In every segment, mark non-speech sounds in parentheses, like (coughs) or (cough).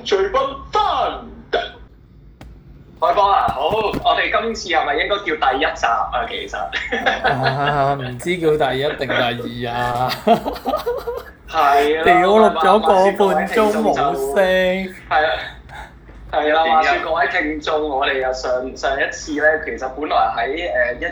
最不丹，海波，啊，好，我哋今次係咪應該叫第一集啊？其實唔、啊、知叫第一定第二啊，係啊 (laughs) 的，屌錄咗個半鐘冇聲，係啊，係 (noise) 啦樂，話説各位聽眾，我哋又上上一次咧，其實本來喺誒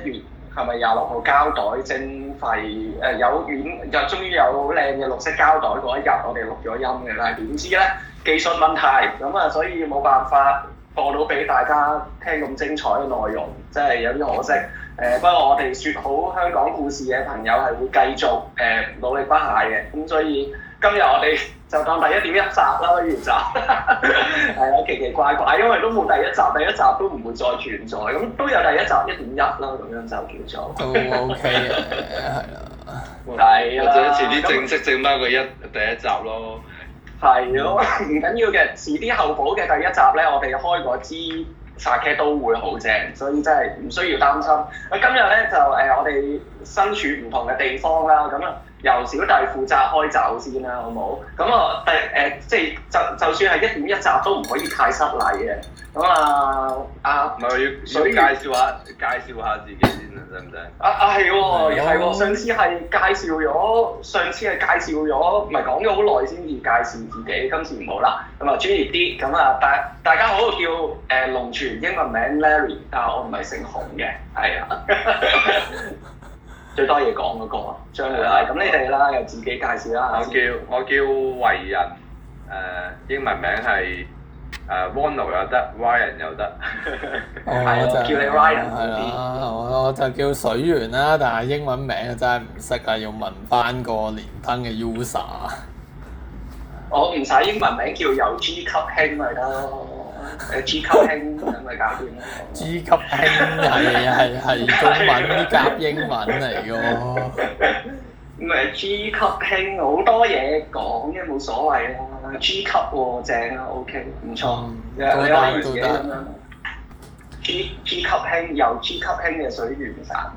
一月係咪廿六號膠袋徵費誒有軟就終於有好靚嘅綠色膠袋嗰一日，我哋錄咗音嘅啦，點知咧？技術問題咁啊，所以冇辦法播到俾大家聽咁精彩嘅內容，真係有啲可惜。誒、呃，不過我哋説好香港故事嘅朋友係會繼續誒、呃、努力不懈嘅，咁所以今日我哋就當第一點一集啦，一集係啊、 (laughs) 嗯、奇奇怪怪，因為都冇第一集，第一集都唔會再存在，咁都有第一集一點一啦，咁樣就叫做 O K 啦，係啊，或者遲啲正式整翻個一第一集咯。係咯，唔緊要嘅，遲啲後補嘅第一集咧，我哋開嗰支殺車都會好正，所以真係唔需要擔心。啊，今日咧就誒、呃，我哋身處唔同嘅地方啦，咁樣。由小弟負責開閘先啦、啊，好冇？咁啊，第誒，即、呃、係就就算係一點一集都唔可以太失禮嘅。咁啊，阿唔係要以要介紹下介紹下自己先啦，得唔得？啊啊係喎，上次係介紹咗，上次係介紹咗，唔係講咗好耐先至介紹自己，今次唔好啦，咁啊專業啲，咁啊大大家好，叫誒、呃、龍泉，英文名 Larry，但係我唔係姓洪嘅，係啊。 (laughs) (laughs) 最多嘢講嗰個，張偉。咁你哋啦，又、嗯、自己介紹啦。我叫我叫維人，誒、呃、英文名係誒 Wono 又得，Ryan 又得、 (laughs) 嗯。我、就是、 (laughs) 叫你 Ryan 好啲。嗯、我，我就叫水源啦，但係英文名就真係唔識啊，要問翻個連登嘅 user (laughs) 我唔使英文名叫油豬吸兄咪得。G 級興咪搞掂啦！G 級興係係係中文夾 (laughs) 英文嚟嘅喎，唔係 G 級興好多嘢講，G eng, okay, 嗯、因為冇所謂啦。G 級喎，正啊，OK，唔錯，你開源嘅咁樣。行 G G 級興由 G 級興嘅水源站。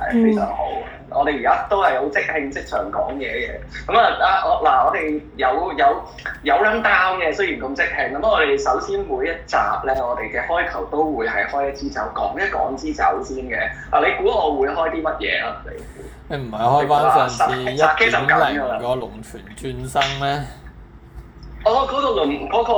係非常好嘅，嗯、 (noise) 我哋而家都係好即興即場講嘢嘅。咁啊啊我嗱，我哋、啊、有有有 rundown 嘅，雖然咁即興。咁我哋首先每一集咧，我哋嘅開頭都會係開一支酒講一講支酒先嘅。 (noise) 啊，你估我會開啲乜嘢啊？你唔係開翻上次一點零個龍泉轉生咩？ (noise) 哦，嗰、那個輪嗰、那個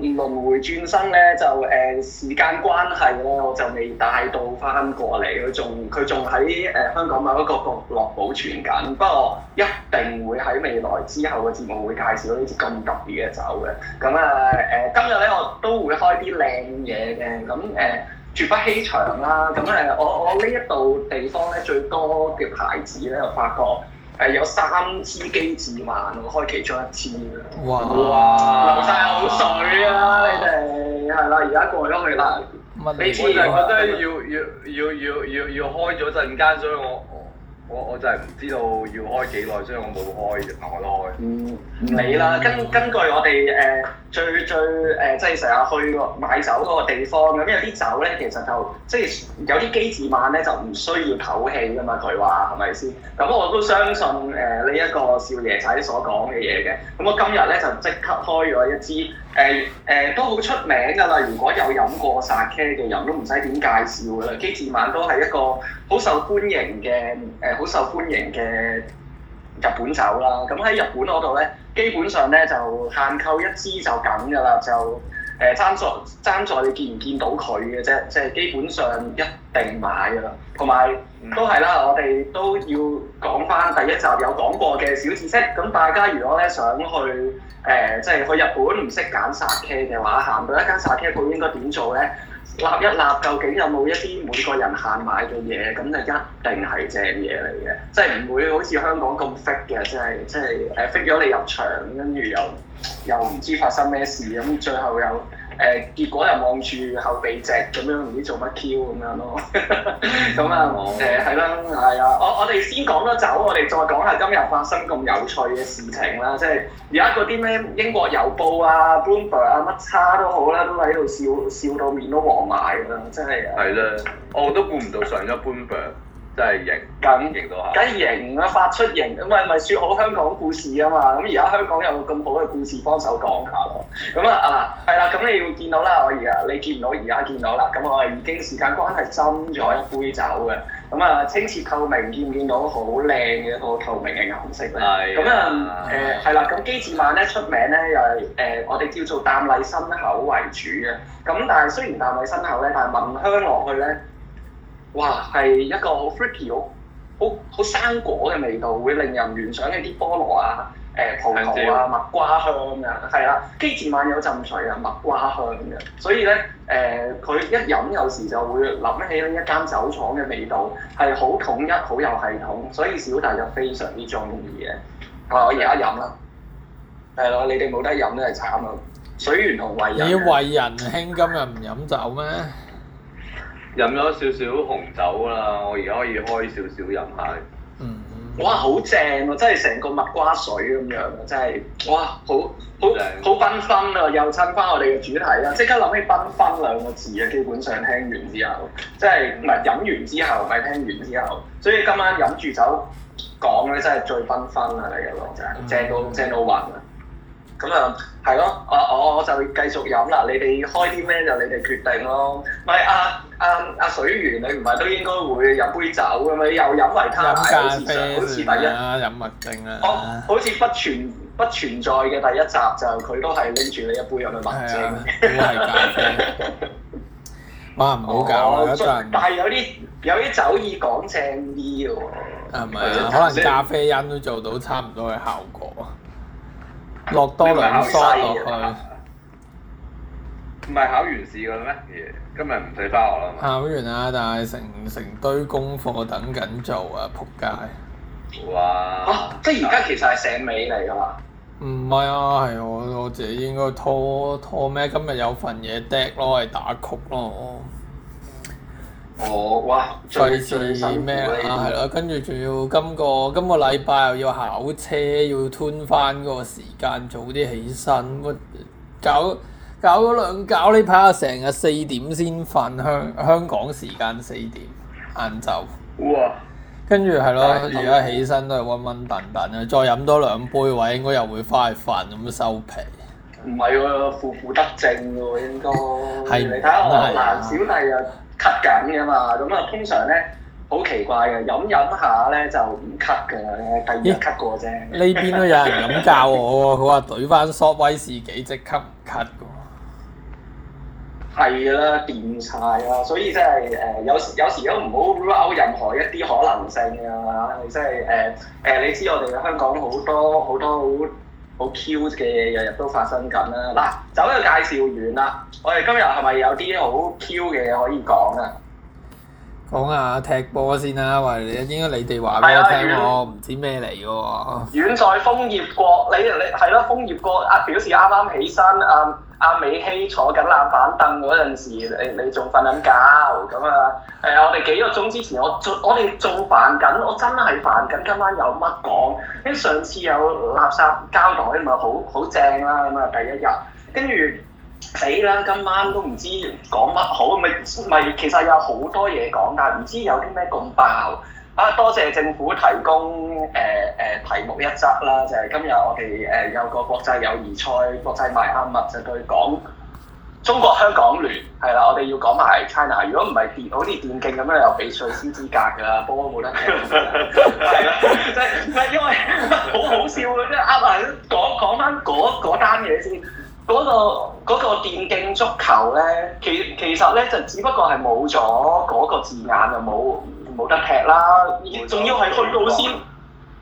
輪迴轉生咧，就誒、呃、時間關係咧，我就未帶到翻過嚟，佢仲佢仲喺誒、呃、香港某一個角落保存緊。不過一定會喺未來之後嘅節目會介紹呢啲咁特別嘅酒嘅。咁啊誒，今日咧我都會開啲靚嘢嘅，咁誒絕不欺場啦。咁、嗯、誒、呃，我我呢一度地方咧最多嘅牌子咧，我發覺。係有三支磯自慢，我開其中一支哇！哇流晒口水啊！哇你哋係啦，而家過咗去啦。呢支我真係要要要要要要，要開咗陣間，所以我。我我真係唔知道要開幾耐，所以我冇開，同我攞開。唔理啦，根根據我哋誒、呃、最最誒、呃，即係成日去買酒嗰個地方咁，嗯、因為有啲酒咧其實就即係有啲磯自慢咧，就唔需要透氣噶嘛。佢話係咪先？咁、嗯、我都相信誒呢一個少爺仔所講嘅嘢嘅。咁、嗯、我今日咧就即刻開咗一支。誒誒、呃呃、都好出名㗎啦！如果有飲過薩克嘅人都唔使點介紹㗎啦。磯自慢都係一個好受歡迎嘅誒，好、呃、受歡迎嘅日本酒啦。咁喺日本嗰度咧，基本上咧就限購一支就咁㗎啦，就。誒爭在爭在，你見唔見到佢嘅啫？即係基本上一定買噶啦，同埋都係啦。我哋都要講翻第一集有講過嘅小知識。咁、嗯、大家如果咧想去誒、呃，即係去日本唔識揀 Sake 嘅話，行到一間 Sake 舖，佢應該點做咧？立一立，究竟有冇一啲每個人限買嘅嘢？咁就一定係正嘢嚟嘅，即係唔會好似香港咁 fit 嘅，即係即係誒 fit 咗你入場，跟住又又唔知發生咩事，咁最後又。誒結果又望住後備席咁，嗯嗯、樣，唔知做乜 Q 咁樣咯，咁啊誒係啦，係、嗯、啊、嗯 (laughs) 嗯嗯，我我哋先講咗走，我哋再講下今日發生咁有趣嘅事情啦，即係而家嗰啲咩英國郵報啊、Bloomberg 啊乜叉都好啦，都喺度笑笑到面都黃埋㗎啦，真係啊！係啦，我都估唔到上一 Bloomberg 真係型，梗型到嚇，梗型啊，發出型，唔係唔係說好香港故事啊嘛，咁而家香港有冇咁好嘅故事幫手講下？咁啊啊，係、啊、啦，咁你會見到啦，我而家你見唔到而家見到啦，咁我係已經時間關係斟咗一杯酒嘅，咁啊清澈透明，見唔見到好靚嘅一個透明嘅顏色咧，咁 (laughs) 啊誒係啦，咁磯自慢咧出名咧又係誒、呃、我哋叫做淡麗辛口為主嘅，咁但係雖然淡麗辛口咧，但聞香落去咧，呢哇，係一個好 freaky，好好好生果嘅味道，會令人聯想起啲菠蘿啊、誒、呃、葡萄啊、蜜瓜香咁、啊、樣。係啦的，磯自慢有陣水啊，蜜瓜香嘅、啊。所以咧，誒、呃、佢一飲有時就會諗起一間酒廠嘅味道，係好統一、好有系統。所以小弟就非常之中意嘅。我而家飲啦，係咯，你哋冇得飲都係慘啊！水源同衞人，你衞人兄今日唔飲酒咩？飲咗少少紅酒啦，我而家可以開少少飲下。嗯，嗯哇、啊啊，哇，好正喎！真係成個蜜瓜水咁樣，真係哇，好好好繽紛啊！又襯翻我哋嘅主題啦、啊！即刻諗起繽紛兩個字啊！基本上聽完之後，即係唔係飲完之後，咪聽完之後，所以今晚飲住酒講咧，真係最繽紛啦！你個王仔，正到正到暈啦！咁啊，係、嗯、咯、嗯嗯，我我我就繼續飲啦。你哋開啲咩就你哋決定咯。咪啊！阿阿、啊啊、水源，你唔係都應該會飲杯酒咁咪又飲維他，咖啡好似上，了好似第一，飲麥精啦。哦，好似不存不存在嘅第一集就佢都係拎住你一杯咁嘅麥精。係啊，冇 (laughs) 搞。哦、但係有啲有啲酒意講正啲嘅喎。咪、啊、可能咖啡因都做到差唔多嘅效果。落多,多兩嘥落、啊、去。唔係考完試嘅咩？Yeah. 今日唔使返學啦，考完啊，但係成成堆功課等緊做哇啊，仆街！哇！即係而家其實係寫尾嚟㗎嘛？唔係啊，係我我自己應該拖拖咩？今日有份嘢 deck 咯，係打曲咯、啊。我、哦、哇！最最咩啊？係啦，跟住仲要今個今個禮拜又要考車，要吞翻嗰個時間，早啲起身搞。搞咗兩搞，呢排啊，成日四點先瞓，香香港時間四點晏晝，哇！跟住係咯，而家是起身都係温温頓頓啊，再飲多兩杯，嘅話應該又會翻去瞓，咁收皮。唔係喎，負負得正喎，應該。係是。你睇下我蘭，啊、小弟啊咳緊㗎嘛，咁啊通常咧好奇怪嘅，飲飲下咧就唔咳㗎咧，第二日咳過啫。呢、欸、邊都有人咁教我喎，佢話懟翻索威士忌隻咳唔咳係啦，掂晒啊。所以真係誒有時有時都唔好撈任何一啲可能性啊嚇，真係誒你知我哋香港好多好多好好 Q 嘅嘢，日日都發生緊啦。嗱，走呢介紹完啦，我哋今日係咪有啲好 Q 嘅嘢可以講啊？講下踢波先啦，喂，或者應該你哋話俾我聽，我唔知咩嚟嘅喎。遠，遠在楓葉國，你你係咯楓葉國啊，表示啱啱起身啊。嗯阿、啊、美斯坐緊冷板凳嗰陣時，你你仲瞓緊覺，咁啊誒、啊！我哋幾個鐘之前，我做我哋做煩緊，我真係煩緊。今晚有乜講？因為上次有垃圾膠袋咪好好，好正啦，咁啊第一日，跟住死啦！今晚都唔知講乜好，咪咪其實有好多嘢講㗎，但係唔知有啲咩咁爆。啊！多謝政府提供誒誒、呃呃、題目一則啦，就係、是、今日我哋誒、呃、有個國際友誼賽，國際埋下物就對講中國香港聯係啦。我哋要講埋 China，如果唔係電好似電競咁樣有比賽資格㗎啦，不過冇得係啦，即係因為好好笑㗎，即係啱啱，講講返嗰單嘢先，嗰、那個嗰、那個電競足球咧，其其實咧就只不過係冇咗嗰個字眼就冇。冇得踢啦，仲要係去到先，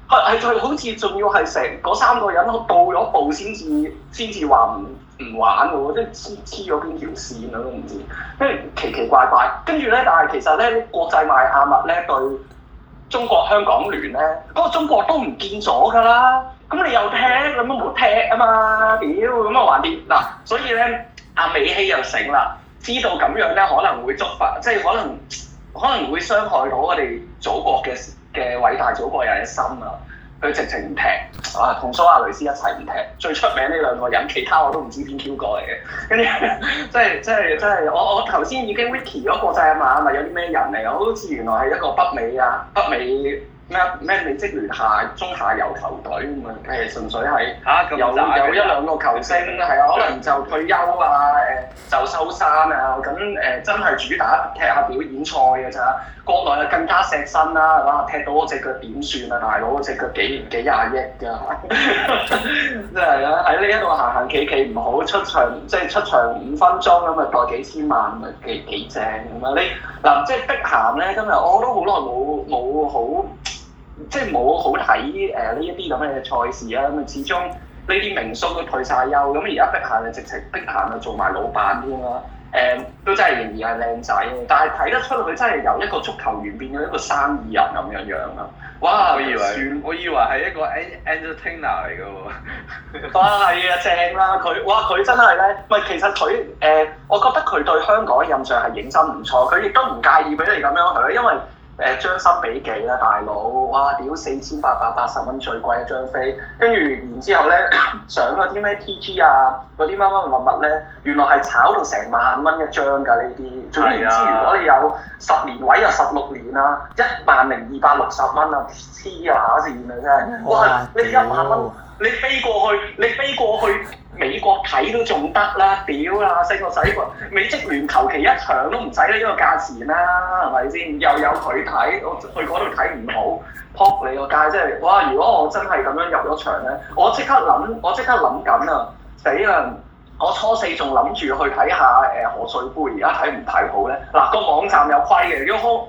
係係佢好似仲要係成嗰三個人到咗步先至先至話唔唔玩喎，即係黐黐咗邊條線我都唔知，跟住奇奇怪怪怪，跟住咧，但係其實咧，國際邁阿密咧對中國香港聯咧，嗰個中國都唔見咗㗎啦，咁你又踢，咁咪冇踢啊嘛，屌咁啊玩啲嗱，所以咧，阿美欺又醒啦，知道咁樣咧可能會觸發，即係可能。可能會傷害到我哋祖國嘅嘅偉大祖國人嘅心啊！佢直情唔踢啊，同蘇亞雷斯一齊唔踢。最出名呢兩個人，其他我都唔知邊 Q 個嚟嘅。跟住即係即係即係，我我頭先已經 Wiki 咗、嗰個、國際啊嘛啊嘛，有啲咩人嚟啊？好似原來係一個北美啊，北美。咩美職聯下中下游球隊咁啊？誒純粹係有有一兩個球星，係啊，可能就退休啊，誒就收山啊。咁、嗯、誒真係主打踢下表演賽嘅咋。國內啊更加錫身啦，哇！踢到我隻腳點算啊？大佬，我隻腳幾幾廿億㗎，真 (laughs) 係啊！喺呢一度行行企企唔好出場，即係出場五分鐘咁啊，代幾千萬咪幾幾正咁樣？你嗱即係碧咸咧，今日我都好耐冇冇好。即係冇好睇誒呢一啲咁嘅賽事啊，咁啊始終呢啲名宿都退晒休，咁而家碧咸就直情碧咸啊，做埋老闆添啦，誒、呃、都真係仍然係靚仔，但係睇得出佢真係由一個足球員變咗一個生意人咁樣樣啊。哇我！我以為我以為係一個 Entertainer 嚟嘅喎。哇，係啊，正啦，佢哇，佢真係咧，喂，其實佢誒、呃，我覺得佢對香港嘅印象係認真唔錯，佢亦都唔介意俾你咁樣佢，因為。誒將心比己啦、啊，大佬，哇屌四千八百八,八十蚊最貴一張飛，跟住然之後咧上嗰啲咩 TG 啊，嗰啲乜乜物物咧，原來係炒到成萬蚊一張㗎呢啲。總言之如果你有十年位啊十六年啊，一萬零二百六十蚊啊，黐啊線啊真係，我呢哇哇一萬蚊。你飛過去，你飛過去美國睇都仲得啦，屌啦， (laughs) 細個仔個美職聯求其一場都唔使呢個因為價錢啦，係咪先？又有佢睇，我去嗰度睇唔好，撲你個街！真係，哇！如果我真係咁樣入咗場咧，我即刻諗，我即刻諗緊啊，死啦！我初四仲諗住去睇下誒賀歲盃，而家睇唔睇好咧？嗱，個網站有規嘅，如果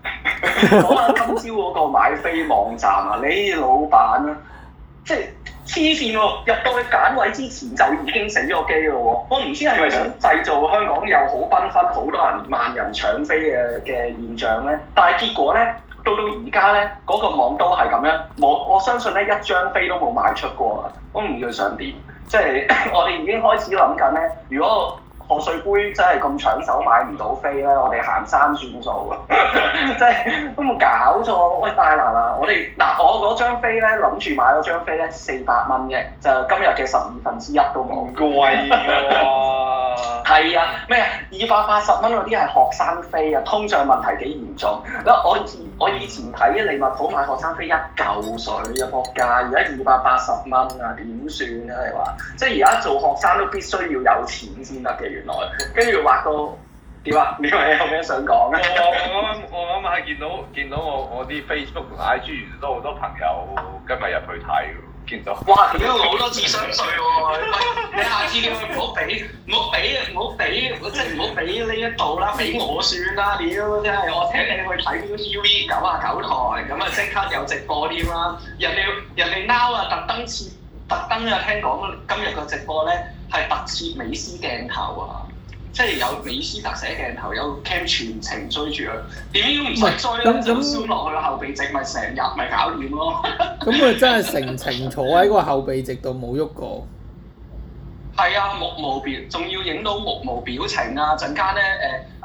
講下 (laughs) 今朝嗰個買飛網站啊，你老闆啊，即係黐線喎！入到去揀位之前就已經死咗機咯喎！我唔知係咪想製造香港又好繽紛，好多人萬人搶飛嘅嘅現象咧？但係結果咧，到到而家咧，嗰個網都係咁樣，我我相信咧，一張飛都冇賣出過啊！我唔知佢想點，即係 (laughs) 我哋已經開始諗緊咧，如果……破碎杯真係咁搶手買唔到飛咧，我哋行山算數， (laughs) 真係都冇搞錯。喂，大難啊！我哋嗱，我嗰張飛咧諗住買嗰張飛咧四百蚊嘅，就今日嘅十二分之一都冇。唔貴喎，啊。 (laughs) 係啊，咩啊？二百八十蚊嗰啲係學生飛啊！通脹問題幾嚴重。嗱，我以我以前睇利物浦買學生飛一嚿水嘅價，而家二百八十蚊啊，點算啊？你話、啊，即係而家做學生都必須要有錢先得嘅原來。跟住畫到點啊？你係有咩想講啊？我啱啱我啱我啱見到見到我我啲 Facebook 同 IG 原來都好多朋友今日入去睇。哇！屌， (laughs) 好多智商稅喎！ (laughs) 你下次叫佢唔好俾，唔好俾，唔好俾，即係唔好俾呢一度啦，俾我算啦！屌真係， (laughs) 我請你去睇 ViuTV 九啊九台，咁啊即刻有直播添啦！人哋人哋 Now 啊，特登設，特登啊，聽講今日個直播咧係特設美斯鏡頭啊！即係有美斯特寫鏡頭，有 cam 全程追住佢，點都唔使追啦，那就 zoom 落去啦。那後備席咪成日咪搞掂咯。咁佢 (laughs) 真係成程坐喺個後備席度冇喐過。係 (laughs) 啊，目無表，仲要影到目無表情啊！陣間咧，誒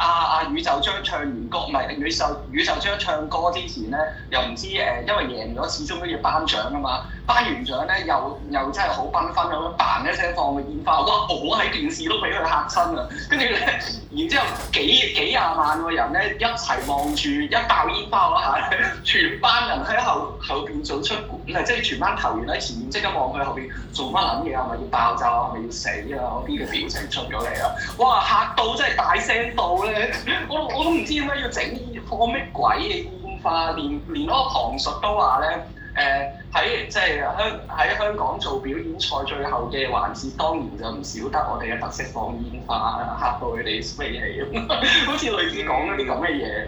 阿阿宇宙將唱完歌，咪、啊、李宇宙宇宙將唱歌之前咧，又唔知誒、啊，因為贏咗，始終都要頒獎㗎嘛。班員長咧又又真係好繽紛咁樣 b 一聲放煙花，哇！我喺電視都俾佢嚇親啊！跟住咧，然之後幾幾廿萬個人咧一齊望住一爆煙花嗰下咧，全班人喺後後邊做出，管，係即係全班球員喺前面即刻望佢後邊做乜撚嘢啊？係咪要爆炸啊？係咪要死啊？嗰啲嘅表情出咗嚟啊！哇！嚇到真係大聲到咧，我我都唔知點解要整放咩鬼嘅煙花，連連嗰個唐叔都話咧。誒喺即係香喺香港做表演賽最後嘅環節，當然就唔少得我哋嘅特色放煙花啊，嚇到佢哋飛起。咁， (laughs) 好似類似講緊啲咁嘅嘢，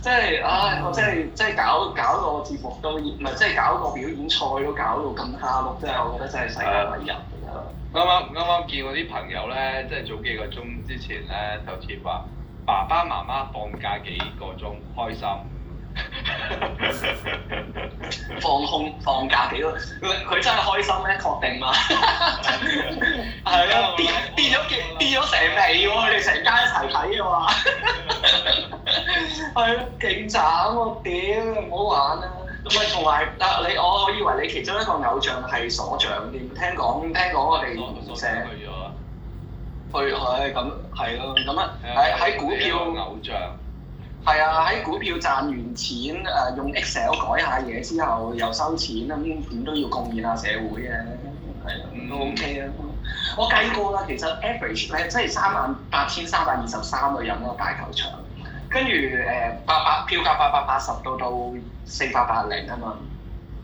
即係唉，即係即係搞搞個節目都，唔係即係搞個表演賽都搞到咁蝦碌，真係、mm hmm. 我覺得真係世界毀人啱啱啱啱，見我啲朋友咧，即、就、係、是、早幾個鐘之前咧，頭先話爸爸媽媽放假幾個鐘，開心。放空放假幾多？佢 (laughs) 真係開心咩？確定嘛？係 (laughs) 啊， (laughs) 變變咗變咗成味喎！佢哋成家一齊睇嘅話，係 (laughs) 啊， (laughs) 勁慘喎！屌，唔好玩啊！唔係同埋啊，你我以為你其中一個偶像係所長添，聽講聽講我哋社去去咁係咯，咁啊喺喺股票偶像。係啊，喺股票賺完錢，誒、啊、用 Excel 改下嘢之後又收錢咁點、嗯、都要貢獻下社會啊。係啊，都 OK 啊。我計過啦，其實 average 咧，即係三萬八千三百二十三個人一個大球場，跟住誒，八百票價八百八十到到四百八零啊嘛，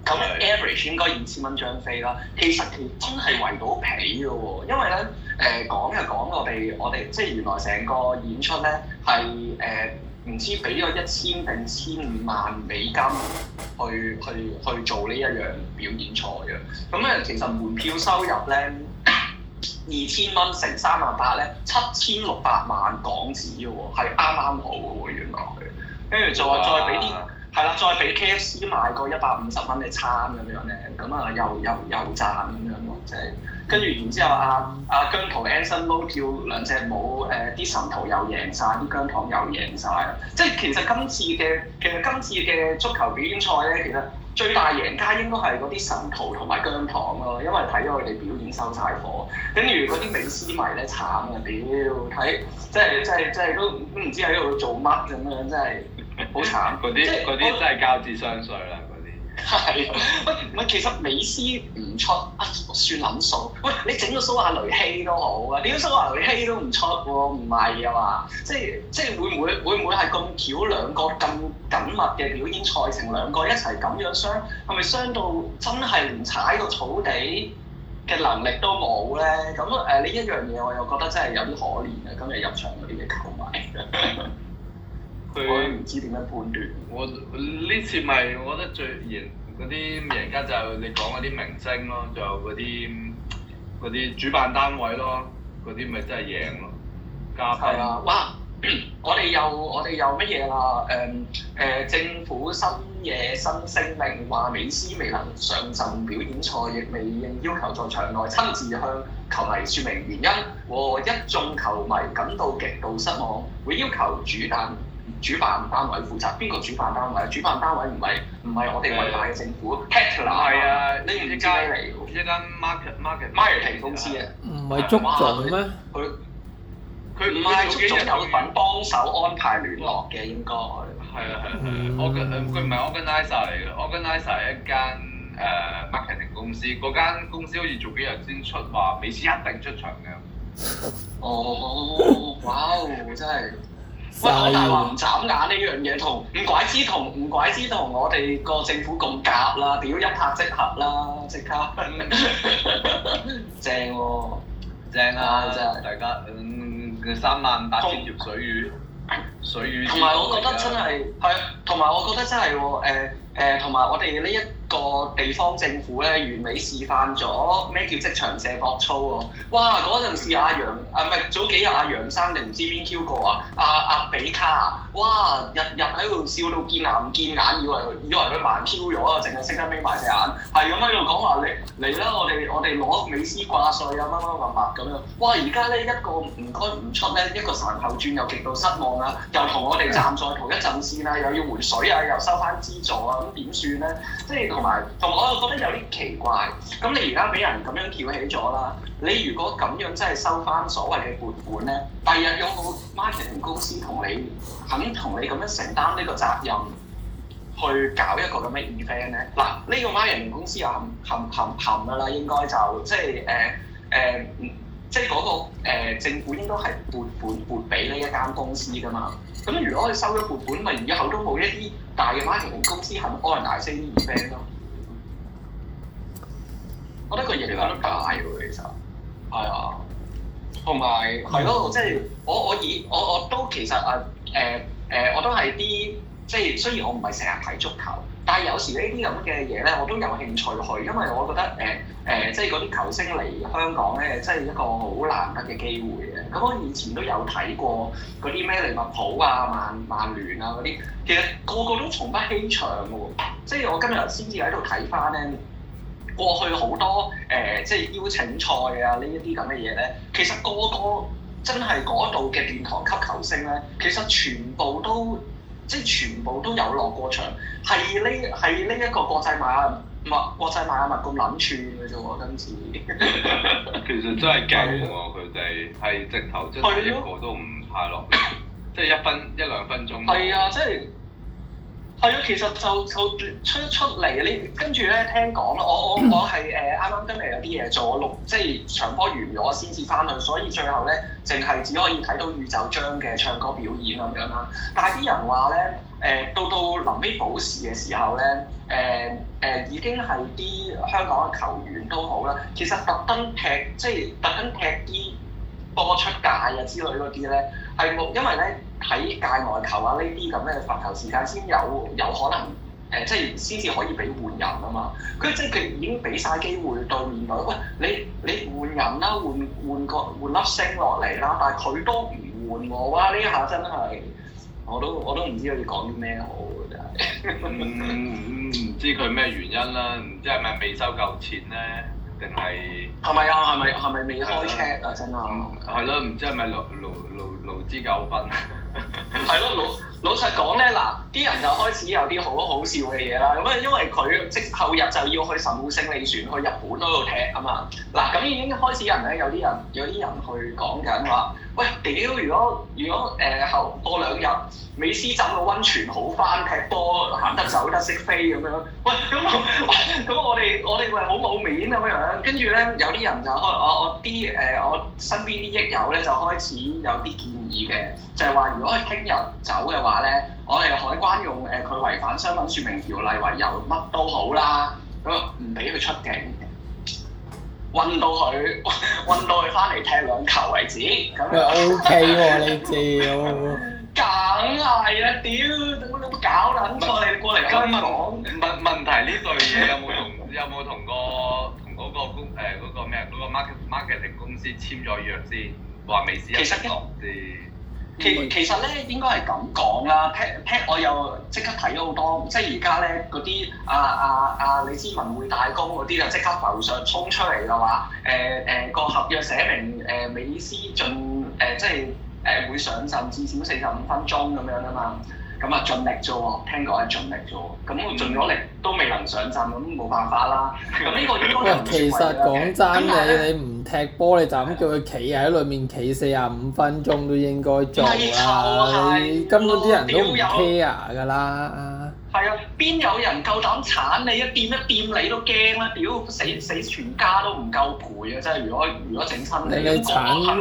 咁的 average 應該二千蚊張飛啦。其實佢真係圍到皮嘅喎，因為咧誒、呃、講又講我哋我哋即係原來成個演出咧係誒。的唔知俾咗一千定千五萬美金去去去，去做呢一樣表演賽啊！咁、嗯、啊，其實、嗯、門票收入咧二千蚊乘三萬八咧七千六百萬港紙喎，係啱啱好喎，原來佢，跟住再哇再俾啲。係啦，再俾 K F C 買個一百五十蚊嘅餐咁樣咧，咁、就是、啊，啊、呃、又又又賺咁樣咯，即係跟住然之後啊啊姜濤、Anson 都跳兩隻舞，誒啲神徒又贏晒，啲姜糖又贏晒。即係其實今次嘅嘅今次嘅足球表演賽咧，其實最大贏家應該係嗰啲神徒同埋姜糖咯，因為睇咗佢哋表演收晒火，跟住嗰啲美斯迷咧慘呀，屌睇，即係即係即係都都唔知喺度做乜咁樣，真係。好慘！嗰啲嗰啲真係交智商稅啦，嗰啲我。係些。喂，唔係其實美斯唔出啊，算撚數。喂，你整到蘇亞雷希都好啊，你蘇亞雷希都唔出喎，唔係啊嘛？即係即係會唔會會唔會係咁巧兩個咁緊密嘅表演賽程兩個一齊咁樣傷，係咪傷到真係連踩個草地嘅能力都冇咧？咁誒，呢、呃、一樣嘢我又覺得真係有啲可憐啊，今日入場嗰啲嘢，球迷。佢唔他知點樣判斷。我呢次咪、就是，我覺得最贏嗰啲贏家就你講嗰啲明星咯，就嗰啲嗰啲主辦單位咯，嗰啲咪真係贏咯。嘉賓係啊，哇！我哋又我哋又乜嘢啦？誒、嗯、誒、呃，政府深夜新聲明話，美斯未能上陣表演賽，亦未應要求在場內親自向球迷説明原因，和一眾球迷感到極度失望，會要求主辦。主辦單位負責，邊個主辦單位？主辦單位唔係唔係我哋偉大嘅政府。Tatler 係啊，呢唔知街嚟嘅。一間 marketing marketing 公司啊，唔係助佢咩？佢，佢唔係做幾日產品幫手安排聯絡嘅應該。係啊係啊，係佢唔係 organizer 嚟嘅。organizer 係一間誒 marketing 公司，嗰間公司好似做幾日先出話，未試一定出場嘅。哦，哇哦，真係～喂，我大話唔眨眼呢樣嘢同唔怪之同唔怪之同我哋個政府咁夾啦，屌，一,一拍即合啦，即刻 (laughs) (laughs) 正喎，哦，正啊，啊真係，大家、嗯、三萬八千條水魚，和水魚同埋我覺得真係係，同埋、啊、我覺得真係喎、呃誒同埋我哋呢一個地方政府咧，完美示範咗咩叫職場射博操喎！哇！嗰陣時阿楊啊，唔係早幾日阿楊生定唔知邊 Q 過啊？阿阿比卡啊！哇！啊啊啊啊啊啊、哇日日喺度笑到見牙唔見眼，以為以為佢慢 Q 咗啊！淨係識得眯埋隻眼，係咁喺度講話你嚟啦！我哋我哋攞美斯掛帥啊！乜乜乜物咁樣哇！而家咧一個唔開唔出咧，一個神後轉又極度失望啊！又同我哋站在同一陣線啊！又要回水、啊、水啊！又收翻資助啊！點算咧？即係同埋同我又覺得有啲奇怪。咁你而家俾人咁樣撬起咗啦，你如果咁樣真係收翻所謂嘅撥款咧，第二日有冇 marketing 公司同你肯同你咁樣承擔呢個責任去搞一個咁嘅 event 咧？嗱、啊，呢、呢個 marketing 公司又冇冇冇冇冇啦？應該就即係誒誒即係嗰、那個、呃、政府應該係撥款撥俾呢一間公司噶嘛？咁如果佢收咗撥款，咪以後都冇一啲大嘅 marketing 公司肯幫人提升 brand 咯。嗯、我覺得佢個熱量大喎，其實係啊，同埋係咯，即係、嗯、我我以我我都其實啊誒誒，我都係啲即係雖然我唔係成日睇足球。但係有時呢啲咁嘅嘢咧，我都有興趣去，因為我覺得誒誒、呃呃，即係嗰啲球星嚟香港咧，真係一個好難得嘅機會嘅。咁、嗯、我以前都有睇過嗰啲咩利物浦啊、曼曼聯啊嗰啲，其實個個都從不欺場嘅喎。即係我今日先至喺度睇返咧，過去好多誒、呃，即係邀請賽啊呢一啲咁嘅嘢咧，其實個個真係嗰度嘅殿堂級球星咧，其實全部都～即係全部都有落過場，係呢係呢一個國際漫物國際漫物咁撚串嘅啫喎，今次 (laughs) (laughs) 其實真係勁喎，佢哋係直頭即係一個都唔太落， (laughs) 即係一分一兩分鐘。係啊，即係。係啊，其實就就，就吹出嚟，你跟住咧聽講咯，我我我係誒啱啱跟嚟有啲嘢做，我錄即係場波完咗先至翻去，所以最後咧淨係只可以睇到宇宙章嘅唱歌表演咁樣啦。但係啲人話咧誒，到到臨尾補時嘅時候咧誒誒，已經係啲香港嘅球員都好啦，其實特登踢即係特登踢啲波出界啊之類嗰啲咧係冇，因為咧。喺界外球啊！呢啲咁嘅罰球時間先有有可能誒、呃，即係先至可以俾換人啊嘛。佢即係佢已經俾晒機會對唔對？喂，你你換人啦，換換個換粒星落嚟啦。但係佢都唔換我啊。呢下真係我都我都唔知佢講啲咩好真係。唔、嗯嗯、唔知佢咩原因啦？唔知係咪未收夠錢咧，定係係咪啊？係咪係咪未開車啊？真係、嗯。係咯，唔知係咪勞勞勞勞資糾紛？係咯， (laughs) 老老實講咧，嗱，啲人就開始有啲好好笑嘅嘢啦。咁啊，因為佢即後日就要去神戶勝利船去日本嗰度踢啊嘛。嗱 Okay, right?，咁已經開始有人咧，有啲人有啲人，人去講緊話，喂，屌！如果如果誒、呃、後過兩日，美斯走個溫泉好翻，踢波行得走得識飛咁樣，喂，咁咁我哋我哋會好冇面咁樣。跟住咧，有啲人就開我我啲誒我，我、呃、身邊啲益友咧，就開始有啲見。嘅就係話，如果佢聽日走嘅話咧，我哋海關用誒佢違反商品説明條例為由，乜都好啦，咁唔俾佢出境，運到佢運到佢翻嚟踢兩球為止，咁樣 O K 喎，你知、 (laughs) 嗯！梗係啊，屌，等我攞乜搞捻錯，你過嚟今我講問問題呢對嘢有冇同有冇同、 (laughs) 嗰個同嗰個公誒嗰個咩嗰、嗰個嗰個嗰個 market marketing 公司簽咗約先？美其，實其實，其其實咧應該係咁講啦。聽、呃、聽、呃呃，我又即刻睇咗好多，即係而家咧嗰啲啊啊啊李思文匯大公嗰啲就即刻浮上衝出嚟啦嘛。誒誒個合約寫明誒、呃、美斯仲誒、呃、即係誒、呃、會上陣至少四十五分鐘咁樣啊嘛。咁啊，盡力啫喎，聽講係盡力啫喎。咁我盡咗力都未能上陣，咁冇辦法啦。咁呢個應該係唔算為難，其實講真，你唔踢波，你就咁叫佢企喺裏面企四十五分鐘都應該做啦。你根本啲人都唔 care 㗎啦。係啊，邊有人夠膽鏟你，碰一掂，一掂你都驚啦！屌死死全家都唔夠賠啊！真係如果如果整身，你，鏟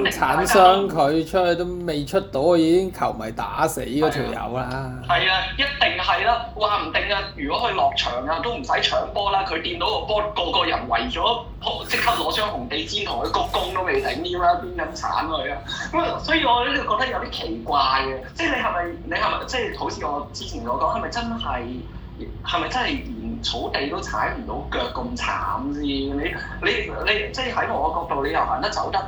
鏟傷佢出去都未出到，已經球迷打死嗰條友啦！係啊，啊，一定係啦，話唔定啊，如果佢落場啊，都唔使搶波啦，佢掂到個波，個個人圍咗。即刻攞張紅地氈同佢鞠躬都未頂添啦，邊咁鏟佢啊？咁、嗯、啊，所以我呢度覺得有啲奇怪嘅，即係你係咪你係咪即係好似我之前所講，係咪真係係咪真係連草地都踩唔到腳咁慘先？你你你即係喺我角度，你又行得走得，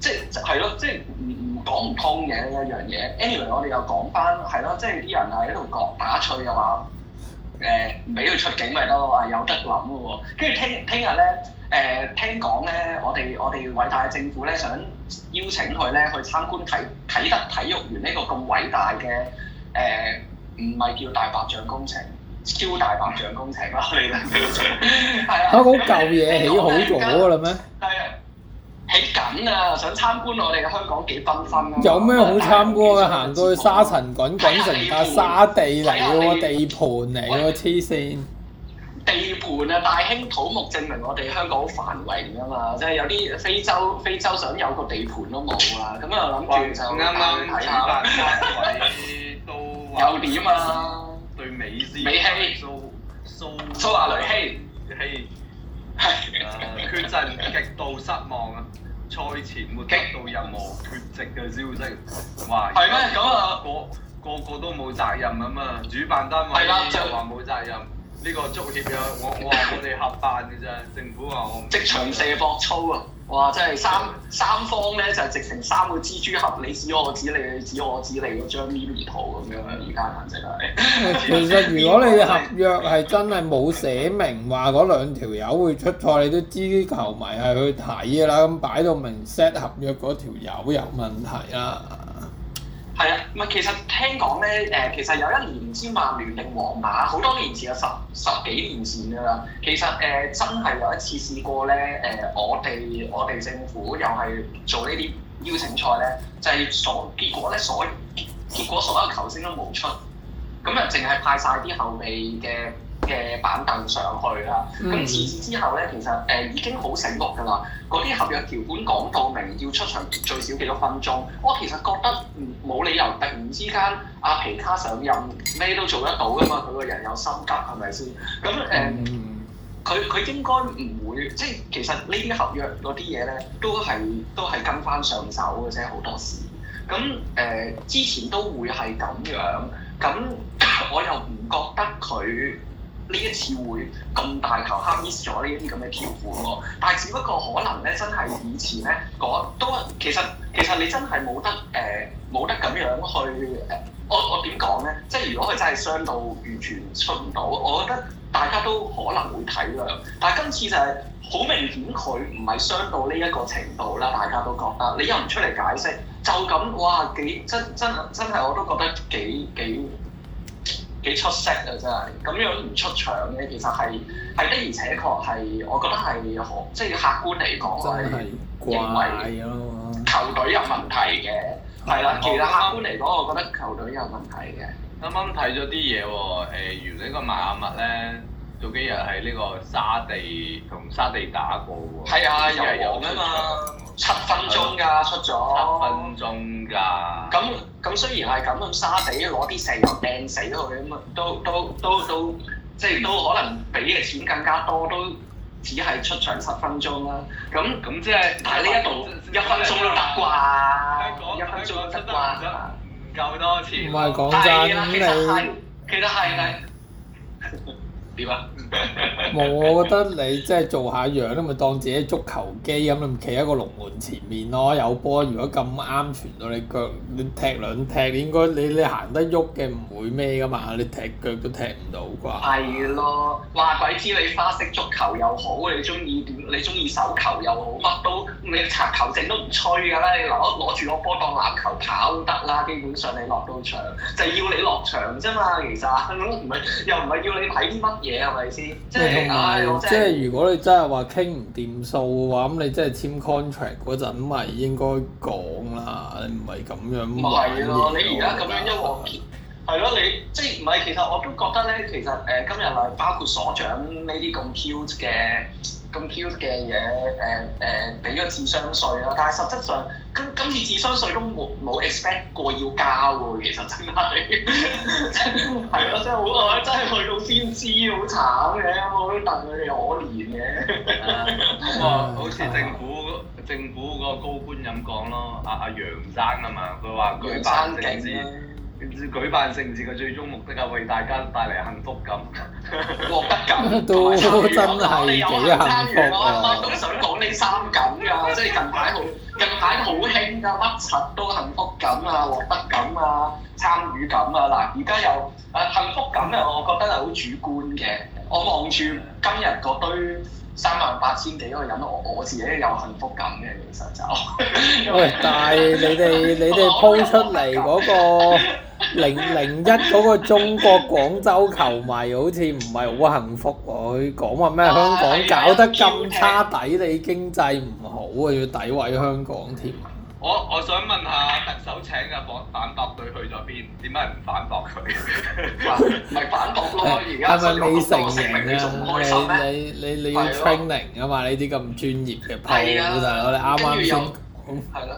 即係係咯，即係唔講唔通嘅一樣嘢。anyway，我哋又講翻係咯，即係啲人係喺度講打趣嘅嘛，誒唔俾佢出境咪得咯？有得諗喎，跟住聽聽日咧。誒、呃、聽講咧，我哋我哋偉大嘅政府咧，想邀請佢咧去參觀睇啟德體育園呢個咁偉大嘅誒，唔、呃、係叫大白象工程，超大白象工程啦！係 (laughs) 啊，香港舊嘢起好咗㗎啦咩？係起、啊、緊啊！想參觀我哋香港幾繽紛啊？有咩好參觀啊？行到去沙塵滾滾，滾成架沙地嚟喎、啊，地盤嚟喎，黐線！地盤啊，大興土木，證明我哋香港好繁榮啊嘛！即係有啲非洲，非洲想有個地盤都冇啊！咁啊，諗住就啱啱睇下，都有啲啊嘛。對美斯，美希蘇蘇亞雷希，係缺陣極度失望啊！賽前冇激到任何缺席嘅消息，話係咩？咁啊，個個個都冇責任啊嘛！主辦單位即又話冇責任。呢個足協嘅，我我話我哋合辦嘅啫，政府話我。即場射博操啊！哇，真係三三方咧就係、是、直情三個蜘蛛俠，你指我指你，你指我指你嗰張咪咪圖咁樣，而家顏值係。 (laughs) 其實如果你合約係真係冇寫明話嗰兩條友會出賽，你都知啲球迷係去睇㗎啦。咁擺到明 set 合約嗰條友有問題啦。係啊，唔係其實聽講咧，誒、呃、其實有一年先曼聯定皇馬，好多年前啊，十十幾年前㗎啦。其實誒、呃、真係有一次試過咧，誒、呃、我哋我哋政府又係做呢啲邀請賽咧，就係、是、所結果咧所結果所有球星都冇出，咁又淨係派晒啲後備嘅。嘅板凳上去啦，咁自此之後咧，其實誒、呃、已經好醒目噶啦。嗰啲合約條款講到明，要出場最少幾多分鐘，我其實覺得冇理由突然之間阿、啊、皮卡上任咩都做得到噶嘛。佢個人有心急係咪先？咁誒，佢佢、呃嗯、應該唔會即係其實呢啲合約嗰啲嘢咧，都係都係跟翻上手嘅啫。好多時咁誒、呃，之前都會係咁樣，咁我又唔覺得佢。呢一次會咁大頭黑 miss 咗呢一啲咁嘅條款，但係只不過可能咧，真係以前咧都其實其實，你真係冇得誒冇、呃、得咁樣去誒、呃，我我點講咧？即係如果佢真係傷到完全出唔到，我覺得大家都可能會體諒。但係今次就係好明顯佢唔係傷到呢一個程度啦，大家都覺得你又唔出嚟解釋，就咁哇幾真真真係我都覺得幾幾。幾出色啊！真係咁樣唔出場嘅，其實係係的而且確係，我覺得係可即係客觀嚟講係認為球隊有問題嘅。係啦、嗯，的其實剛客觀嚟講，我覺得球隊有問題嘅。啱啱睇咗啲嘢喎，誒、呃，原呢個邁阿密咧，早幾日喺呢個沙地同沙地打過喎。係的啊，又係遊出場。七分鐘㗎，出咗。七分鐘㗎。咁咁雖然係咁，咁沙地攞啲石油掟死佢咁都都都都即係、即係、都可能俾嘅錢更加多，都只係出場十分鐘啦。咁咁、嗯嗯、即係，但係呢一度是一分鐘都得啩，是一分鐘都唔是夠多錢。唔係講真、啊，其實你其實係係。 (laughs) 點啊？ (laughs) 我覺得你即係做下樣都咪當自己足球機咁咯，企喺個龍門前面咯，有波。如果咁啱傳到你腳，你踢兩踢，應該你你行得喐嘅，唔會咩噶嘛。你踢腳都踢唔到啩？係咯，話鬼知你花式足球又好，你中意點？你中意手球又好，乜都你插球證都唔吹噶啦。你攞攞住個波當籃球跑都得啦。基本上你落到場，就係、是、要你落場啫嘛。其實唔係，又唔係要你睇乜。嘢係咪先？即係同埋，即係如果你真係話傾唔掂數嘅話，咁、嗯、你真係簽 contract 嗰陣咪應該講啦，唔係咁樣。唔係咯，你而家咁樣因為係咯，你即係唔係？其實我都覺得咧，其實誒、呃、今日係包括所長呢啲咁 cut 嘅。咁 cute 嘅嘢，誒誒俾個智商稅啊。但係實質上，今今次智商稅都冇冇 expect 過要交喎，其實真係 (laughs) (laughs) 真係咯、啊，真係好，真係去到先知，好慘嘅，我都戥佢哋可憐嘅。咁啊，好似政府政府個高官咁講咯，阿阿楊生啊嘛，佢話佢。辦政舉辦盛事嘅最終目的啊，為大家帶嚟幸福感、獲 (laughs) 得感、有參與都有感，真係幸福我啊！我都想講呢三感㗎，即係近排好近排好興啊，乜柒都幸福感啊、獲得感啊、參與感啊。嗱，而家又啊幸福感咧，我覺得係好主觀嘅。我望住今日嗰堆，三萬八千幾一個人我，我自己有幸福感嘅，其實就是。喂， (laughs) (laughs) 但係你哋你哋鋪出嚟嗰個零零一嗰個中國廣州球迷，好似唔係好幸福，佢講話咩？香港搞得咁差，抵 (laughs) 你經濟唔好啊，要詆毀香港添。我我想問下特首請嘅反反駁隊去咗邊？點解唔反駁佢？咪反駁咯！而家係咪未成型啊？你你你你 cleaning 啊嘛？呢啲咁專業嘅鋪，大佬你啱啱先，係啦。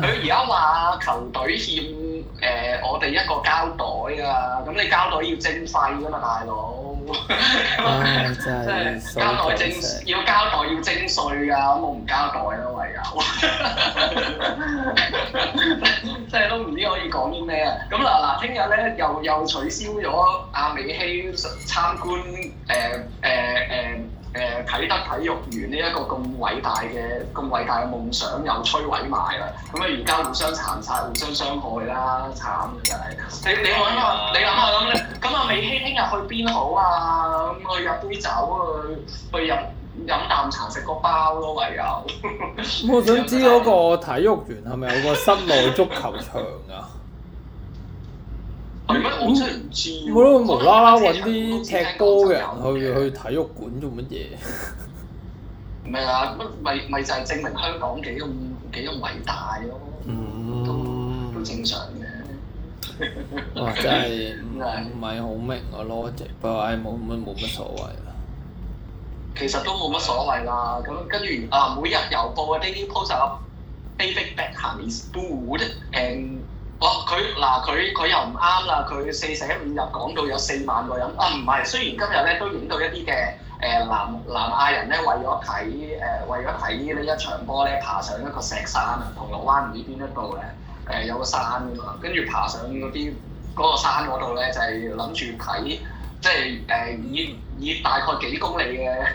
佢而家話球隊欠。誒、呃，我哋一個膠袋啊，咁你膠袋要徵費㗎、啊、嘛，大佬、 (laughs) 啊，真係膠 (laughs) 袋徵正 (laughs) 要膠袋要徵稅㗎，我唔膠袋啦、啊，唯有，即係都唔知可以講啲咩啊，咁嗱嗱，聽日咧又又取消咗阿美斯參觀誒誒誒。呃呃呃呃誒，啟德體育園呢一個咁偉大嘅咁偉大嘅夢想又摧毀埋啦，咁啊而家互相殘殺、互相傷害啦，慘真係！你你諗下，你諗啊，諗咧，咁啊美斯聽日去邊好啊？咁去飲杯酒啊，去去飲飲啖茶，食個包咯，唯有。我想知嗰個體育園係咪有個室內足球場啊？ (laughs) (laughs) 咁、嗯、我覺得無啦啦揾啲踢波嘅人去、嗯、去體育館做乜嘢？唔係啊，乜咪咪就係證明香港幾咁幾咁偉大咯、啊，都都正常嘅。哇、 (laughs) 啊！真係唔係好明個邏輯，唉、哎，冇乜冇乜所謂啦。其實都冇乜所謂啦，咁跟住啊，每日郵報嘅呢啲 pose up，a v o r t e background is food and 哦，佢嗱佢佢又唔啱啦，佢四捨五入講到有四萬個人，啊唔係，雖然今日咧都影到一啲嘅誒南南亞人咧，為咗睇誒為咗睇呢一場波咧，爬上一個石山啊，銅鑼灣唔知邊一度咧，誒、呃、有個山㗎嘛，跟住爬上嗰啲嗰個山嗰度咧，就係諗住睇，即係誒、呃、以以大概幾公里嘅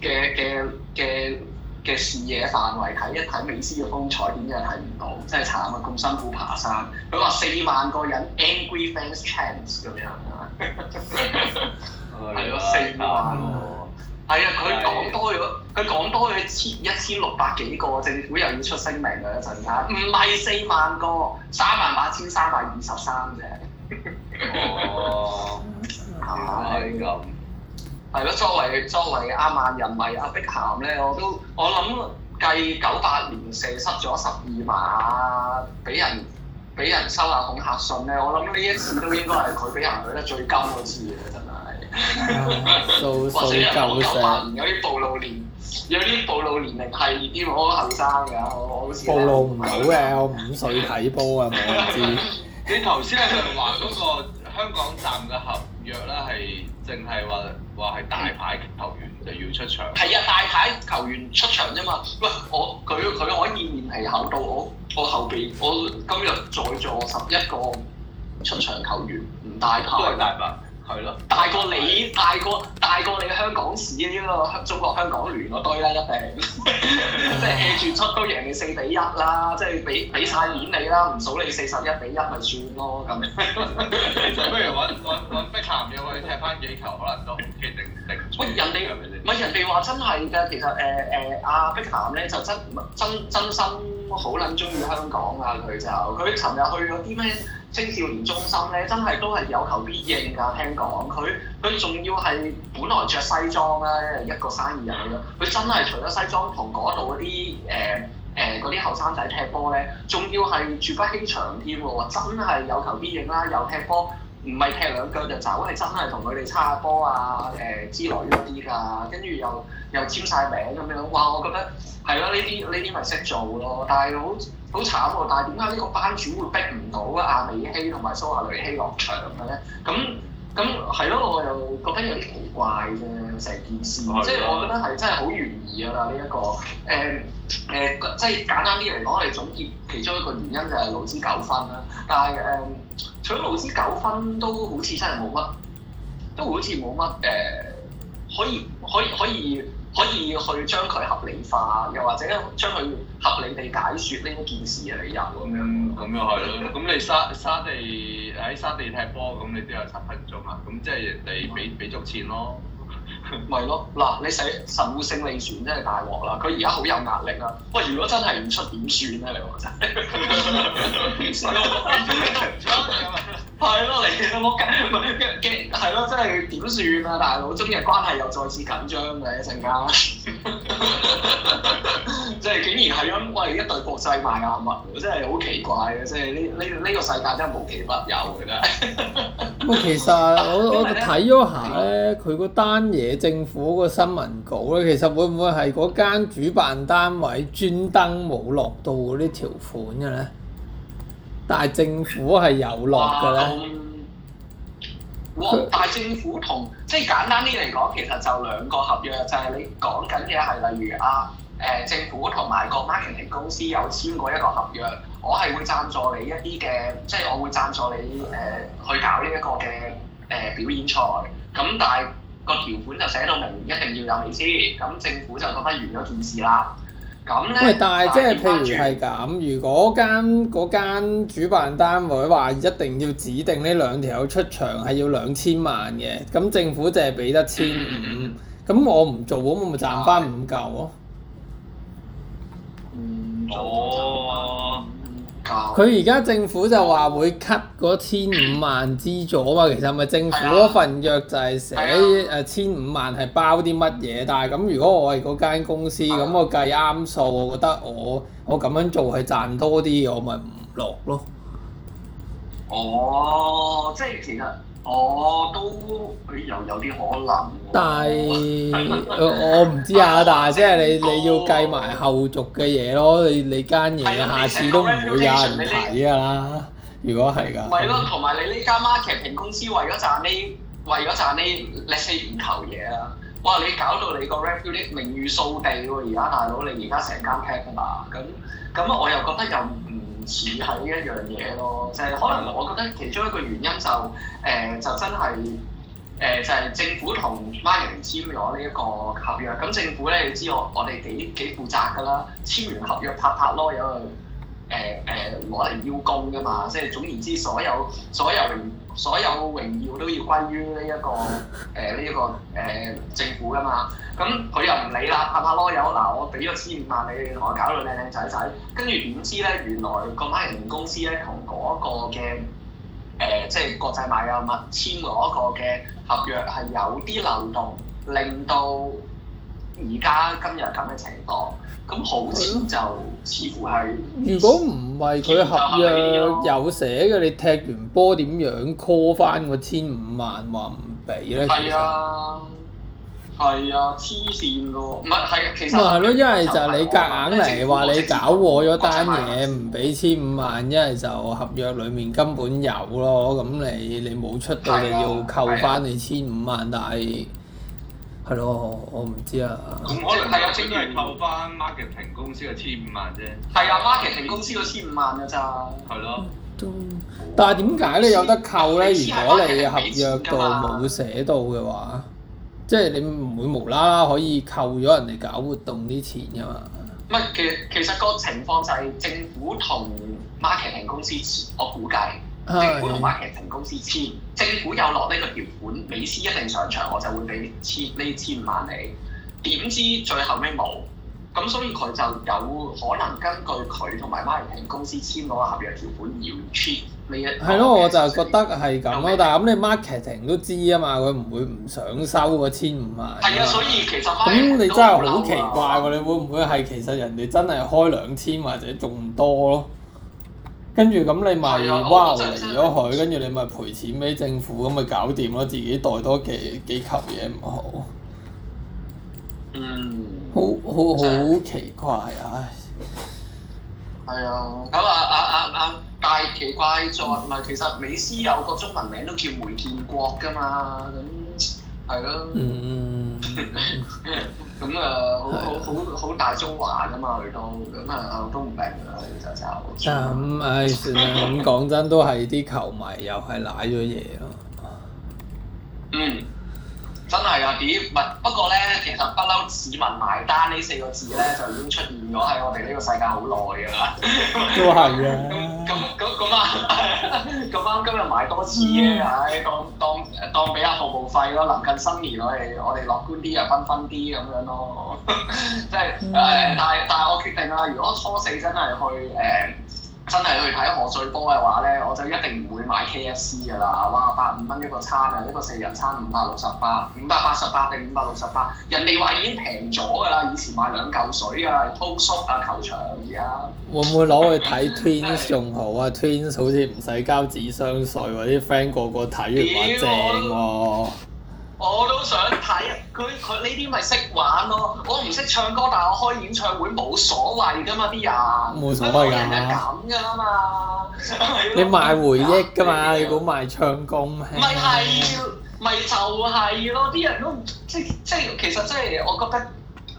嘅嘅嘅嘅視野範圍，睇一睇美斯嘅風采。點解睇唔到，真係慘啊！咁辛苦爬山，佢話四萬個人 angry fans chance 咁咩名係咯，四、 (laughs) 嗯、萬喎，係啊、嗯，佢、哎、呀講多咗，佢對講多咗前一千六百幾個，政府又要出聲明啦一陣間，唔係四萬個，三萬八千三百二十三啫。哦，原來係咁。 (laughs) (laughs) 係咯，作為作為阿萬人迷阿、啊、碧咸咧，我都我諗計九八年射失咗十二碼，俾人俾人收下恐嚇信咧。我諗呢一次都應該係佢俾人攞得最金嗰次真係，或者係九八年嗰啲暴露年，有啲暴露年齡係啲我後生㗎，我好似暴露唔好嘅、啊，我五歲睇波啊，咪？好意 (laughs) 你頭先係話嗰個香港站嘅後？約啦，係淨係話話係大牌球員就要出場。係啊，大牌球員出場啫嘛。喂，我佢佢我依然係考到我我後邊，我今日在座十一個出場球員，唔大牌。都係大牌。係咯的，大過你，大過大過你香港市啊！呢個中國香港聯隊啦，一定， (laughs) 即係轉出都贏你四比一啦，即係俾俾曬面你啦，唔數你四十一比一咪算咯咁。咁不如揾揾揾碧咸嘅我哋踢翻幾球好難得。可能都乜人哋唔係人哋話真係㗎，其實誒誒阿碧咸咧就真真真心好撚中意香港啊！佢就佢尋日去嗰啲咩青少年中心咧，真係都係有求必應㗎。聽講佢佢仲要係本來着西裝啦、啊，一個生意人啦，佢真係除咗西裝同嗰度嗰啲誒誒啲後生仔踢波咧，仲要係絕不欺場添喎！真係有求必應啦、啊，又踢波。唔係踢兩腳就走，係真係同佢哋叉波啊誒、呃、之類嗰啲㗎，跟住又又簽晒名咁樣，哇！我覺得係咯，呢啲呢啲咪識做咯，但係好好慘喎！但係點解呢個班主會逼唔到啊？阿美希同埋蘇亞雷希落場嘅咧？咁咁係咯，我又覺得有啲奇怪嘅，成件事，的即係我覺得係真係好懸疑㗎啦呢一個，誒、呃、誒、呃，即係簡單啲嚟講，我哋總結其中一個原因就係勞資糾紛啦。但係誒、呃，除咗勞資糾紛都好似真係冇乜，都好似冇乜誒，可以可以可以。可以可以去將佢合理化，又或者將佢合理地解説呢一件事嘅理由咁樣。咁又係啦，咁 (laughs) 你沙沙地喺沙地踢波，咁你都有七分鐘啊，咁即係人哋俾俾足錢咯。唔係咯，嗱，你使神戶勝利船真係大鑊啦！佢而家好有壓力啊！喂，如果真係唔出點算咧，你話真係，係咯，嚟嘅我緊，係緊，咯，真係點算啊？大佬，中日關係又再次緊張嘅一陣間，即係竟然係咁喂一對國際賣硬物，真係好奇怪嘅，即係呢呢呢個世界真係無奇不有㗎啦。其實我我睇咗下咧，佢個單嘢。政府個新聞稿咧，其實會唔會係嗰間主辦單位專登冇落到嗰啲條款嘅咧？但係政府係有落嘅咧、啊嗯。哇！但係政府同即係簡單啲嚟講，其實就兩個合約，就係、是、你講緊嘅係例如啊，誒、呃、政府同埋個 marketing 公司有簽過一個合約，我係會贊助你一啲嘅，即係我會贊助你誒、呃、去搞呢一個嘅誒、呃、表演賽，咁但係。個條款就寫到明，一定要有你先，咁政府就覺得完咗件事啦。咁咧，喂，但係即係譬如係咁，如果間嗰間主辦單位話一定要指定呢兩條友出場係要兩千萬嘅，咁政府淨係俾得千五，咁我唔做咁，我咪賺翻五嚿咯。唔做。的佢而家政府就話會 cut 嗰千五萬資助嘛，其實咪政府嗰份約就係寫誒千五萬係包啲乜嘢。但係咁如果我係嗰間公司，咁我計啱數，我覺得我我咁樣做係賺多啲，我咪唔落咯。哦，即係其實。我、哦、都佢又、哎、有啲可能但係是 (laughs) 我唔知啊， (laughs) 但係即係你 (laughs) 你，你要計埋後續嘅嘢咯，你你間嘢下次都唔會有人睇嘅啦，的如果係㗎。唔係咯，同埋的對你呢間 marketing 公司為咗賺呢，為咗賺呢，你四五球嘢啊，哇！你搞到你個 reputation 名譽掃地喎，而家大佬你而家成間 pack 㗎嘛，咁咁我又覺得又。似係一樣嘢咯，就係、是、可能我覺得其中一個原因就誒、呃、就真係誒、呃、就係、是、政府同孖人簽咗呢一個合約，咁政府咧你知我我哋幾幾負責噶啦，簽完合約拍拍咯，有誒誒攞嚟邀功噶嘛，即、就、係、是、總言之，所有所有。所有榮耀都要歸於呢一個誒呢一個誒、呃、政府㗎嘛，咁、嗯、佢又唔理啦，係咪？攞油嗱，我俾咗千五萬，你我搞到靚靚仔仔，跟住點知咧？原來個馬人公司咧同嗰個嘅誒、呃，即係國際買家物簽嗰個嘅合約係有啲漏洞，令到。而家今日咁嘅情況，咁好少就似乎係。如果唔係佢合約有寫嘅，你踢完波點樣 call 翻個千五萬話唔俾咧？係啊，係啊，黐線噶喎。唔係係，其實。咁係、啊啊、咯，啊、 (noise) 一係就你夾硬嚟話你搞我咗單嘢唔俾千五萬，一係就合約裡面根本有咯。咁你你冇出到你要扣翻你千五萬，啊、但係。係咯，我唔知啊。咁可能係啊，精明的的扣翻 marketing 公司嘅千五萬啫。係啊，marketing 公司嘅千五萬㗎咋。係咯的。都。但係點解咧有得扣咧？如果你合約度冇寫到嘅話，即係你唔會無啦啦可以扣咗人哋搞活動啲錢㗎嘛？唔係，其實其實個情況就係政府同 marketing 公司，我估計政府同 marketing 公司簽。政府有落呢個條款，美斯一定上場，我就會俾千呢千五萬你。點知最後咩冇？咁所以佢就有可能根據佢同埋 marketing 公司簽嗰個合約條款要 cheat，呢一係咯，我就覺得係咁咯。但係咁你 marketing 都知啊嘛，佢唔會唔想收個千五萬。係啊，所以其實咁你真係好奇怪喎！你會唔會係其實人哋真係開兩千或者仲多咯？跟住咁你咪挖嚟咗佢，跟住你咪賠錢俾政府，咁咪搞掂咯。自己袋多幾幾嚿嘢唔好，嗯，好好好奇怪啊！係啊，咁啊啊啊啊大奇怪在，唔係其實美斯有個中文名都叫梅建國噶嘛，咁係咯。嗯。咁啊，好好好好大中華噶嘛，佢都咁啊，我都唔明啊，就就真唉，算啦。咁講真，都係啲球迷又係賴咗嘢咯。嗯。真係啊，點唔不過咧，其實不嬲市民埋單呢四個字咧，就已經出現咗喺我哋呢個世界好耐㗎啦。都係啊，咁咁咁啊，咁啱今日買多次嘅，唉、 (laughs) 嗯，當當當俾下服務費咯，臨近新年，我哋我哋樂觀啲啊，繽紛啲咁樣咯，即係，但係但係我決定啊，如果初四真係去誒。呃真係去睇賀歲波嘅話呢，我就一定唔會買 KFC 噶啦，哇八五蚊一個餐啊，一個四人餐五百六十八、五百八十八定五百六十八，人哋話已經平咗㗎啦，以前買兩嚿水啊，通縮啊、球場而、啊、家。會唔會攞去睇 Twins 仲好啊的？Twins 好似唔使交紙箱稅喎，啲 friend 個個睇完話正喎、啊。哎 (laughs) 我都想睇啊！佢佢呢啲咪識玩咯。我唔識唱歌，但係我開演唱會冇所謂噶嘛，啲人冇所謂，㗎人係咁㗎嘛。啊、咯你賣回憶㗎嘛？咯你估賣唱功咪係，咪就係咯。啲人都即係，即係其實即係我覺得。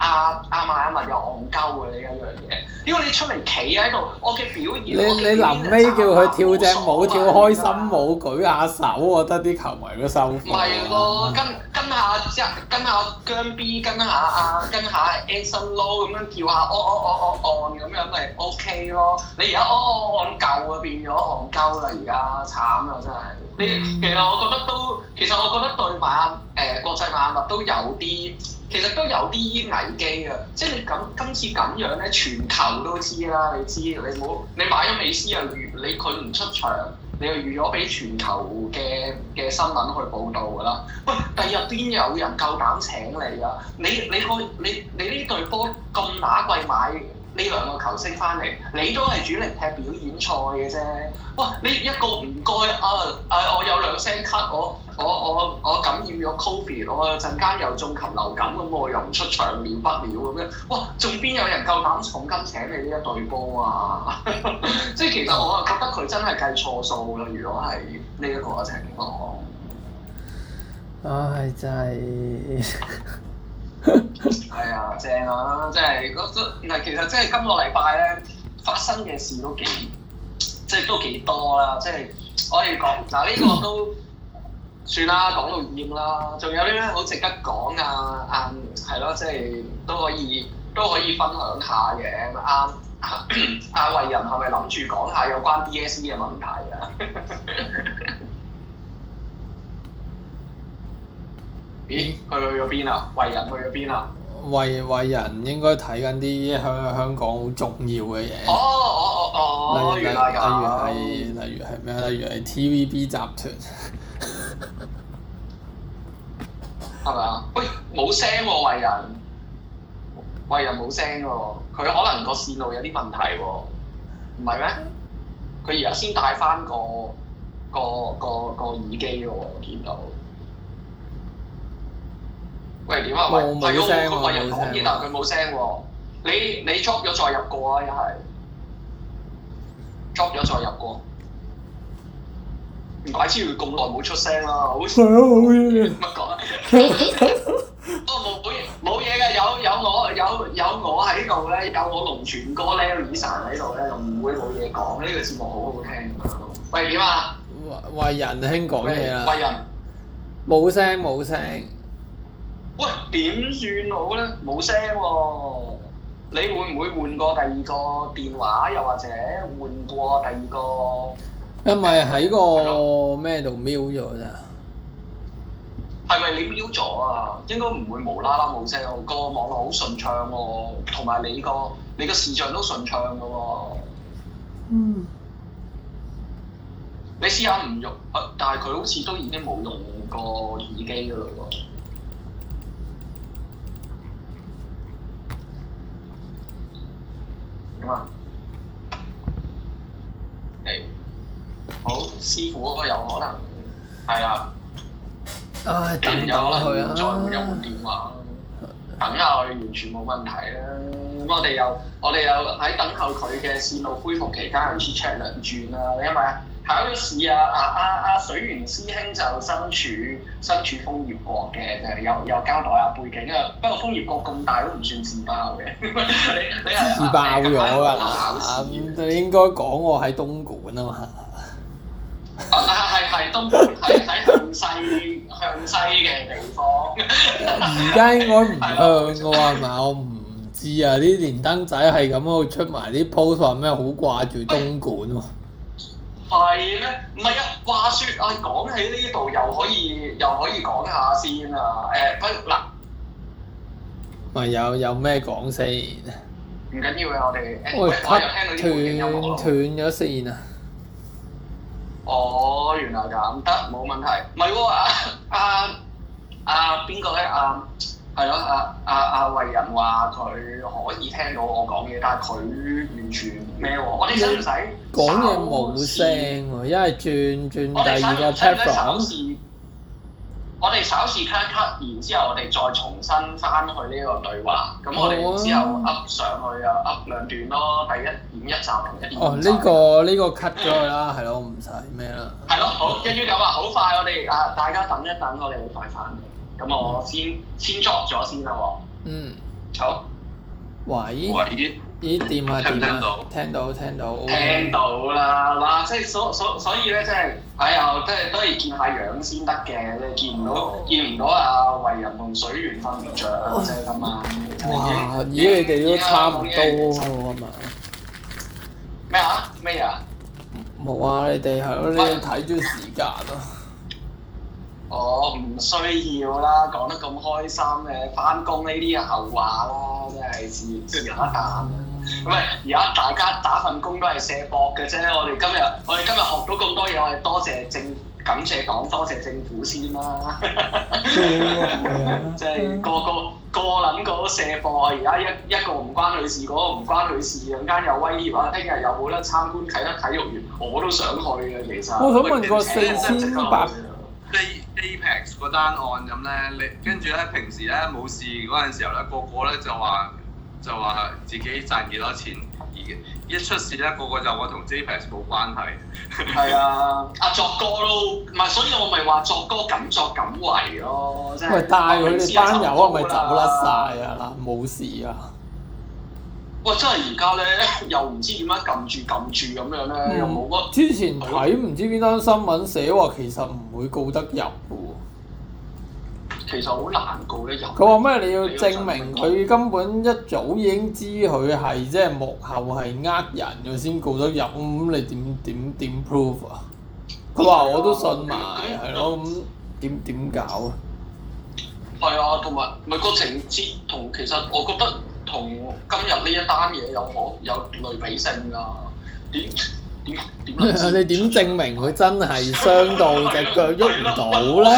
阿阿文阿文又戇鳩嘅呢樣嘢，因為你出嚟企喺度，我嘅表現。你你臨尾叫佢跳隻舞，跳開心舞，舞，舉下手，我覺得啲球迷都受苦。係咯，跟跟下張，跟下姜 B，跟下阿，跟下 Anson Lo 咁樣叫下按按按按按咁樣咪 OK 咯。你而家按按按夠啊，變咗戇鳩啦，而家慘啊真係。你其實我覺得都，其實我覺得對埋阿誒國際邁阿密都有啲。其實都有啲危機嘅、啊，即係你咁今次咁樣咧，全球都知啦。你知，你冇你買咗美斯又預你佢唔出場，你又預咗俾全球嘅嘅新聞去報導㗎啦。喂，第日邊有人夠膽請你啊？你你個你你呢隊波咁乸貴買？呢兩個球星翻嚟，你都係主力踢表演賽嘅啫。哇！你一個唔該啊，誒、啊，我有兩聲咳，我我我我感染咗 Covid，我有陣間又中禽流感咁，我又唔出場免不了咁樣。哇！仲邊有人夠膽重金請你呢一隊波啊？即 (laughs) 係其實我係覺得佢真係計錯數啦。如果係呢一個情況，啊係真。 (laughs) 係、哎、啊，正啊，即係都嗱，其實即係今個禮拜咧發生嘅事都幾，即係都幾多啦，即係可以講嗱呢個都算啦，講到厭啦，仲有啲咩好值得講啊？啱，係咯，即係都可以都可以分享下嘅。啱，阿維仁係咪諗住講下有關 DSE 嘅問題啊？咦？去去咗邊啊？為人去咗邊啊？為為人應該睇緊啲香香港好重要嘅嘢、哦。哦哦哦哦哦！例如例如係例如係咩例如係 TVB 集團係咪 (laughs) 啊？喂，冇聲喎為人，為人冇聲喎，佢可能個線路有啲問題喎、啊，唔係咩？佢而家先戴翻個個個個，個耳機嘅、啊、喎，見到。喂，點啊？唔係要佢為人講嘢，但佢冇聲喎。你你 drop 咗再入過啊，又係 drop 咗再入過。唔怪之佢咁耐冇出聲啦、啊，好似乜講？都冇冇嘢嘅，有有我有有我喺度咧，有我龍泉哥咧 Elsa 喺度咧，就唔會冇嘢講。呢個節目好好聽。喂，點啊？喂喂！喂，喂人兄講嘢啦，喂，人冇聲冇聲。喂，點算好咧？冇聲喎、哦，你會唔會換過第二個電話？又或者換過第二個？因為喺個咩度瞄咗啫？係咪你瞄咗啊？應該唔會無啦啦冇聲喎、哦，個網絡好順暢喎、哦，同埋你、個你個視像都順暢嘅喎、哦。嗯。你試下唔用，但係佢好似都已經冇用過耳機嘅嘞喎。咁、嗯、啊，嚟，好，師傅嗰個有可能，係啊，有可能再唔換一部電話，等下佢、啊、完全冇問題啦。咁、嗯啊嗯啊、我哋又，我哋又喺等候佢嘅線路恢復期間，切 check 兩轉啊，因為、啊。啊考咗試啊！啊啊啊！水源師兄就身處身處楓葉國嘅，就有有交代下、啊、背景啊。不過楓葉國咁大都唔算自爆嘅。 (laughs) 你自爆咗㗎，啊！你、啊啊啊、應該講我喺東莞 (laughs) 啊嘛。係係係東莞，喺喺向西向西嘅地方。而 (laughs) 家應該唔向我啊嘛？我唔知啊！啲連登仔係咁啊，出埋啲 post 話咩？好掛住東莞喎。 (laughs) 係咩？唔係啊！話説啊，講起呢度又可以又可以講下先啊！誒、欸，嗱，咪有，有咩講先？唔緊要啊，我哋喂，有有斷斷咗線啊！哦，原來咁得冇問題。唔係喎，啊，啊，啊邊個咧？啊。係咯，阿阿阿維仁話佢可以聽到我講嘢，但係佢完全咩喎？我哋使唔使？講嘢冇聲喎，因為轉轉第二個 table 我哋首次，我哋首次 cut 一 cut，然之後我哋再重新翻去呢個對話，咁我哋只有 up 上去啊 up 兩段咯，第一點一集，一點一哦，呢個呢個 cut 咗佢啦，係咯，唔使咩啦。係咯，好，一於咁啊，好快，我哋啊，大家等一等，我哋會快翻。咁我先先作咗先啦喎。嗯。好。喂。咦？電話啊，啊聽唔聽，聽到？聽到、嗯、聽到。聽到啦，嗱，即係所所所以咧，即係哎呀，即係都係見下樣先得嘅，即係、嗯、見唔到見唔到啊，為人同水源瞓唔着。啊、哦，即係咁啊。嗯、哇！咦，你哋都差唔多啊嘛。咩麼啊？咩啊？冇啊！你哋係你哋睇住時間啊。我唔、oh, 需要啦，講得咁開心嘅，翻工呢啲係後話啦，真係是自。而家大唔係，而家 Yeah. 大家打份工都係卸博嘅啫。我哋今日我哋今日學到咁多嘢，我哋多謝政感謝黨，多謝政府先啦。係啊，即係個個個諗個都卸博。而家一一個唔關佢事，嗰、那個唔關佢事，陣、那、間、個、有威業啊！聽日又冇得參觀睇得體育園，我都想去嘅。其實我想問個四千八。4, J J Pex 嗰單案咁咧，你跟住咧，平時咧冇事嗰陣時候咧，個個咧就話就話自己賺幾多錢，而一出事咧，個個就我同 JPEX 冇關係。係啊，阿 (laughs) 、啊、作哥咯，唔係，所以我咪話作哥敢作敢為咯。咪帶佢哋翻遊啊，咪走甩晒啊，嗱，冇事啊。哇！真係而家咧，又唔知點樣撳住撳住咁樣咧，又冇乜、嗯。之前睇唔知邊單新聞寫話，其實唔會告得入喎。其實好難告得入。佢話咩？你要證明佢根本一早已經知佢係即係幕後係呃人，佢先告得入。咁你點點點 prove 啊？佢話我都信埋，係咯、嗯。咁點點搞啊？係啊，同埋係個情節同其實我覺得。同今日呢一單嘢有冇有類比性㗎？點點點你點證明佢真係傷到隻腳喐唔到咧？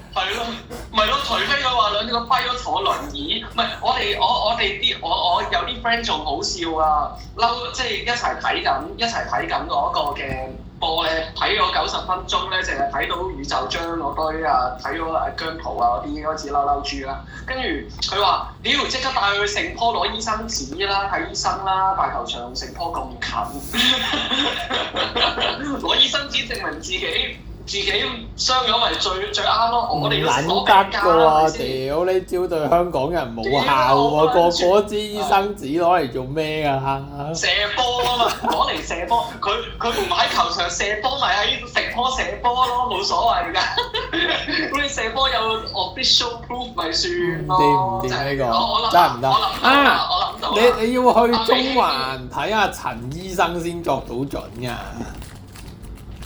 (laughs) 係咯，唔係咯，除非佢話兩隻個跛咗坐輪椅，唔係我哋我我哋啲我我有啲 friend 仲好笑啊，嬲即係一齊睇緊一齊睇緊嗰個嘅波咧，睇咗九十分鐘咧，淨係睇到宇宙將嗰堆啊，睇到阿姜濤啊嗰啲嗰啲嬲嬲住啦，跟住佢話，屌即刻帶佢去成坡攞醫生紙啦，睇醫生啦，大球場成坡咁近，攞 (laughs) (laughs) 醫生紙證明自己。自己傷咗咪最最啱咯！我哋攞膠紙，唔得嘅喎！屌，呢招對香港人冇效喎！個嗰支醫生紙攞嚟做咩啊？ (laughs) 射波啊嘛！攞嚟射波，佢佢唔喺球場射波，咪喺食波射波咯，冇所謂嘅。好 (laughs) 似射波有 official proof，咪算咯。你掂唔掂呢個，就是、我真係唔得啊！我諗到你你要去中環睇下陳醫生先作到準啊！ (laughs)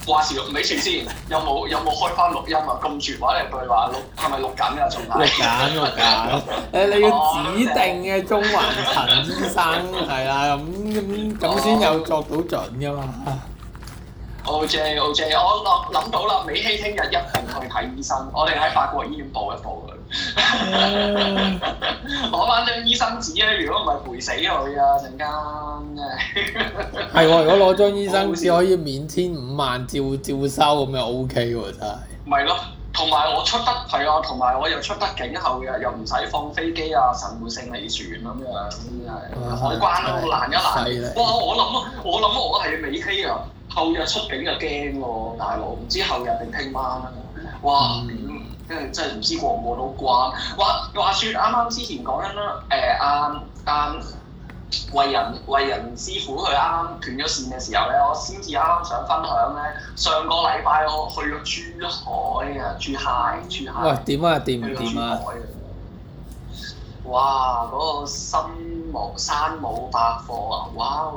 話事錄美樹先，有冇有冇開返錄音啊？咁絕話你佢話錄係咪錄緊啊？仲係錄緊、啊，錄緊。誒，你要指定嘅、啊哦、中環陳醫生係啦，咁咁咁先有做到準㗎嘛。OK OK，我諗諗到啦，美希聽日一定去睇醫生，我哋喺法國醫院報一報佢。攞翻 (laughs) 張醫生紙啊！ (laughs) 如果唔係賠死佢啊，陣間，係我如果攞張醫生紙像可以免簽五萬照照收咁又 O K 喎，真係。咪咯， (laughs) 同埋我出得係啊，同埋我又出得境後日又唔使放飛機啊，神聖起船咁樣，哇我真係海關都難一難。害哇！我諗我諗我係美 K 啊，後日出境就驚喎，大佬唔知後日定聽晚啊！哇！嗯真係唔知過唔過到關，話話説啱啱之前講緊啦，誒阿阿為人為人師傅佢啱啱斷咗線嘅時候咧，我先至啱啱想分享咧，上個禮拜我去咗珠海啊，珠海，珠海。珠海喂，點啊？掂唔掂？啊？哇！嗰、嗰個新冇山姆百貨啊！哇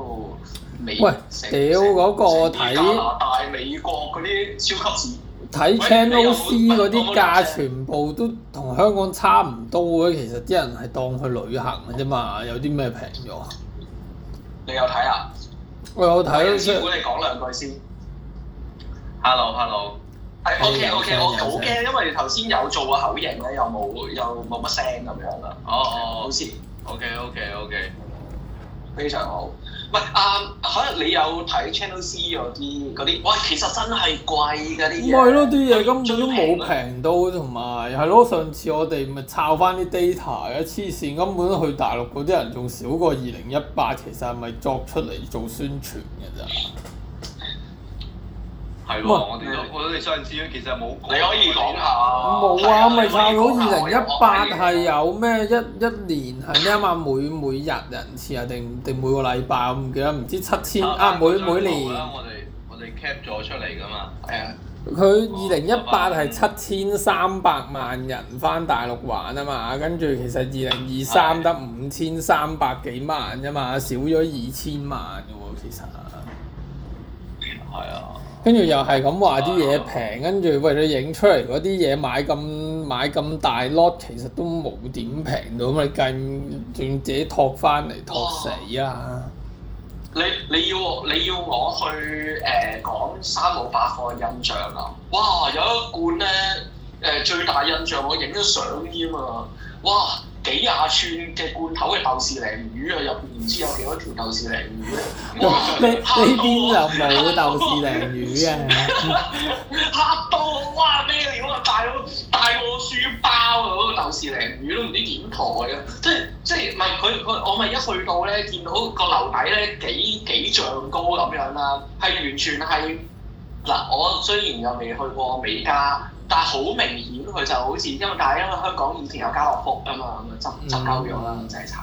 美，喂，屌嗰個睇。加拿大、美國嗰啲超級市。睇 Channel C 嗰啲價全部都同香港差唔多嘅，其實啲人係當去旅行嘅啫嘛，有啲咩平咗？你有睇啊？我有睇先。先，你講兩句先。Hello，Hello。誒，OK，OK，我好嘅，因為頭先有做個口型咧，又冇又冇乜聲咁樣啦。哦哦、oh, oh. 像。好先。OK，OK，OK。非常好。喂，啊，可能你有睇 Channel C 嗰啲嗰啲，喂，其實真係貴㗎啲嘢，唔係咯，啲嘢根本都冇平到，同埋係咯，上次我哋咪抄翻啲 data 嘅，黐線，根本去大陸嗰啲人仲少過二零一八，其實係咪作出嚟做宣傳嘅咋。唔，我哋我我哋上次其實冇講。你可以講下。冇啊，我咪靠到二零一八係有咩一一年係咩每每日人次啊，定定每個禮拜我唔記得，唔知七千啊每每年。我哋我哋 cap 咗出嚟噶嘛。係啊，佢二零一八係七千三百萬人翻大陸玩啊嘛，跟住其實二零二三得五千三百幾萬啫嘛，少咗二千萬嘅喎，其實。係啊。跟住又係咁話啲嘢平，跟住喂你影出嚟嗰啲嘢買咁買咁大 lot，其實都冇點平到嘛！你計唔自己托翻嚟托死啊？你你要你要我去誒講、呃、三老八貨印象啊！哇，有一罐咧誒、呃、最大印象我影咗相添啊！哇～幾廿寸嘅罐頭嘅豆豉鯪魚啊，入邊唔知有幾多條豆豉鯪魚？哇！呢呢邊有冇豆豉鯪魚啊？嚇到我！哇！咩料啊？大佬大過書包啊！嗰個豆豉鯪魚都唔知點抬啊！即係即係唔係佢佢我咪一去到咧，見到個樓底咧幾幾丈高咁樣啦，係完全係嗱，我雖然又未去過美加。但係好明顯，佢就好似因為，但係因為香港以前有家樂福啊嘛，咁執執交咗啦，咁就係慘。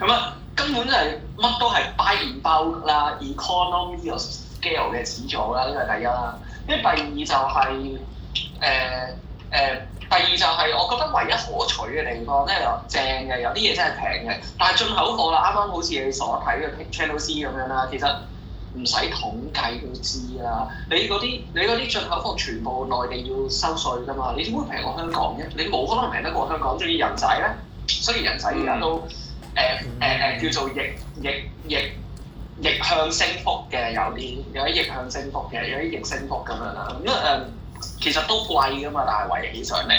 咁啊，根本就係乜都係 buy in bulk 啦 economy scale 嘅始祖啦，呢個第一啦。跟住第二就係誒誒，第二就係、是呃呃、我覺得唯一可取嘅地方，即係又正嘅，有啲嘢真係平嘅。但係進口貨啦，啱啱好似你所睇嘅 Channel C 咁樣啦，其實。唔使統計都知啊！你嗰啲你啲進口貨全部內地要收稅㗎嘛？你點會平過香港啫？你冇可能平得過香港，仲要人仔咧。所以人仔而家都誒誒誒叫做逆逆逆逆向升幅嘅，有啲有啲逆向升幅嘅，有啲逆升幅咁樣啦。咁、嗯、啊、呃其實都貴㗎嘛，但係圍起上嚟，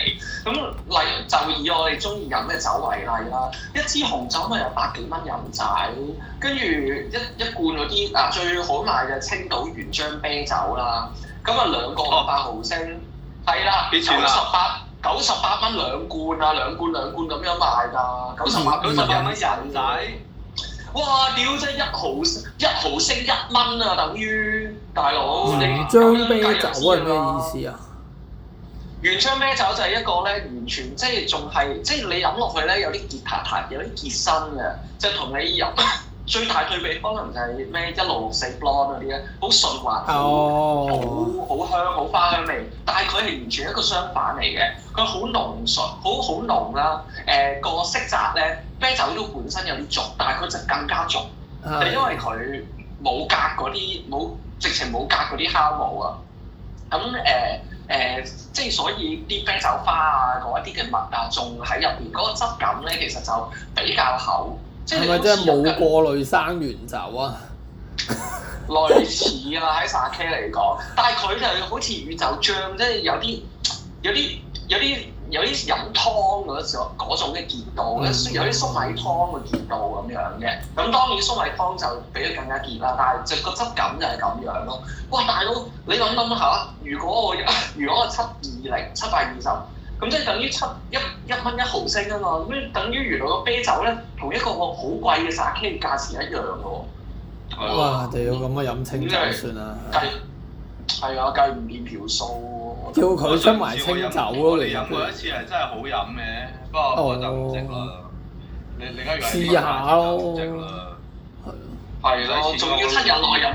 咁例就以我哋中意飲咩酒為例啦，一支紅酒咪有百幾蚊人仔，跟住一一罐嗰啲啊最好賣嘅青島原漿啤酒啦，咁啊兩個百毫升，係、哦、啦，九十八九十八蚊兩罐啊，兩罐兩罐咁樣賣㗎，九十八九十八蚊人仔，嗯、哇屌真係一毫一毫升一蚊啊。等於大佬，原漿啤酒係咩意思啊？原漿啤酒就係一個咧，完全即係即係仲係即係你飲落去咧，有啲杰撻撻，有啲杰身嘅，即就同你飲 (coughs) 最大對比，可能就係咩一六六四 Blanc 嗰啲咧，好順滑，好好香，好花香味。但係佢係完全一個相反嚟嘅，佢好濃醇，好好濃啦。誒、呃、個色澤咧，啤酒都本身有啲重，但係佢就更加重，就、嗯、因為佢冇隔嗰啲冇直情冇隔嗰啲酵母啊。咁、嗯、誒。呃誒、呃，即係所以啲啤酒花啊，嗰一啲嘅物啊，仲喺入邊嗰個質感咧，其實就比較厚。係咪即係冇過濾生原酒啊？ (laughs) 類似啊，喺 Sake 嚟講，但係佢就好似宇宙醬，即係有啲有啲有啲。有有啲飲湯嗰種嘅甜度嘅，嗯、有啲粟米湯嘅甜度咁樣嘅。咁當然粟米湯就比佢更加甜啦，但係就個質感就係咁樣咯。哇，大佬，你諗諗下，如果我如果我七二零七百二十，咁即係等於七一一蚊一毫升啊嘛，咁等於原來個啤酒咧，同一個好貴嘅沙啞嘅價錢一樣嘅喎。哇，地佬咁嘅飲清真算啦，計係啊，計唔掂條數。叫佢出埋清酒咯，你飲過一次係真係好飲嘅，不過冇得飲咯。你你而家試下咯、哦，係咯了，仲、哦、要七日內飲，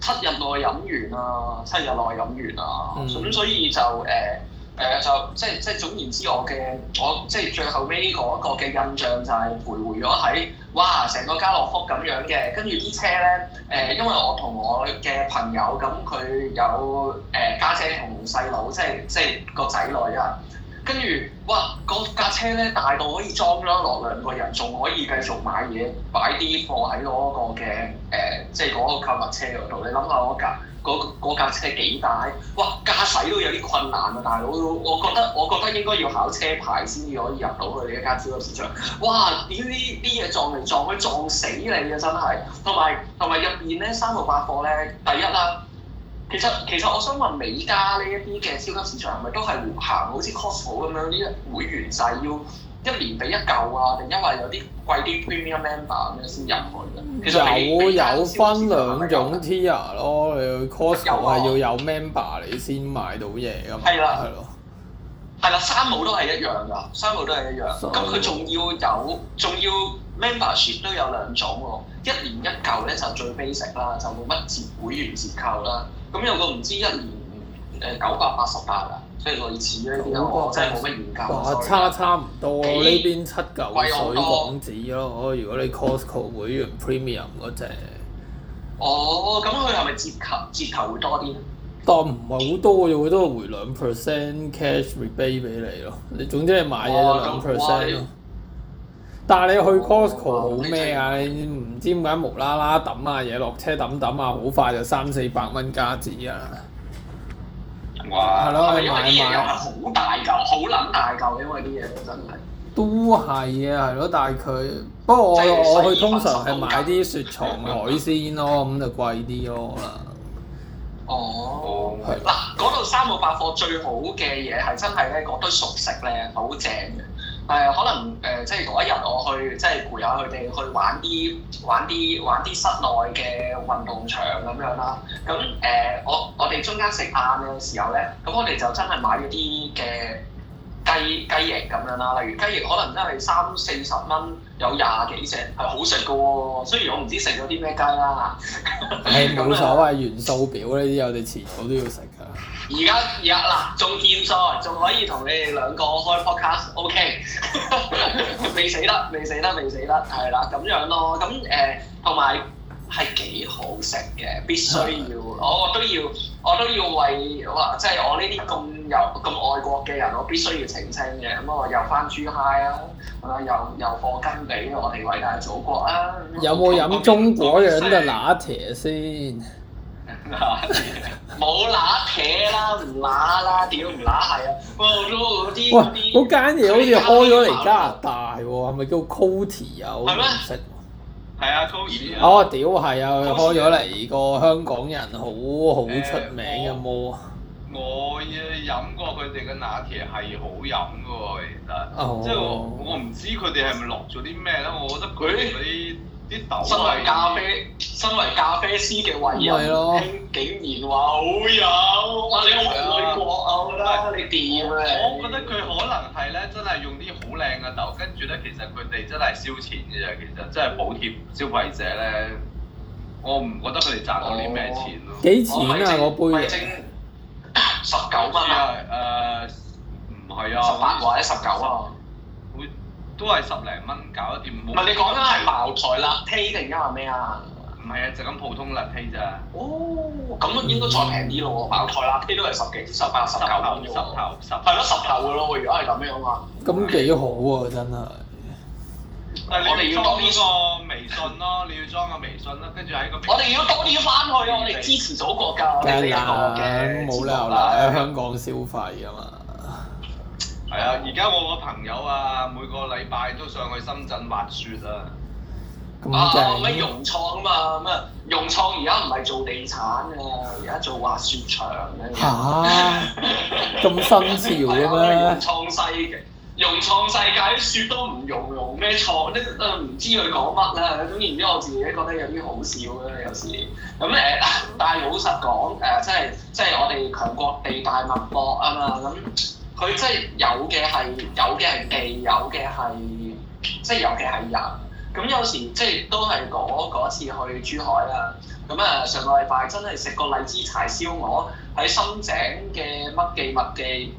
七日內飲完啊，七日內飲完啊，咁、嗯、所以就誒。呃誒、呃、就即係即係總言之我，我嘅我即係最後尾嗰、這個嘅印象就係徘徊咗喺，哇！成個家樂福咁樣嘅，跟住啲車咧，誒、呃，因為我同我嘅朋友咁，佢、嗯、有誒家、呃、姐同細佬，即係即係個仔女啊，跟住哇，個架車咧大到可以裝啦，落兩個人仲可以繼續買嘢，擺啲貨喺我嗰個嘅誒、呃，即係嗰個購物車嗰度，你諗下嗰、那、架、個。嗰架車幾大？哇！駕駛都有啲困難啊，大佬！我覺得我覺得應該要考車牌先至可以入到去呢間超級市場。哇！點知呢啲嘢撞嚟撞去撞死你啊！真係，同埋同埋入邊咧，三號百貨咧，第一啦。其實其實我想問美加呢一啲嘅超級市場係咪都係行？好似 Costco 咁樣呢一會員制要？一年俾一嚿啊，定因為有啲貴啲 Premium Member 咁樣先入去嘅。其實有有分兩種 Tier 咯，啊、你 Costco 係，啊、要有 Member 你先買到嘢咁。係啦的，係咯的，係啦，山姆都係一樣㗎，山姆都係一樣。咁佢仲要有，仲要 Membership 都有兩種喎、啊。一年一嚿咧就最 basic 啦，就冇乜折會員折扣啦。咁有個唔知一年誒九百八十八啊。即係類似啊，而家我真係冇乜研究。哇，差差唔多，呢邊七九水港紙咯。如果你 Costco 會員 Premium 嗰隻，哦，咁佢係咪折頭折頭會多啲？但唔係好多嘅，佢都係回兩 percent cash rebate 俾你咯。你總之你買嘢就兩 percent 咯。但係你去 Costco 好咩啊？唔知點解無啦啦揼下嘢落車揼揼啊，好快就三四百蚊加紙啊！哇，係咯，去買買，好大嚿，好撚大嚿，因為啲嘢真係。都係啊，係咯，但係佢不過我我去通常係買啲雪藏海鮮咯，咁、嗯、就貴啲咯。哦，係嗱的，嗰度、啊、三六百貨最好嘅嘢係真係咧，嗰堆熟食咧好正嘅。係可能誒、呃，即係同一日我去，即係陪下佢哋去玩啲玩啲玩啲室內嘅運動場咁樣啦。咁誒、呃，我我哋中間食晏嘅時候咧，咁我哋就真係買咗啲嘅雞雞翼咁樣啦。例如雞翼可能真係三四十蚊，有廿幾隻係好食嘅喎。雖然我唔知食咗啲咩雞啦。係咁所謂元 (laughs) 素表呢啲我哋遲早都要食㗎。而家而家嗱，仲健在，仲可以同你哋兩個開 podcast，OK，okay. 未 (laughs) 死得，未死得，未死得，係啦，咁樣咯，咁誒，同埋係幾好食嘅，必須要，我都要，我都要為哇，即係我呢啲咁有咁愛國嘅人，我必須要澄清嘅，咁我又返珠海啊，啊又又課金俾我哋偉大祖國啊，啊有冇飲中國樣嘅拿鐵先？冇 (laughs) 拿鐵啦，唔拿啦，屌唔拿係啊！哇 (laughs) 些，嗰啲嗰啲，好奸嘢，好似開咗嚟加拿大喎，係咪叫 Cody 嗎啊？唔識，係啊，Cody。哦，屌係啊，佢開咗嚟個香港人好好出名冇啊、呃，我嘅飲過佢哋嘅拿鐵係好飲嘅喎，其實，哦、即係我唔知佢哋係咪落咗啲咩咧，我覺得佢啲。 (laughs) 身為，為咖啡身為咖啡師嘅偉人， (laughs) 竟然話好有 (laughs) 你好愛國啊是我，我覺得你掂咧！我覺得佢可能係咧，真係用啲好靚嘅豆，跟住咧其實佢哋真係燒錢嘅，其實真係補貼消費者咧。我唔覺得佢哋賺到啲咩錢咯。哦、幾錢啊？我、哦、杯十九蚊啊！誒，唔係啊，十八或者十九啊。都係十零蚊搞一碟，唔係你講緊係茅台辣 t 定而家話咩啊？唔係啊，就咁普通辣 t 咋？哦。咁都應該再平啲咯，茅台辣 t 都係十幾至十八、十九，十頭、十頭。係咯，十頭嘅咯，如果係咁樣嘛。咁幾好喎，真係。我哋要裝呢個微信咯，你要裝個微信啦，跟住喺個。我哋要多啲返去啊！我哋支持祖國㗎，我哋冇理由喺香港消費啊嘛。係啊，而家我個朋友啊，每個禮拜都上去深圳滑雪啊。啊，咩融創啊嘛，咩融創而家唔係做地產做啊，而家做滑雪場嘅。咁新潮嘅咩？哎、創世嘅。融創世界啲雪都唔融融咩創？啲啊，唔知佢講乜啦。咁然之後，我自己覺得有啲好笑嘅，有時。咁、嗯、誒，但係老實講，誒即係即係我哋強國地大物博啊嘛，咁。佢即係有嘅係有嘅係地，有嘅係即係有嘅係人。咁有時即係都係嗰次去珠海啦。咁啊上個禮拜真係食個荔枝柴燒鵝喺深井嘅乜記麥記，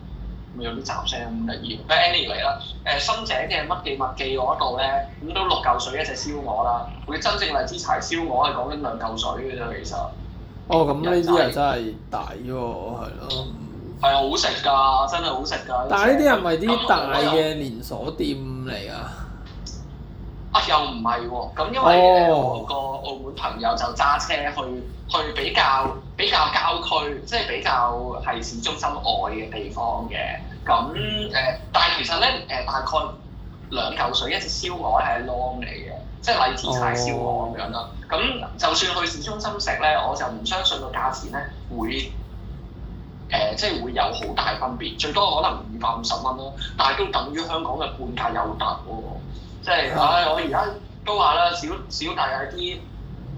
咪有啲雜聲咁得意。But anyway 啦，誒深井嘅乜記麥記嗰度咧，咁都六嚿水一隻燒鵝啦。佢真正荔枝柴燒鵝係講緊兩嚿水嘅啫，其實。哦，咁呢啲係真係大喎，係咯。係啊，好食㗎，真係好食㗎！但係呢啲係咪啲大嘅連鎖店嚟啊、嗯？啊，又唔係喎。咁因為、哦呃、我個澳門朋友就揸車去去比較比較郊區，即係比較係市中心外嘅地方嘅。咁誒、呃，但係其實咧誒，大、呃、概兩嚿水一隻燒鵝係 long 嚟嘅，即係荔枝柴燒鵝咁樣咯。咁、哦、就算去市中心食咧，我就唔相信個價錢咧會。誒，即係會有好大分別，最多可能二百五十蚊咯，但係都等於香港嘅半價有得喎。即係，唉，我而家都話啦，小小弟有啲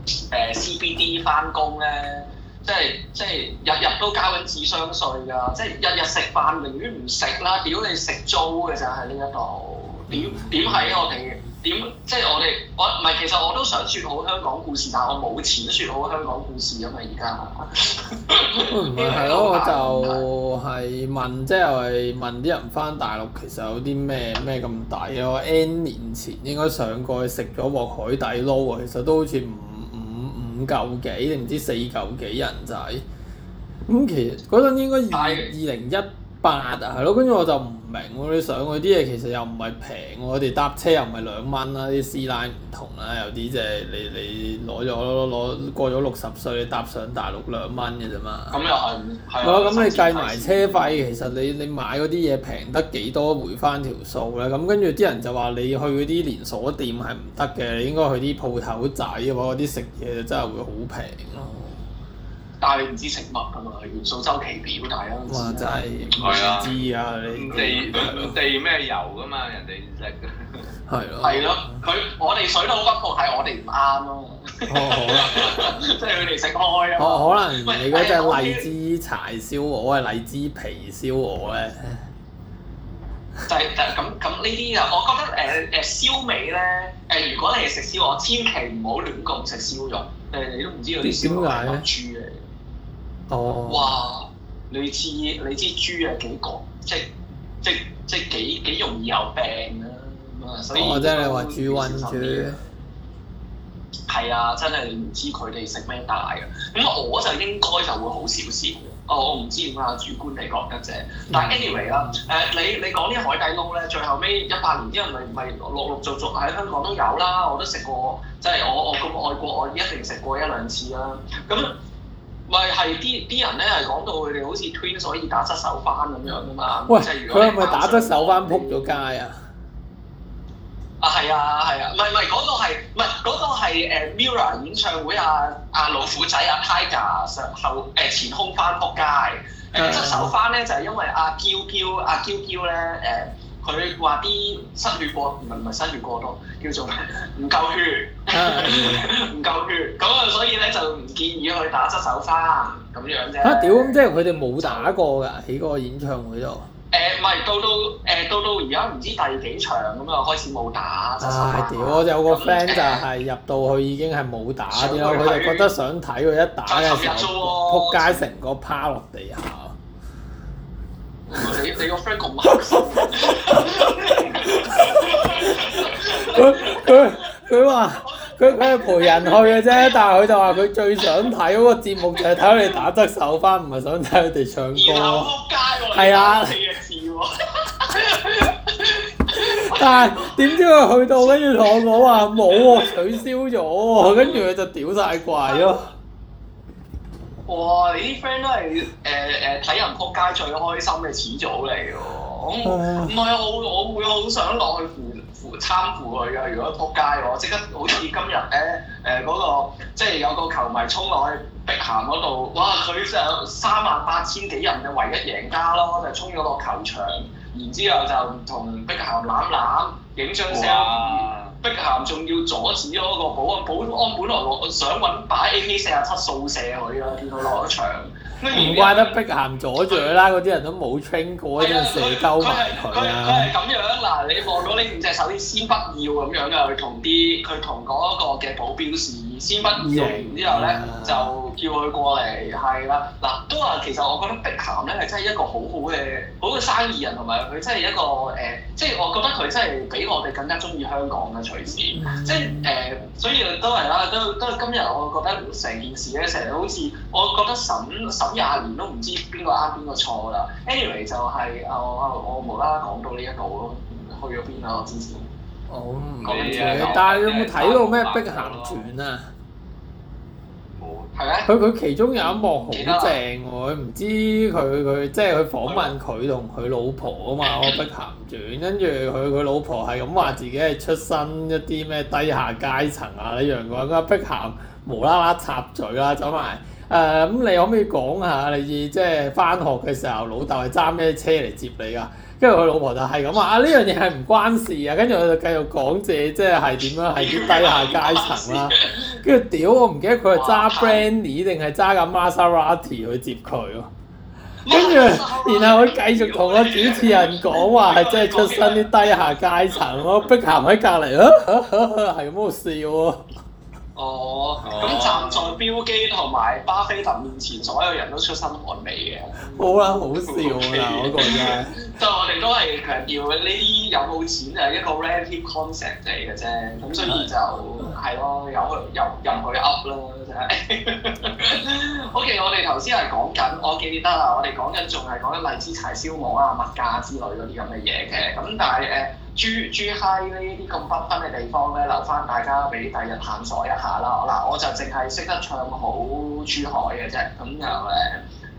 誒 CBD 翻工咧，即係即係日日都交緊智商稅㗎，即係日日食飯寧願唔食啦，屌你食租嘅就喺呢一度，點點係我哋？點即係我哋，我唔係，其實我都想説好香港故事，但係我冇錢説好香港故事啊嘛，而家。嗯 (laughs) 是，係咯 (laughs) 吧，就係、是、問，即係問啲人返大陸其實有啲咩咩咁抵啊？N 年前應該上過去食咗鑊海底撈啊，其實都好似五五五嚿幾定唔知四嚿幾人仔、就是。咁其實嗰陣應該二零一八啊，係咯吧，跟住我就唔。明我你上去啲嘢其實又唔係平，我哋搭車又唔係兩蚊啦，啲師奶唔同啦，有啲即係你你攞咗攞過咗六十歲你搭上大陸兩蚊嘅啫嘛。咁又係係。咁你計埋車費，其實你你買嗰啲嘢平得幾多回翻條數咧？咁跟住啲人就話你去嗰啲連鎖店係唔得嘅，你應該去啲鋪頭仔嘅話，啲食嘢就真係會好平咯。嗯但係你唔知食物㗎嘛？元素周期表大啊！哇！真係唔知啊！你地地咩油㗎嘛？人哋食係咯，係咯，佢我哋水土不服，係我哋唔啱咯。哦，好啊，即係佢哋食開啊，哦，可能你嗰隻荔枝柴燒鵝啊，荔枝皮燒鵝咧。就係就係咁咁呢啲啊！我覺得誒誒燒味咧誒，如果你食燒鵝，千祈唔好亂咁食燒肉。誒，你都唔知道啲燒肉係多哦，哇！你知你知豬啊幾個，即即即幾幾容易有病啊。所以我真係話豬瘟，豬了。係啊，真係唔知佢哋食咩大啊！咁我就應該就會好少少，了哦，我唔知點啊，主觀嚟講得啫。但係 anyway 啦了，誒了你你講啲海底撈咧，最後尾一百年之後唔咪陸陸續續喺香港都有啦，我都食過，過，即係我我咁愛國我一定食過一兩次啦，咁。唔係，係啲啲人咧係講到佢哋好似 Twins 所以打側手翻咁樣噶嘛。喂，如果佢係咪打側就手翻撲咗街啊？啊係啊係啊，唔係唔係嗰個係，唔係嗰個係 Mirror 演唱會啊，啊老虎仔啊 Tiger 上後前空翻撲街，誒側手翻咧就係、是、因為阿、啊、嬌嬌阿、啊、嬌嬌咧誒佢話啲失血過，唔係唔係失血過多。 (laughs) 叫做唔夠血，唔 (laughs) 夠血，咁啊，所以咧就唔建議去打側手翻咁樣啫。嚇！屌，咁即係佢哋冇打過㗎喺嗰個演唱會度。誒、呃，唔係到到誒、呃、到到而家唔知第幾場咁啊，開始冇打側手翻。啊！屌，我有個 friend 就係入到去已經係冇打，然後佢哋覺得想睇佢一打嘅時候，撲街成個趴落地下。 (laughs) 你你個 friend 咁黑心！ (laughs) 佢佢佢話佢佢係陪人去嘅啫，但係佢就話佢最想睇嗰個節目就係睇佢哋打側手翻，唔係想睇佢哋唱歌。撲街喎！係啊，但係點知佢去到跟住同我講話冇喎，取消咗喎、啊，跟住佢就屌晒怪咯。哇！你啲 friend 都係誒誒睇人撲街最開心嘅始祖嚟喎，唔係、啊、我我會好想落去扶。扶參扶佢㗎，如果仆街，我即刻好似今日咧誒嗰個，即係有個球迷衝落去碧咸嗰度，哇，佢就三萬八千幾人嘅唯一贏家咯，就衝咗個球場，然之後就同碧咸攬攬，影張相，碧咸仲要阻止嗰個保安，保安本來想 AK 落想揾擺 AK 四十七掃射佢啊，見佢落咗場。哇唔怪得碧咸阻住佢啦，嗰啲人都冇清過一隻蛇佢係咁樣嗱，你望到呢五隻手先先不要咁樣嘅，佢同啲佢同嗰個嘅保鏢先先不要，啊、然之後咧就叫佢過嚟，係啦嗱，都話其實我覺得碧咸咧係真係一個好好嘅好嘅生意人，同埋佢真係一個誒，即、呃、係、就是、我覺得佢真係比我哋更加中意香港嘅隨時，嗯、即係誒、呃，所以都係啦，都都今日我覺得成件事咧，成日好似我覺得審,審,審咁廿年都唔知邊個啱邊個錯啦。Anyway 就係、是、誒我我無啦啦講到呢一度咯，去咗邊啊？我之前我唔記得。但係有冇睇到咩《碧咸傳》啊？冇。係咩？佢佢其中有一幕好正喎、啊。佢唔知佢佢即係佢訪問佢同佢老婆啊嘛。《碧咸傳》跟住佢佢老婆係咁話自己係出身一啲咩低下階層啊呢樣嘅話，咁碧咸無啦啦插嘴啦，走埋。誒咁、呃、你可唔可以講下你即係翻學嘅時候老豆係揸咩車嚟接你啊？跟住佢老婆就係咁啊！啊呢樣嘢係唔關事啊！跟住佢就繼續講住即係點樣係啲低下階層啦。跟住屌，我唔記得佢係揸 Bentley 定係揸架 Maserati 去接佢喎。跟住然後佢繼續同個主持人講話係即係出身啲低下階層咯。碧鹹喺隔離，係咁好笑喎？哦，咁站在 Bill Gates 同埋巴菲特面前，所有人都出身寒微嘅。好啦，好笑啦，嗰啲。就我哋都係強調嘅，呢啲有冇錢係一個 relative concept 嚟嘅啫。咁所以就係咯，由佢由由佢噏啦，就係。 (laughs) o、okay, k 我哋頭先係講緊，我記得啊，我哋講緊仲係講緊荔枝柴燒鵝啊、物價之類嗰啲咁嘅嘢嘅。咁 (laughs) 但係誒。珠珠海呢啲咁繽紛嘅地方咧，留翻大家俾第日探索一下啦。嗱，我就淨係識得唱好珠海嘅啫，咁又誒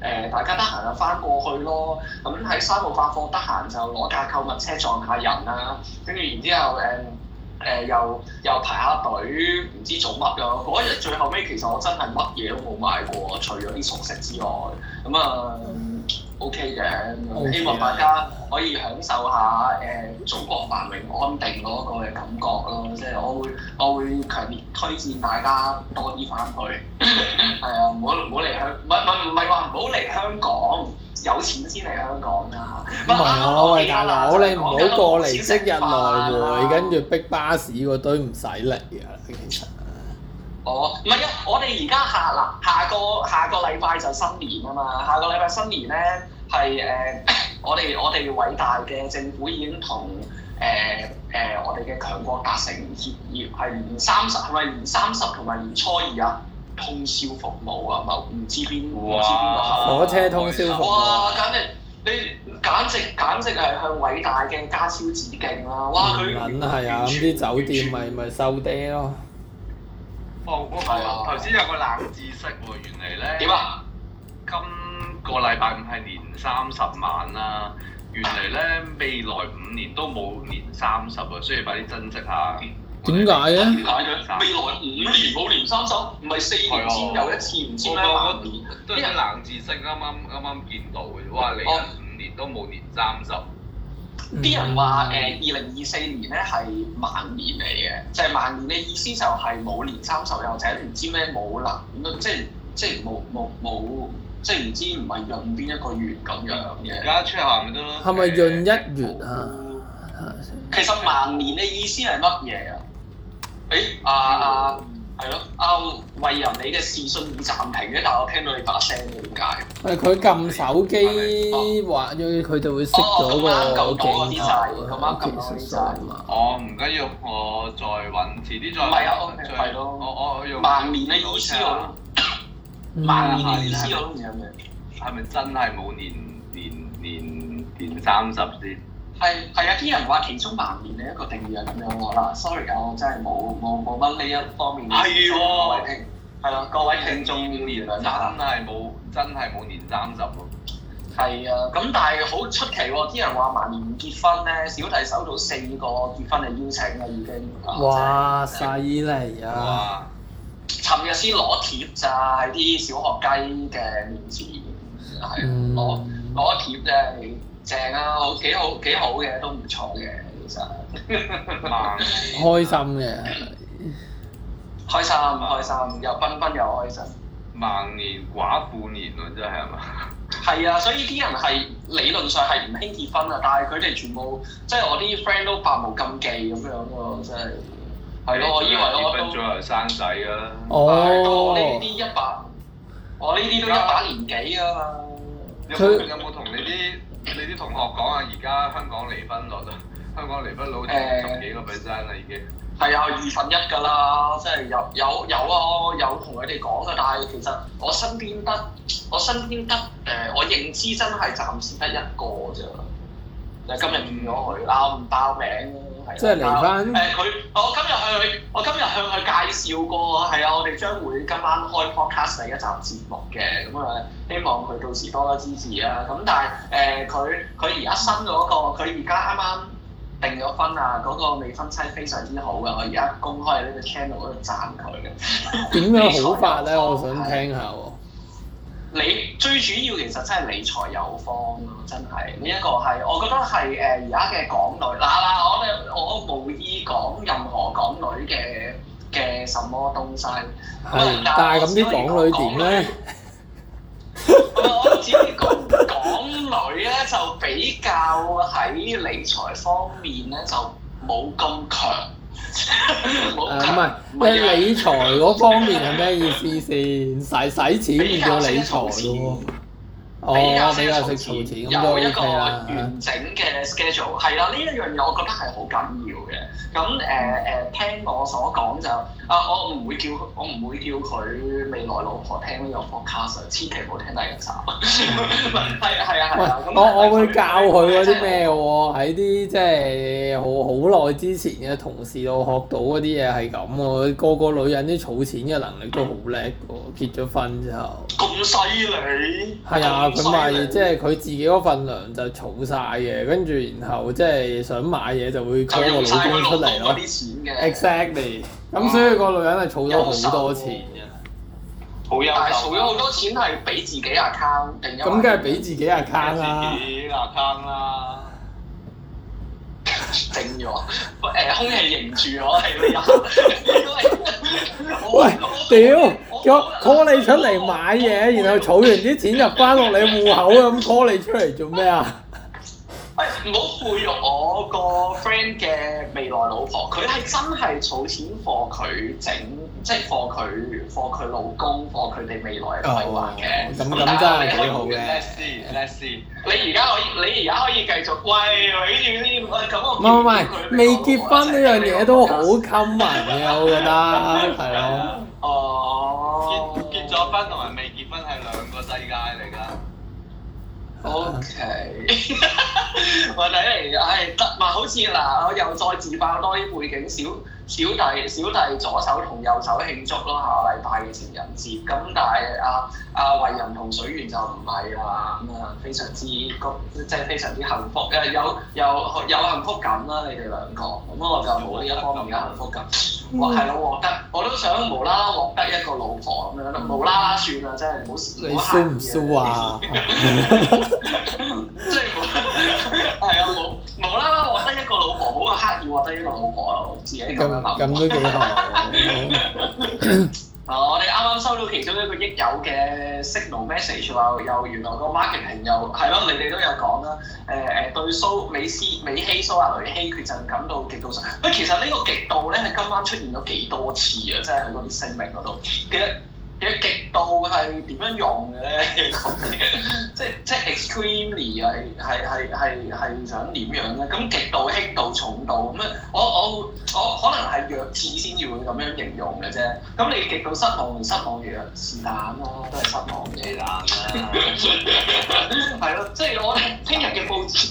誒，大家得閒就翻過去咯。咁喺三號百貨得閒就攞架購物車撞下人啦、啊。跟住然之後誒誒、呃呃、又又排下隊，唔知做乜㗎。嗰日最後尾其實我真係乜嘢都冇買過，除咗啲熟食之外，咁啊～、呃嗯 O K 嘅，okay okay、的希望大家可以享受下誒祖、uh, 國繁榮安定嗰個嘅感覺咯，即係我會我會強烈推薦大家多啲翻去，係啊、 (laughs) uh,，唔好唔好嚟香，唔唔唔係話唔好嚟香港，有錢先嚟香港啊！唔係是我喂大佬，你唔好過嚟即日來回，跟住逼巴士嗰堆唔使嚟啊！ (laughs) 哦，唔係啊！我哋而家下嗱，下個下個禮拜就新年啊嘛，下個禮拜新年咧係誒，我哋我哋偉大嘅政府已經同誒誒、呃呃、我哋嘅強國達成協議，係年三十，係咪年三十同埋年初二啊，通宵服務啊，冇唔知邊唔知邊個客哇！火車通宵服務，哇！簡直你簡直簡直係向偉大嘅家超致敬咯！哇！唔緊係啊，啲酒店咪咪收爹咯～完全 哦，我係啊！頭先有個冷知識喎，原嚟咧點啊？今個禮拜五係年三十晚啦。原嚟咧未來五年都冇年三十喎，需要快啲珍惜下。點解嘅？未來五年冇年三十、啊，唔係四年先、啊、有一次唔知咩年？哦那個、冷知識啱啱啱啱見到嘅，哇！嚟緊五年都冇年三十、啊。啲、嗯、人話誒二零二四年咧係萬年嚟嘅，就係、是、萬年嘅意思就係冇年三十，又或者唔知咩冇喇，即係即係冇冇冇，即係唔知唔係閏邊一個月咁樣嘅。而家出行都係咪閏一月啊？其實萬年嘅意思係乜嘢啊？誒啊啊！係咯，阿惠仁，你嘅視訊已暫停嘅，但係我聽到你把聲嘅，點解？誒，佢撳手機是是、哦、或者佢就會熄咗個手機咁啱撳啲曬，咁啱撳多啲曬。唔緊要，我再揾，遲啲再。唔係啊，我係咯，我我用萬年嘅意思喎、啊，萬年嘅意思咯、啊，係咪？係咪真係冇年年年年三十先？係係啊，啲人話其中萬年嘅一個定義啊咁樣喎啦，sorry 啊，我真係冇冇冇問呢一方面嘅、哎、呦各位聽，係啦，各位聽眾，年兩真係冇真係冇年三十咯。係啊，咁但係好出奇喎，啲人話萬年唔結婚咧，小弟收到四個結婚嘅邀請啦已經。哇！晒意嚟啊！尋日先攞貼咋喺啲小學雞嘅面前，係攞攞貼啫。嗯。正啊，好幾好幾好嘅，都唔錯嘅，其實。萬年 (laughs) 開心嘅的。年開心，開心，又奔奔又開心。萬年寡婦年喎，真係係嘛？係啊，所以啲人係理論上係唔興結婚啊，但係佢哋全部即係我啲 friend 都百無禁忌咁樣喎，真係。係咯們、啊，我以為我都結婚咗又生仔啦。哦。我呢啲一百，我呢啲都一把年紀啊嘛。佢他他有冇同你啲？你啲同學講啊，而家香港離婚率，香港離婚率好似十幾個 percent 啦、欸，已經。係啊，二分一㗎啦，即係有有有啊，有同佢哋講㗎，但係其實我身邊得我身邊得誒、呃，我認知真係暫時得一個啫。你、嗯、今日唔我去，啱唔包名。即係嚟翻誒佢，我今日向佢，我今日向佢介紹過，係啊，我哋將會今晚開 podcast 第一集節目嘅，咁、嗯、啊，希望佢到時多多支持啊。咁、嗯、但係誒佢佢而家新嗰、嗰個，佢而家啱啱定咗婚啊，嗰、嗰個未婚妻非常之好嘅，我而家公開喺呢個 channel 嗰度讚佢嘅。點、嗯、樣好法咧？ (laughs) 我想聽下喎。你最主要其實真係理財有方咯，真係呢一個係我覺得係誒而家嘅港女嗱嗱、啊啊，我我我冇意講任何港女嘅嘅什麼東西，是但係咁啲港女點咧？我知港港女咧就比較喺理財方面咧就冇咁強。誒唔係，誒理財嗰方面係咩意思先？使使 (laughs) 錢叫做理財咯喎，我比較識儲錢， (laughs) 嗯、有一個完整嘅 schedule，係啦，呢一樣嘢我覺得係好緊要嘅。咁誒誒，聽我所講就啊，我唔會叫我唔會叫佢未來老婆聽，呢個 forecast 千祈唔好聽，第一集。係係啊係啊，我我會教佢嗰啲咩喎？喺啲即係好好耐之前嘅同事度學到嗰啲嘢係咁喎。個個女人啲儲錢嘅能力都好叻喎。結咗婚之後，咁犀利？係啊，佢咪即係佢自己嗰份糧就儲晒嘅，跟住然後即係想買嘢就會，call 個老公出嚟。攞啲錢嘅。Exactly。咁所以個女人係儲咗好多錢嘅。好優秀。但係儲咗好多錢係俾自己 account。咁梗係俾自己 account 啦。自己 account 啦。靜咗。誒，空氣凝住我。咗。喂，屌！我拖你出嚟買嘢，然後儲完啲錢就翻落你戶口咁，拖你出嚟做咩啊？唔好侮辱我個 friend 嘅未來老婆，佢係真係儲錢畀佢整，即係畀佢畀佢老公，畀佢哋未來嘅規劃嘅。咁咁、哦、真係幾好嘅。你而家可以，你而家可以繼續喂俾唔係未結婚呢樣嘢都好襟民嘅，我覺得係咯。哦。結結咗婚同埋未結婚係兩個世界嚟㗎。O Okay . K， (laughs) 我睇嚟，唉得，嘛？好似嗱，我又再自爆多啲背景少。小弟小弟左手同右手慶祝咯，下禮拜嘅情人節。咁但係阿阿慧仁同水源就唔係啦，咁、嗯、啊非常之高，即係非常之幸福誒、呃，有有有幸福感啦、啊，你哋兩個。咁我就冇呢一方面嘅幸福感，我係攞獲得，我都想無啦啦獲得一個老婆咁樣，無啦啦算啦，真係唔好。你收唔收啊？即係冇，係啊，冇無啦啦獲得一個老婆，好咁刻意獲得一個老婆啊，我自己咁。 (laughs) (laughs) 咁 sort of 我哋啱啱收到其中一個益友嘅 signal message，話又原來個 marketing 又係咯，你哋都有講啦。誒、呃、誒、呃，對蘇美斯美希蘇亞雷希缺陣感到極度失望。其實呢個極度咧，係今晚出現咗幾多次啊！即係喺嗰啲聲明嗰度嘅。嘅極度係點樣用嘅咧？ (laughs) 即係即係 extremely 係係係係係想點樣咧？咁極度、輕度、重度咁樣，我我我可能係弱智先至會咁樣形容嘅啫。咁你極度失望、失望嘅是但啦，都係失望嘅、就是但啦。係咯，即係我聽日嘅報紙，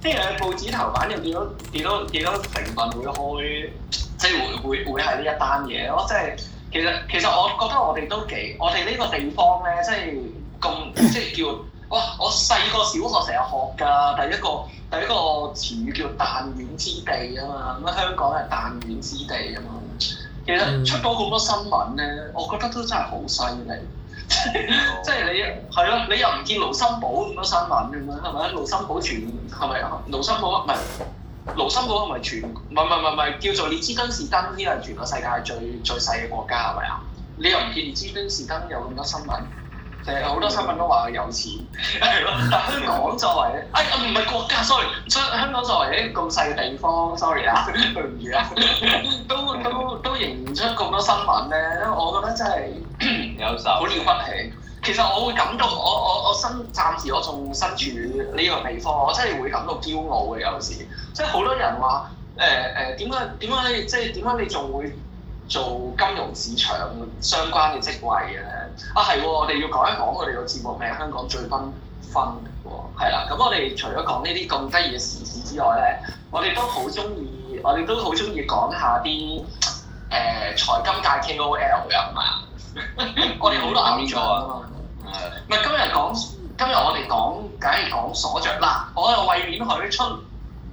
聽日嘅報紙頭版又見到幾多幾多成分會開，即、就、係、是、會會會係呢一單嘢咯，即係。其實其實我覺得我哋都幾，我哋呢個地方咧，即係咁即係叫哇！我細個小學成日學㗎，第一個第一個詞語叫彈丸之地啊嘛，咁香港係彈丸之地啊嘛。其實出到咁多新聞咧，我覺得都真係好犀利，嗯、 (laughs) 即係你係咯、啊，你又唔見盧森堡咁多新聞咁樣，係咪啊？盧森堡全，係咪啊？盧森堡唔係。盧森堡係咪全唔係唔係唔係叫做列支敦士登呢？係全個世界最最細嘅國家係咪啊？你又唔見列支敦士登有咁多新聞？成日好多新聞都話佢有錢，係咯。但香港作為誒，唔、哎、係國家，sorry。香香港作為一個咁細嘅地方，sorry 啊，對唔住啊，都都都營唔出咁多新聞咧。我覺得真係好 (coughs) 了不起。其實我會感到，我我我身，暫時我仲身處呢個地方，我真係會感到驕傲嘅有時。即係好多人話，誒誒點解點解即係點解你仲會做金融市場相關嘅職位嘅咧？啊係，我哋要講一講我哋個節目係香港最繽紛㗎喎。係啦，咁我哋除咗講呢啲咁得意嘅時事之外咧，我哋都好中意，我哋都好中意講下啲誒財金界 KOL 啊，係咪我哋好多牛人啊嘛～唔係今日講，今日我哋講，梗係講鎖着啦。我又為免佢出。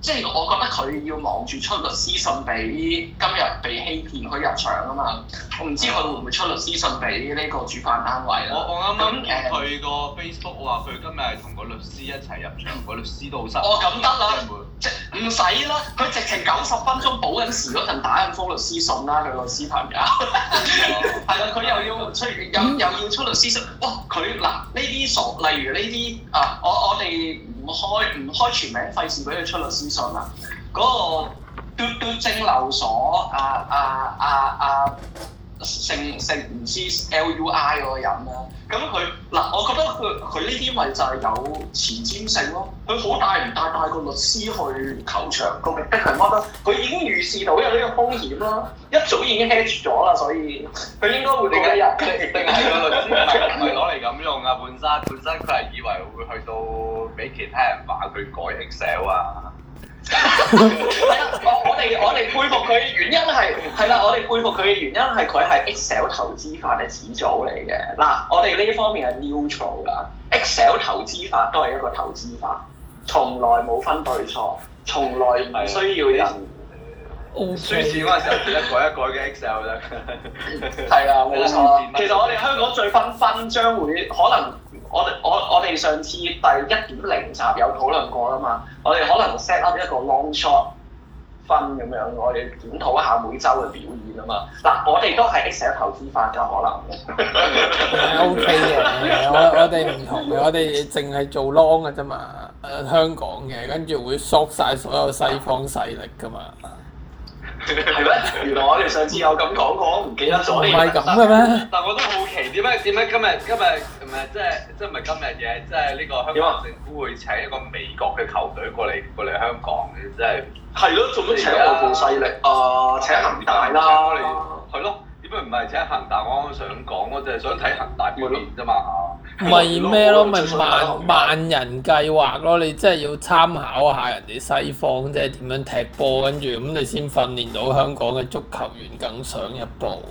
即係我覺得佢要忙住出律師信俾今日被欺騙去入場啊嘛，我唔知佢會唔會出律師信俾呢個主辦單位咧。我我啱啱見佢個 Facebook，我話佢今日係同個律師一齊入場，個律師都好生。哦咁得啦，即係唔使啦，佢直情九十分鐘補緊時嗰陣打緊封律師信啦、啊，佢律師朋友。係啦，佢又要出咁又，嗯、又要出律師信。哇！佢嗱呢啲所，例如呢啲啊，我我哋唔開唔開全名費事俾佢出律師。信啦，嗰、嗯嗰個嘟嘟蒸留所啊啊啊啊，姓姓唔知 LUI 嗰個人啦，咁佢嗱，我覺得佢佢呢啲咪就係有前瞻性咯，佢好大唔大？帶個律師去球場個目的係乜？k 佢已經預視到有呢個風險啦，一早已經 hedge 咗啦，所以佢應該會另一日定係個律師唔係攞嚟咁用啊，本身本身佢係以為會去到俾其他人話佢改 excel 啊。係啦、 (laughs) 嗯，我我哋我哋佩服佢原因係係啦，我哋佩服佢嘅原因係佢係 Excel 投資法嘅始祖嚟嘅。嗱，我哋呢方面係 neutral 㗎，Excel 投資法都係一個投資法，從來冇分對錯，從來唔需要人。哦。輸錢嗰時候，一改一改嘅 Excel 啫。係啦冇錯。其實我哋香港最分分將會可能。我我我哋上次第一點零集有討論過啦嘛，我哋可能 set up 一個 long short 分咁樣，我哋檢討下每週嘅表現啊嘛。嗱，我哋都係 X 投資法嘅可能，O K 嘅，我我哋唔同嘅，我哋淨係做 long 嘅啫嘛，誒、呃、香港嘅，跟住會 short 曬所有西方勢力噶嘛。係咩？原來我哋上次有咁講過，我唔記得咗。唔係咁嘅咩？但我都好奇點解點解今日今日唔係即係即係唔係今日嘅，即係呢個香港政府會請一個美國嘅球隊過嚟過嚟香港嘅，即係係咯，做乜請啊？咁犀利？啊！請、呃、恒大啦，你係咯。啊。佢唔係請恒大，我啱想講，我就係想睇恒大表現啫嘛。唔係咩咯？咪萬萬人計劃咯！你真係要參考下人哋西方，即係點樣踢波，跟住咁你先訓練到香港嘅足球員更上一步。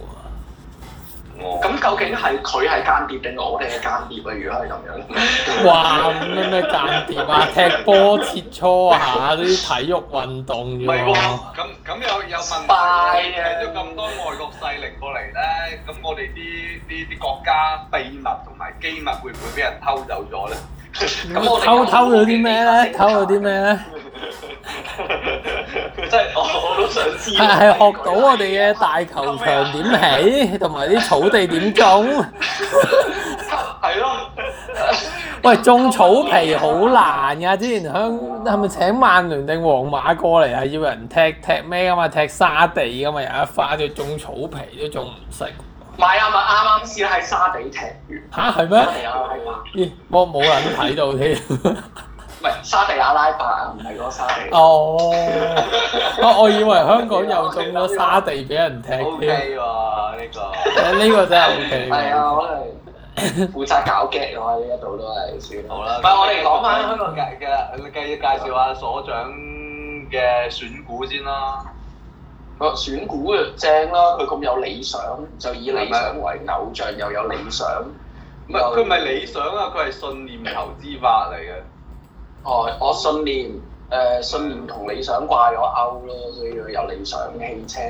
咁、哦、究竟係佢係間諜定我哋係間諜啊？如果係咁樣，哇！咩咩間諜啊？踢波切磋下啲體育運動，啊，唔係喎。咁咁有有問題啊？請咗咁多外國勢力過嚟咧，咁我哋啲啲啲國家秘密同埋機密會唔會俾人偷走咗咧？咁偷偷咗啲咩咧？偷咗啲咩咧？即係我我都想知係係學到我哋嘅大球場點起？同埋啲草地點種？係咯。喂，種草皮好難噶。之前香係咪請曼聯定皇馬過嚟係要人踢踢咩啊嘛？踢沙地噶嘛，有一花就種草皮都種唔成。唔係啊，咪啱啱先喺沙地踢。吓、啊？係咩？係啊係嘛？咦？我冇、欸、人睇到添。 (laughs) 唔係沙地阿拉伯，唔係講沙地。哦，我以為香港又種咗沙地俾人踢 O K 喎，你呢個，個，個真係 OK。係啊， (laughs) 我哋負責搞激嘅話，呢一度都係算好啦了。唔係我哋講翻香港嘅，繼續介紹下所長嘅選股先啦。個選股啊，正啦！佢咁有理想，就以理想為偶像吧又，又有理想。唔係佢唔係理想啊！佢係信念投資法嚟嘅。哦，我信念誒、呃、信念同理想掛咗鈎咯，所以有理想汽車，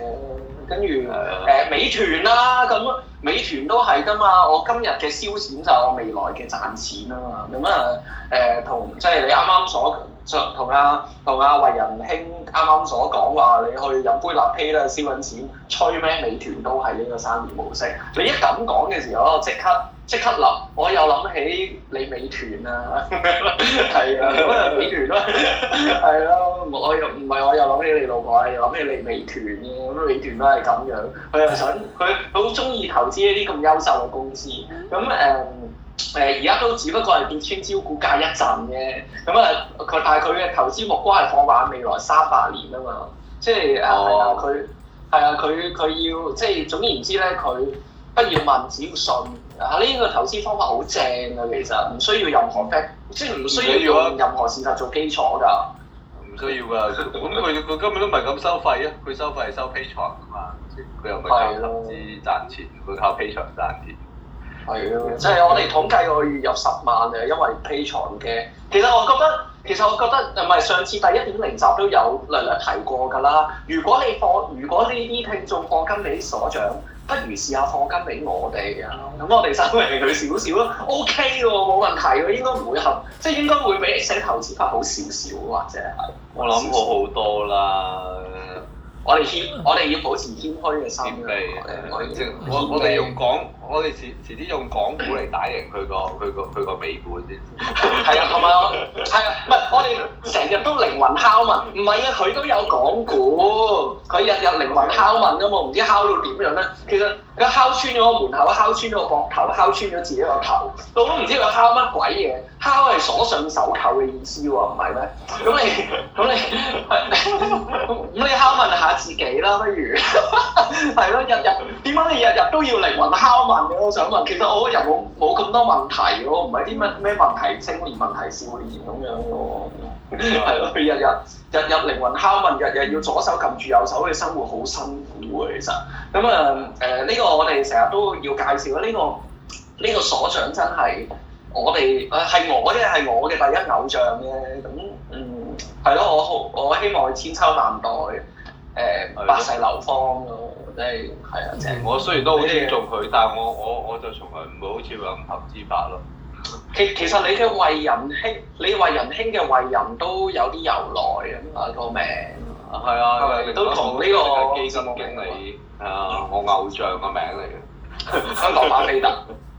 跟住誒美團啦咁，美團、啊嗯、都係㗎嘛，我今日嘅燒錢就係我未來嘅賺錢啊嘛，咁啊誒同即係、就是、你啱啱所。同阿同阿維仁興啱啱所講話，你去飲杯立 a 啦，燒緊錢，吹咩？美團都係呢個生意模式。你一咁講嘅時候，我即刻即刻諗，我又諗起你美團啊，係 (laughs) (laughs) 啊，啊，美團啦。係咯，我又唔係，我又諗起你老闆，又諗起你美團嘅咁，美團都係咁樣。佢又想佢佢好中意投資一啲咁優秀嘅公司。咁誒。嗯誒而家都只不過係變成炒股價一陣嘅，咁啊佢但係佢嘅投資目光係放眼未來三百年啊嘛，即係誒佢係啊佢佢要即係總言之咧，佢不要問，只要信啊呢、這個投資方法好正啊其實，唔需要任何的，即係唔需要，需要任何事實做基礎㗎，唔需要㗎、啊。咁佢佢根本都唔係咁收費啊，佢收費係收 Patreon 㗎嘛，佢又唔係靠投資賺錢，佢、啊、靠 Patreon 賺錢。係啊，即係我哋統計個月入十萬啊，因為 Patreon 嘅。其實我覺得，其實我覺得，唔係上次第一點零集都有略略提過㗎啦。如果你放，如果呢啲聽眾放金俾所長，不如試下放金俾我哋啊。咁我哋稍微零佢少少咯，OK 喎，冇問題喎，應該唔會後，即係應該會比寫投資法好少少或者係。我諗好好多啦。 (laughs) 我哋謙，我哋要保持謙虛嘅心理。啊、我我哋要講。我哋遲遲啲用港股嚟打贏佢個佢個佢個美股先。係 (laughs) 啊，係咪？But，我係啊，唔係我哋成日都靈魂敲問。唔係啊，佢都有港股，佢日日靈魂敲問啊嘛，唔知敲到點樣咧？其實佢敲穿咗個門口，敲穿咗個膊頭，敲穿咗自己個頭，我都唔知佢敲乜鬼嘢。敲係鎖上手扣嘅意思喎，唔係咩？咁你咁你咁 (laughs) 你敲問下自己啦，不如係咯？ (laughs) (laughs) 日日點解你日日都要靈魂敲問？我想問，其實我個冇冇咁多問題嘅，唔係啲乜咩問題，青年問題、少年咁樣嘅喎，係咯，日日日日靈魂拷問，日日要左手撳住右手嘅生活，好辛苦嘅其實。咁啊誒，呢、呃呢個我哋成日都要介紹嘅，呢、呢個呢、呢個所長真係我哋誒係我嘅，係我嘅第一偶像嘅，咁嗯係咯，我好我希望佢千秋萬代誒、呃、百世流芳咯。係、哎、啊，我雖然都好尊重佢，但係我我我就從來唔會好似佢咁合資法咯。其其實你嘅為人兄，你為人兄嘅為人都有啲由來啊、個名。係啊，都同呢個基金經理係啊，我偶像嘅名嚟嘅。 (laughs) 香港巴菲特，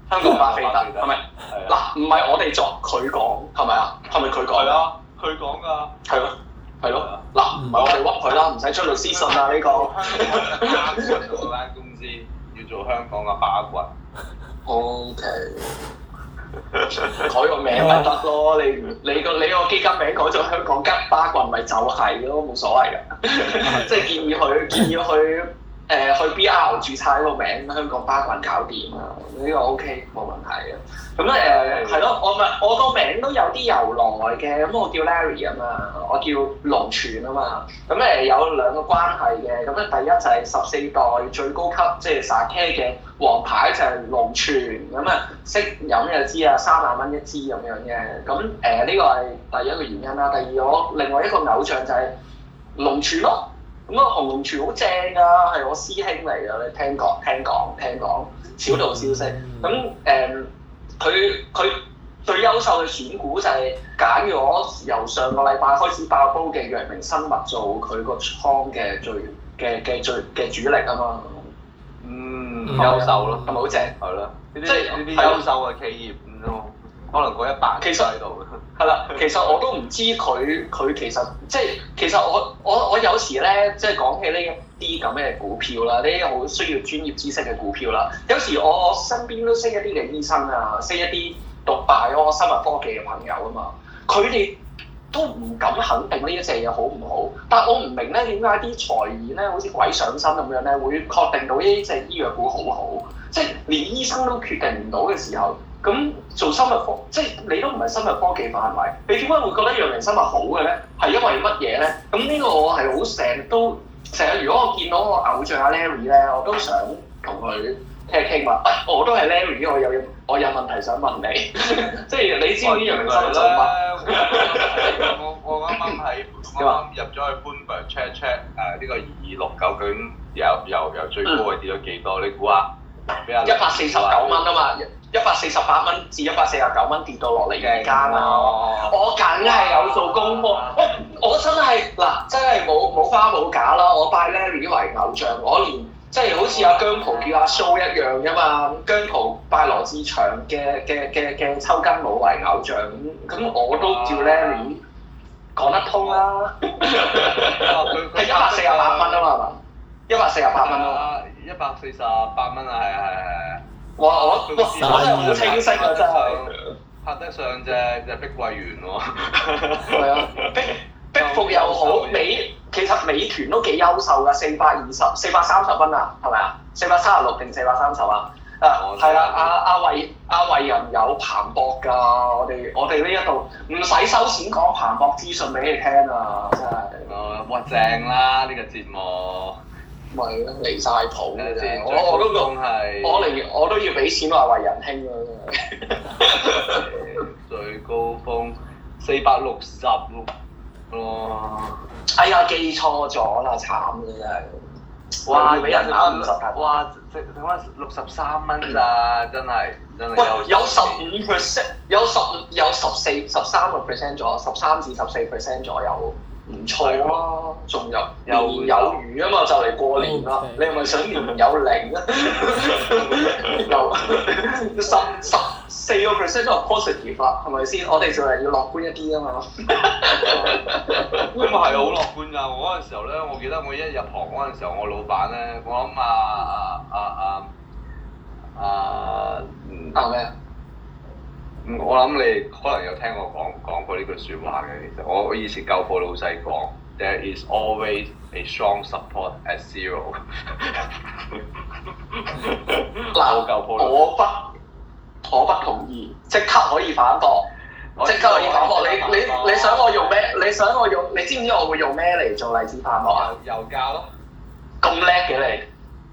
香港巴菲特係咪？嗱，唔係我哋作，佢講係咪啊？係咪佢講？係啊，佢講㗎。係咯、 (laughs) (laughs) 啊。係 (noise) 咯，嗱、啊，唔係我哋屈佢啦，唔使、啊、出律師信啊呢個。香港間公司要做香港嘅巴郡。OK， (laughs) 改個名咪得咯，你你個你個基金名改做香港吉巴郡咪就係咯，冇所謂噶。 (laughs) 即係建議佢，建議佢。 (laughs) 誒去 B R 註冊呢個名，香港巴滾搞掂啊，呢、這個 O K 冇問題嘅。咁咧誒係咯，我咪我個名都有啲由來嘅，咁我叫 Larry 啊嘛，我叫龍泉啊嘛。咁咧、呃、有兩個關係嘅，咁咧第一就係十四代最高級即係 Sake 嘅王牌就係龍泉，咁啊識飲就知啊，三萬蚊一支咁樣嘅。咁誒呢個係第一個原因啦，第二我另外一個偶像就係龍泉咯。咁啊，洪龍好正噶，係我師兄嚟㗎！你聽講、聽講、聽講，小道消息。咁誒，佢佢最優秀嘅選股就係揀咗由上個禮拜開始爆煲嘅藥明生物做佢個倉嘅最嘅嘅最嘅主力啊嘛。嗯，優秀咯，係咪好正？係咯、嗯，即係呢啲優秀嘅、嗯、企業咯。吧可能過一百，其實喺度嘅，係啦， (laughs) 其實我都唔知佢佢其實即係其實我我我有時咧，即係講起呢一啲咁嘅股票啦，呢啲好需要專業知識嘅股票啦。有時我身邊都識一啲嘅醫生啊，識一啲讀 bio 生物科技嘅朋友啊嘛，佢哋都唔敢肯定呢一隻嘢好唔好，但我唔明咧點解啲財演咧好似鬼上身咁樣咧，會確定到呢一隻醫藥股好好，即係連醫生都決定唔到嘅時候。咁做生物科，即係你都唔係生物科技範圍，你點解會覺得藥明生物好嘅咧？係因為乜嘢咧？咁、這、呢個我係好成日都成日，如果我見到我偶像阿 Larry 咧、哎，我都想同佢傾傾話。我都係 Larry，我有我有問題想問你。 (laughs) 即係你知唔知藥明生物咧？我我啱啱喺啱啱入咗去 Bloomberg check check 誒呢個二二六九股又由由最高跌咗幾多？你估下？一百四十九蚊啊嘛！一百四十八蚊至一百四十九蚊跌到落嚟嘅，哦、我我梗係有做功課、啊哇，我真係嗱真係冇冇花冇假啦，我拜 Larry 為偶像，我連即係好似阿姜濤叫阿 Show 一樣啫嘛，姜濤拜羅志祥嘅嘅嘅嘅抽筋佬為偶像，咁咁我都叫 Larry 講得通啦，係一百四十八蚊啊嘛，一百四十八蚊啊，一百四十八蚊啊，係係係。哇！我我真係好清晰啊，真係拍得上只只碧桂園喎。係啊，逼逼服又好，美其實美團都幾優秀㗎，四百二十、四百三十分啊，係咪啊？四百三十六定四百三十啊？啊，係啦，阿阿維阿維人有彭博㗎，我哋我哋呢一度唔使收錢講彭博資訊俾你聽啊！真係啊，正啦呢個節目。咪咯，離曬譜嘅啫。我我都個係，我嚟我都要俾錢話為人兄咯，真係。最高峰四百六十六咯，哇！哎呀，記錯咗啦，慘嘅真係。哇！俾人五十，哇！剩翻六十三蚊咋，真係真係有。有十五 percent，有十有十四十三個 percent 咗，十三至十四 percent 左右。唔錯咯，仲、啊、有又有餘啊嘛，就嚟有過年啦， (laughs) 你係咪想年年有零咧、啊？ (laughs) 有十十,十四個 percent 都係 positive 啊，係咪先？我哋就係要樂觀一啲啊嘛。咁啊係好樂觀㗎！我嗰陣時候咧，我記得我一入行嗰陣時候，我老闆咧，我諗啊啊啊啊啊，講咩啊？啊啊嗯、啊我諗你可能有聽我講。句説話嘅其實，我我以前舊鋪老細講，There is always a strong support at zero。嗱 (laughs) (laughs) 喊，我，我不，我不同意，即刻可以反駁，即刻可以反駁。你你你想我用咩？你想我用？你知唔知我會用咩嚟做例子反駁啊？油價咯。咁叻嘅你。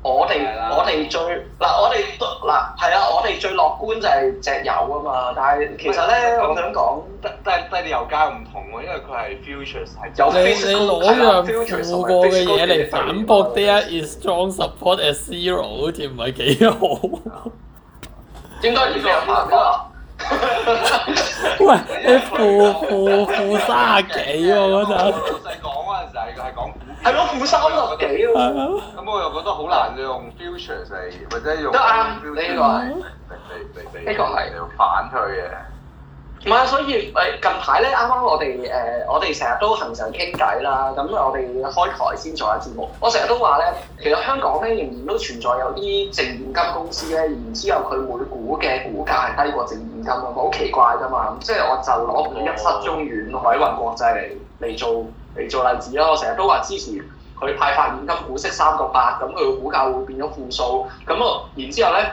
我哋我哋最，嗱我哋都，嗱係啊我哋最樂觀就係隻油啊嘛，但係其實咧我想講，低低低啲油價唔同喎，因為佢係 futures。有啲係。你你攞個負過嘅嘢嚟反駁，there is strong support as zero，好似唔係幾好。點解你咁講？喂，你負負負三十啊幾喎嗰陣？係咯，負三十幾喎。咁、嗯、我又覺得好難用 future 嚟，或者用得啱呢個係，呢個係反佢嘅。唔係啊，所以誒近排咧，啱啱我哋誒、呃、我哋成日都恆常傾偈啦。咁我哋開台先做下節目。我成日都話咧，其實香港咧仍然都存在有啲、e、淨現金公司咧，然之後佢每股嘅股價係低過淨現金啊，好奇怪噶嘛。即係我就攞五一七中遠海運國際嚟嚟做。嚟做例子啦！我成日都話之前佢派發現金股息三個八，咁佢個股價會變咗負數，咁我然之後咧，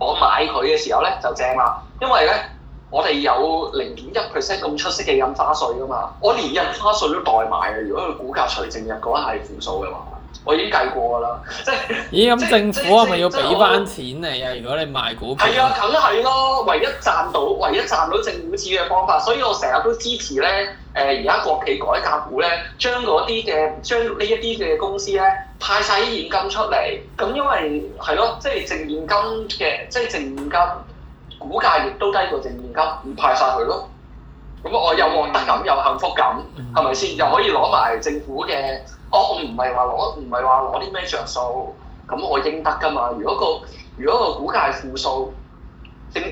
我買佢嘅時候咧就正啦，因為咧我哋有零點一 percent 咁出色嘅印花稅㗎嘛，我連印花稅都代買嘅，如果佢股價除淨入嗰係負數嘅話。我已經計過㗎啦，即係，咦咁即政府係咪要俾翻錢嚟啊？即如果你賣股票，係啊，梗係咯，唯一賺到唯一賺到政府錢嘅方法，所以我成日都支持咧，誒而家國企改革股咧，將嗰啲嘅將呢一啲嘅公司咧派晒啲現金出嚟，咁因為係咯、啊，即係淨現金嘅，即係淨現金股價亦都低過淨現金，唔派晒佢咯，咁我有獲得感又幸福感，係咪先？嗯、又可以攞埋政府嘅。我唔係話攞，唔係話攞啲咩着數，咁我應得噶嘛。如果個如果個股價係負數。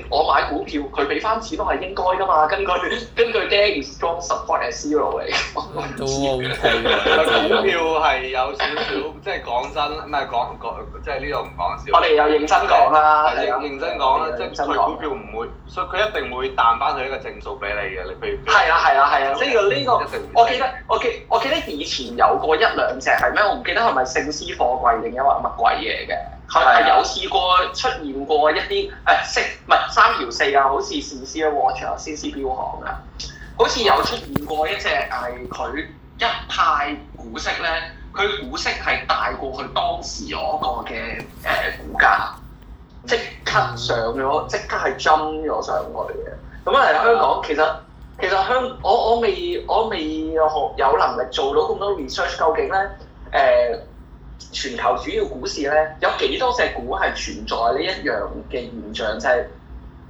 我買股票，佢俾翻錢都係應該㗎嘛？根據根據 James Bond 十方係 zero 嚟。 (laughs) 都係 (laughs) 股票係有少少，即係 (laughs) 講真，唔係講講，即係呢度唔講笑。我哋又認真講啦，認對認真講啦，即係佢股票唔會，所以佢一定會彈翻佢一個正數俾你嘅。你譬如係啊，係啊，係啊。呢、啊啊呢個呢、呢個我，我記得我記得我記得以前有過一兩隻係咩？我唔記得係咪勝獅貨櫃定抑或乜鬼嘢嘅。係係有試過出現過一啲誒息物三條四啊，好似 CC Watch 啊、CC 標行啊，好似有出現過一隻係佢、啊、一派股息咧，佢股息係大過佢當時嗰個嘅誒股價，即刻上咗，即刻係針咗上去嘅。咁嚟香港其實其實香港我我未我未有有能力做到咁多 research，究竟咧誒？呃全球主要股市咧，有幾多隻股係存在呢一樣嘅現象，就係、係、誒、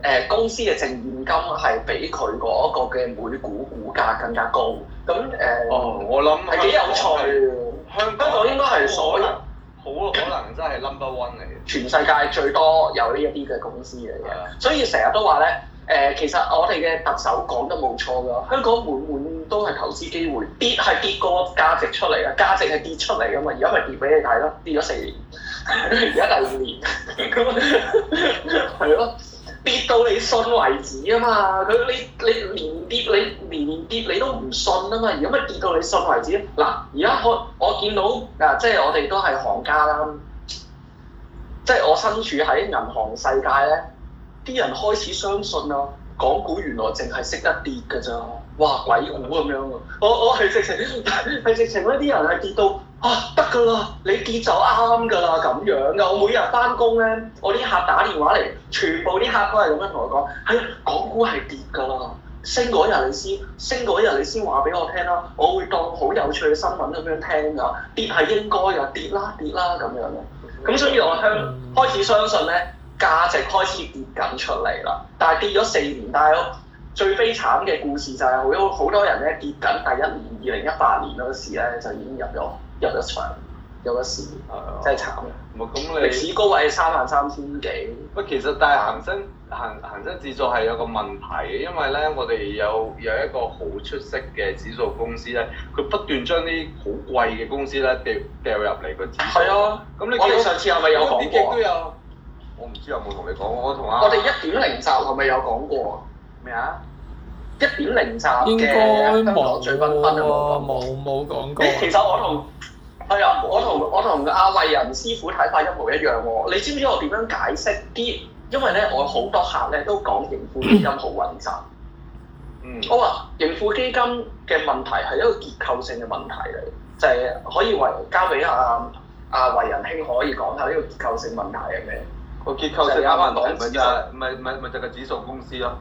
呃、公司嘅淨現金係比佢嗰個嘅每股股價更加高。咁誒，呃、哦，我諗係幾有趣香。香香港應該係所有、哦，好可能真係 number one 嚟嘅，全世界最多有呢一啲嘅公司嚟嘅，的所以成日都話咧。誒、呃，其實我哋嘅特首講得冇錯㗎，香港滿滿都係投資機會，跌係跌過價值出嚟啊，價值係跌出嚟㗎嘛，而家咪跌俾你睇咯，跌咗四年，而家 (laughs) 第二年，咁啊，係咯，跌到你信為止啊嘛，佢你你，你連跌你連跌你都唔信啊嘛，而家咪跌到你信為止，嗱，而家我我見到啊，即係我哋都係行家啦，即係我身處喺銀行世界咧。啲人開始相信啊，港股原來淨係識得跌㗎咋，哇鬼股咁樣啊！我我係直情係直情啲人係跌到啊得㗎啦，你跌就啱㗎啦咁樣啊！我每日翻工咧，我啲客打電話嚟，全部啲客都係咁樣同我講，係、哎、啊，港股係跌㗎啦，升嗰日你先，升嗰日你先話俾我聽啦，我會當好有趣嘅新聞咁樣聽㗎，跌係應該啊，跌啦跌啦咁樣嘅，咁所以我香開始相信咧。價值開始跌緊出嚟啦，但係跌咗四年，但係最悲慘嘅故事就係好多好多人咧跌緊第一年，二零一八年嗰時咧就已經入咗入咗場，入咗市，真係慘啊！歷史高位三萬三千幾。不過其實但係恒生恆恆生指數係有個問題嘅，因為咧我哋有有一個好出色嘅指數公司咧，佢不斷將啲好貴嘅公司咧掉掉入嚟個指數。係啊，咁你記得上次係咪有講過？我唔知有冇同你講過，我同阿我哋一點零集係咪有講過？咩啊麼？一點零集嘅香港最崩崩冇冇講過？過 (laughs) 其實我同係啊，我同我同阿偉仁師傅睇法一模一樣喎。你知唔知我點樣解釋啲？因為咧，我好多客咧都講盈富基金好混雜。嗯。 (coughs) 我話盈富基金嘅問題係一個結構性嘅問題嚟，就係、是、可以為交俾阿阿偉仁兄可以講下呢個結構性問題係咩？個結構性有問題，唔係咪咪咪就係個指數公司咯。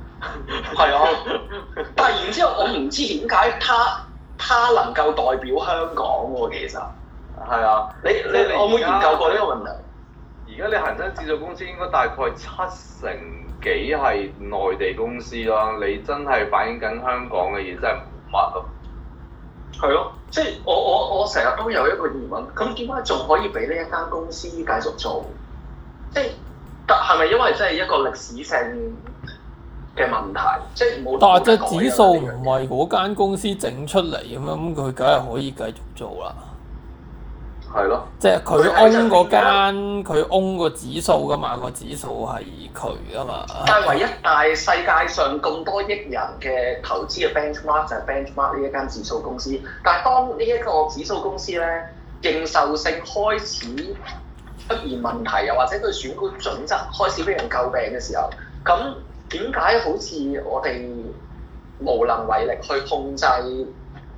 係啊，但係然之後我唔知點解他他能夠代表香港喎，其實係啊，你你你，我冇研究過呢個問題。而家你恒生指數公司應該大概七成幾係內地公司啦，你真係反映緊香港嘅嘢真係冇法咯。係咯，即係我我我成日都有一個疑問，咁點解仲可以俾呢一間公司繼續做？即係。係咪因為即係一個歷史性嘅問題？即係冇。但係隻指數唔係嗰間公司整出嚟嘅咩？咁佢梗係可以繼續做啦。係咯的。即係佢 own 嗰間，佢 own、嗯嗯、個指數噶嘛？個指數係佢噶嘛。但係唯一，大世界上咁多億人嘅投資嘅 benchmark 就係 benchmark 呢一間指數公司。但係當呢一個指數公司咧，認受性開始出現問題又或者佢選股準則開始被人詬病嘅時候，咁點解好似我哋無能為力去控制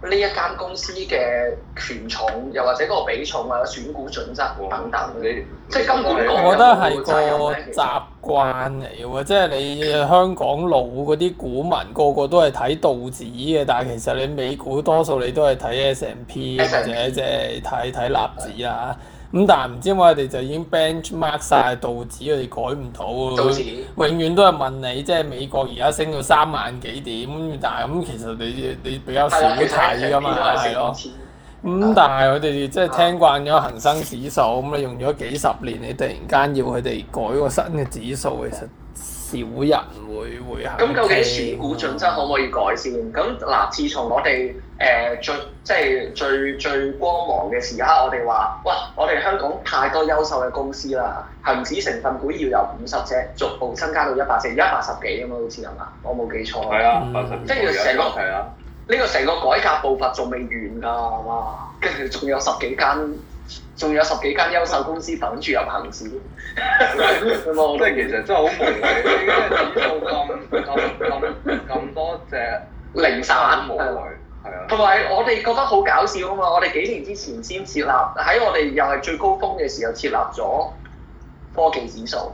呢一間公司嘅權重，又或者嗰個比重啊、選股準則等等，即係根本我覺得係個習慣嚟喎。即係你香港老嗰啲股民個個都係睇道指嘅，但係其實你美股多數你都係睇 S&P 或者即係睇睇納指啊。咁但係唔知點解佢哋就已經 benchmark 晒道指，佢哋改唔到喎。永遠都係問你，即係美國而家升到三萬幾點，但係咁其實你你比較少睇㗎嘛，係咯。咁的、嗯、但係佢哋即係聽慣咗恒生指數，咁你用咗幾十年，你突然間要佢哋改個新嘅指數，其實少人會會係。咁究竟恆指準則可唔可以改善？咁嗱，自從我哋誒最，即係最最光芒嘅時刻，我哋話：哇！我哋香港太多優秀嘅公司啦，恆指成分股要由五十隻，逐步增加到一百四一百四十幾咁嘛，好似係嘛？我冇記錯。係啊，一百十幾。跟住成個呢個成個改革步伐仲未完㗎嘛？跟住仲有十幾間，仲有十幾間優秀公司等住入恆指。即係其實真係好無聊。指數咁咁咁咁多隻，零散無係啊，同埋我哋覺得好搞笑啊嘛！我哋幾年之前先設立喺我哋又係最高峰嘅時候設立咗科技指數，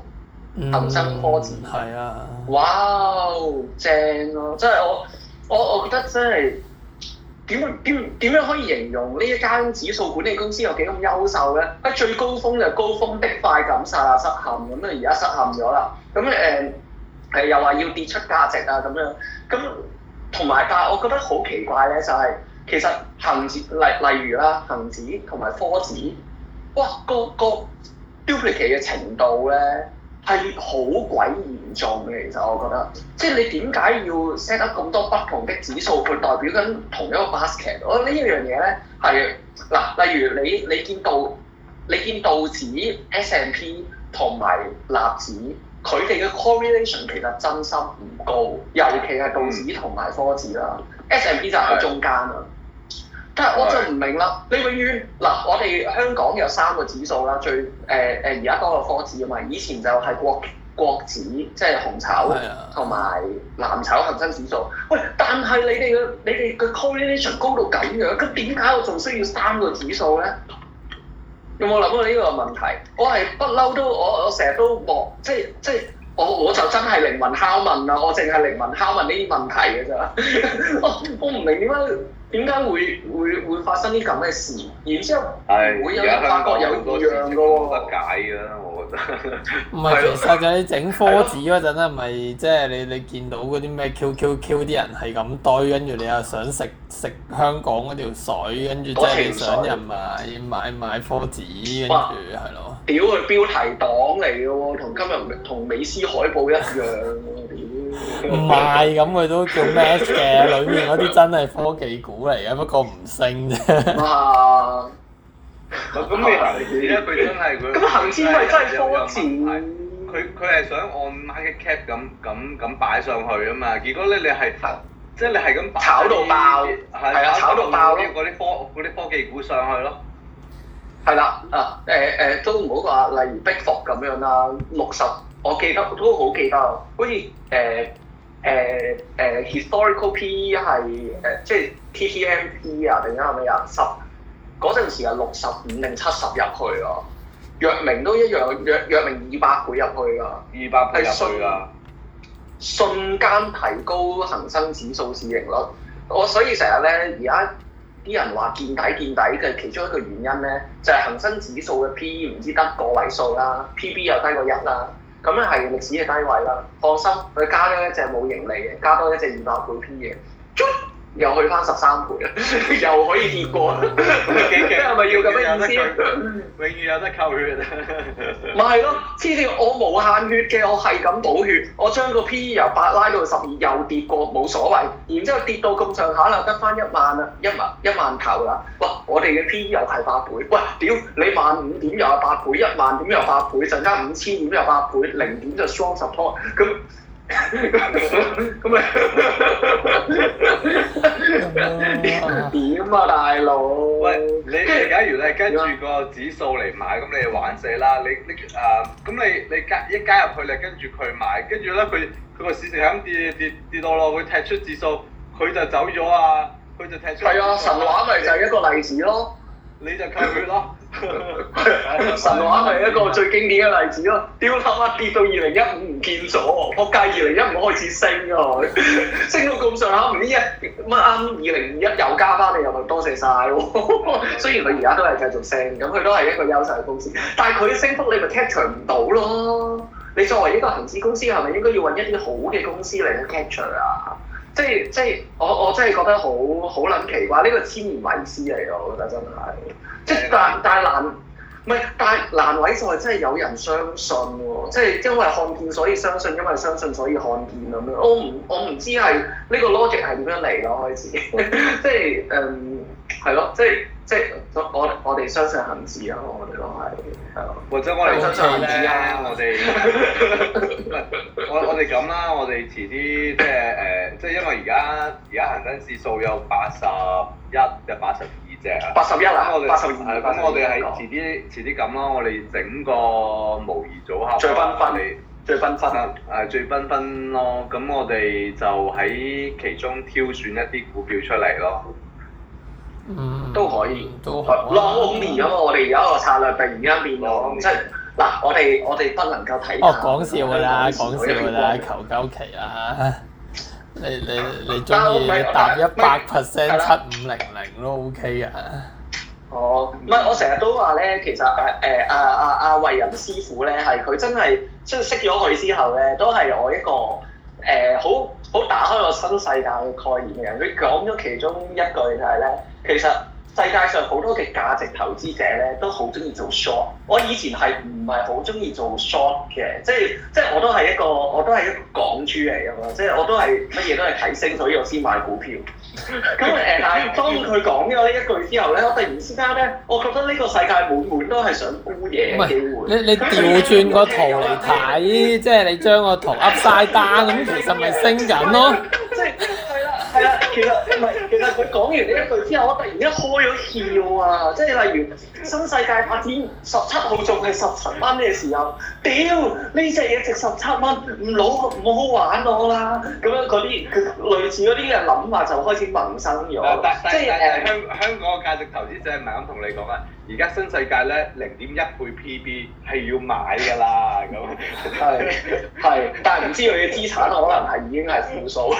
恆生、嗯、科技係的、wow, 啊，哇！正咯，即係我我我覺得真係點點點樣可以形容呢一間指數管理公司有幾咁優秀咧？啊，最高峰就係高峰的快感晒啊，失陷咁啊，而家失陷咗啦，咁誒係又話要跌出價值啊，咁樣咁。同埋，但係我覺得好奇怪咧、就係，就係其實恆指例例如啦，恆指同埋科指，哇個個 duplicate 嘅程度咧係好鬼嚴重嘅，其實我覺得，即係你點解要 set 得咁多不同的指數去代表緊同一個 basket？我覺得樣呢樣嘢咧係嗱，例如你你見道你見道指 S&P 同埋納指。佢哋嘅 correlation 其實真心唔高，嗯、尤其係道指同埋科指啦，S&P、嗯、就喺中間的啦。但係我就唔明啦，你永遠嗱，我哋香港有三個指數啦，最誒誒而家多個科指啊嘛，以前就係國國指，即係紅籌同埋藍籌恒生指數。喂，但係你哋嘅你哋嘅 correlation 高到咁樣，咁點解我仲需要三個指數咧？有冇諗過呢個問題？我係不嬲都，我我成日都望，即係即係我我就真係靈魂拷問啦！我淨係靈魂拷問呢啲問題嘅咋。 (laughs) 我唔明點解點解會會會發生啲咁嘅事，然之後會是有人發覺有異樣解啊。唔係，其實你了就係、你整科指嗰陣咧，咪即係你你見到嗰啲咩 QQQ 啲人係咁堆，跟住你又想食食香港嗰條水，跟住即係你想人買買買科指，跟住係咯。哇了屌佢標題黨嚟嘅喎，同今日同美斯海報一樣。屌， (laughs) (laughs) 唔係咁佢都叫 match 嘅，裏 (laughs) 面嗰啲真係科技股嚟嘅，不過唔升啫。啊。咁你而家佢真係，佢，咁恆指真係荒謬。佢佢係想按 market cap 咁咁咁擺上去啊嘛。結果咧，你係，即係你係咁炒到爆，係啊，炒到爆咯。嗰啲科嗰啲科技股上去咯。係啦。啊。誒，誒都唔好話，例如 b i 咁樣啦，六十，我記得都好記得好似誒誒誒 historical PE 係誒，即係 TTMP 啊，定係係咪啊？十？嗰陣時係，六十五定七十入去啊，藥明都一樣，藥藥明二百倍入去啊，二百倍入去啦，瞬間提高恒生指數市盈率。我所以成日咧，而家啲人話見底見底嘅其中一個原因咧，就係、是、恒生指數嘅 P E 唔知得個位數啦，P B 又低過一啦，咁樣係歷史嘅低位啦。放心，佢加咗一隻冇盈利嘅，加多一隻二百倍 P E。又去翻十三倍，又可以跌過，依家係咪要咁嘅意思永？永遠有得扣血，咪係咯黐線！我冇限血嘅，我係咁補血，我將個 P.E. 由八拉到十二，又跌過冇所謂。然之後跌到咁上下啦，得翻一萬啦，一萬一萬頭啦。哇！我哋嘅 P.E. 又係八倍。喂，屌你萬五點又係八倍，一萬點又八倍，陣間五千點又八倍，零點就雙十拖！咁。咁咁咁啊點啊大佬？ (laughs) 喂，你即係假如你跟住個指數嚟買，咁你又玩死啦！你你誒，咁、啊、你你加一加入去，你跟住佢買，跟住咧佢佢個市成日咁跌跌跌到落去，會踢出指數，佢就走咗啊！佢就踢出係啊，神話咪就係一個例子咯，你就扣血咯。 (laughs) (laughs) 神話係一個最經典嘅例子咯，屌龍啊跌到二零一五唔見咗，仆街二零一五開始升啊，升到咁上下，唔知一乜啱二零二一又加翻，你又咪多謝晒喎。 (laughs) 雖然佢而家都係繼續升，咁佢都係一個優勢嘅公司，但係佢升幅你咪 capture 唔到咯。你作為一個投資公司，係咪應該要揾一啲好嘅公司嚟去 capture 啊？即係即係我我真係覺得好好撚奇怪，呢個千年迷思嚟㗎，我覺得真係。但但難唔係？但難為就係真係有人相信喎，即係因為看見所以相信，因為相信所以看見咁樣。我唔我唔知係呢個 logic 係點樣嚟咯，開始。 (laughs) 即係誒，係、嗯、咯，即係即係我我哋相信恆指啊！我哋都係，或者我哋相信恆指啊。我哋我我哋咁啦，我哋遲啲即係誒，即係、呃、因為而家而家恆生指數有八十一，就八十八十一啦，我哋八十二。咁我哋係遲啲，遲啲咁咯。我哋整個模擬組合，最紛紛，最紛紛，誒，最紛紛咯。咁我哋就喺其中挑選一啲股票出嚟咯。嗯，都可以，都 long only 咁、啊、面我哋有一個策略，突然間變咗即係。嗱，我哋我哋不能夠睇。哦，講笑㗎啦，講笑㗎啦，求鳩其啦。你你你中意打一百 percent 七五零零都 OK 嘅。哦，唔係我成日都話咧，其實誒誒阿阿阿偉仁師傅咧，係佢真係真係識咗佢之後咧，都係我一個誒、呃、好好打開我新世界嘅概念嘅人。佢講咗其中一句就係咧，其實。世界上好多嘅價值投資者咧，都好中意做 short。我以前係唔係好中意做 short 嘅，即係即係我都係一個我都係一個港豬嚟啊嘛，即係我都係乜嘢都係睇升，所以我先買股票。咁誒、 (laughs) 嗯，但係當佢講咗呢一句之後咧，我突然之間咧，我覺得呢個世界滿滿都係想沽嘢嘅機會。你你調轉個圖嚟睇， (laughs) 即係你將個圖 Upside Down 咁，其實咪升緊咯。 (laughs) 係啊，其實唔係，其實佢講完呢一句之後，我突然間開咗竅啊！即係例如新世界發展十七號仲係十七蚊嘅時候，屌呢隻嘢值十七蚊，唔攞唔好玩好、啊、啦！咁樣嗰啲類似嗰啲嘅諗法就開始萌生咗。但即係是誒，香、嗯、香港嘅價值投資者唔係咁同你講啊。而家新世界咧零點一倍 PB 係要買㗎啦，咁係係，但係唔知佢嘅資產可能係已經係負數。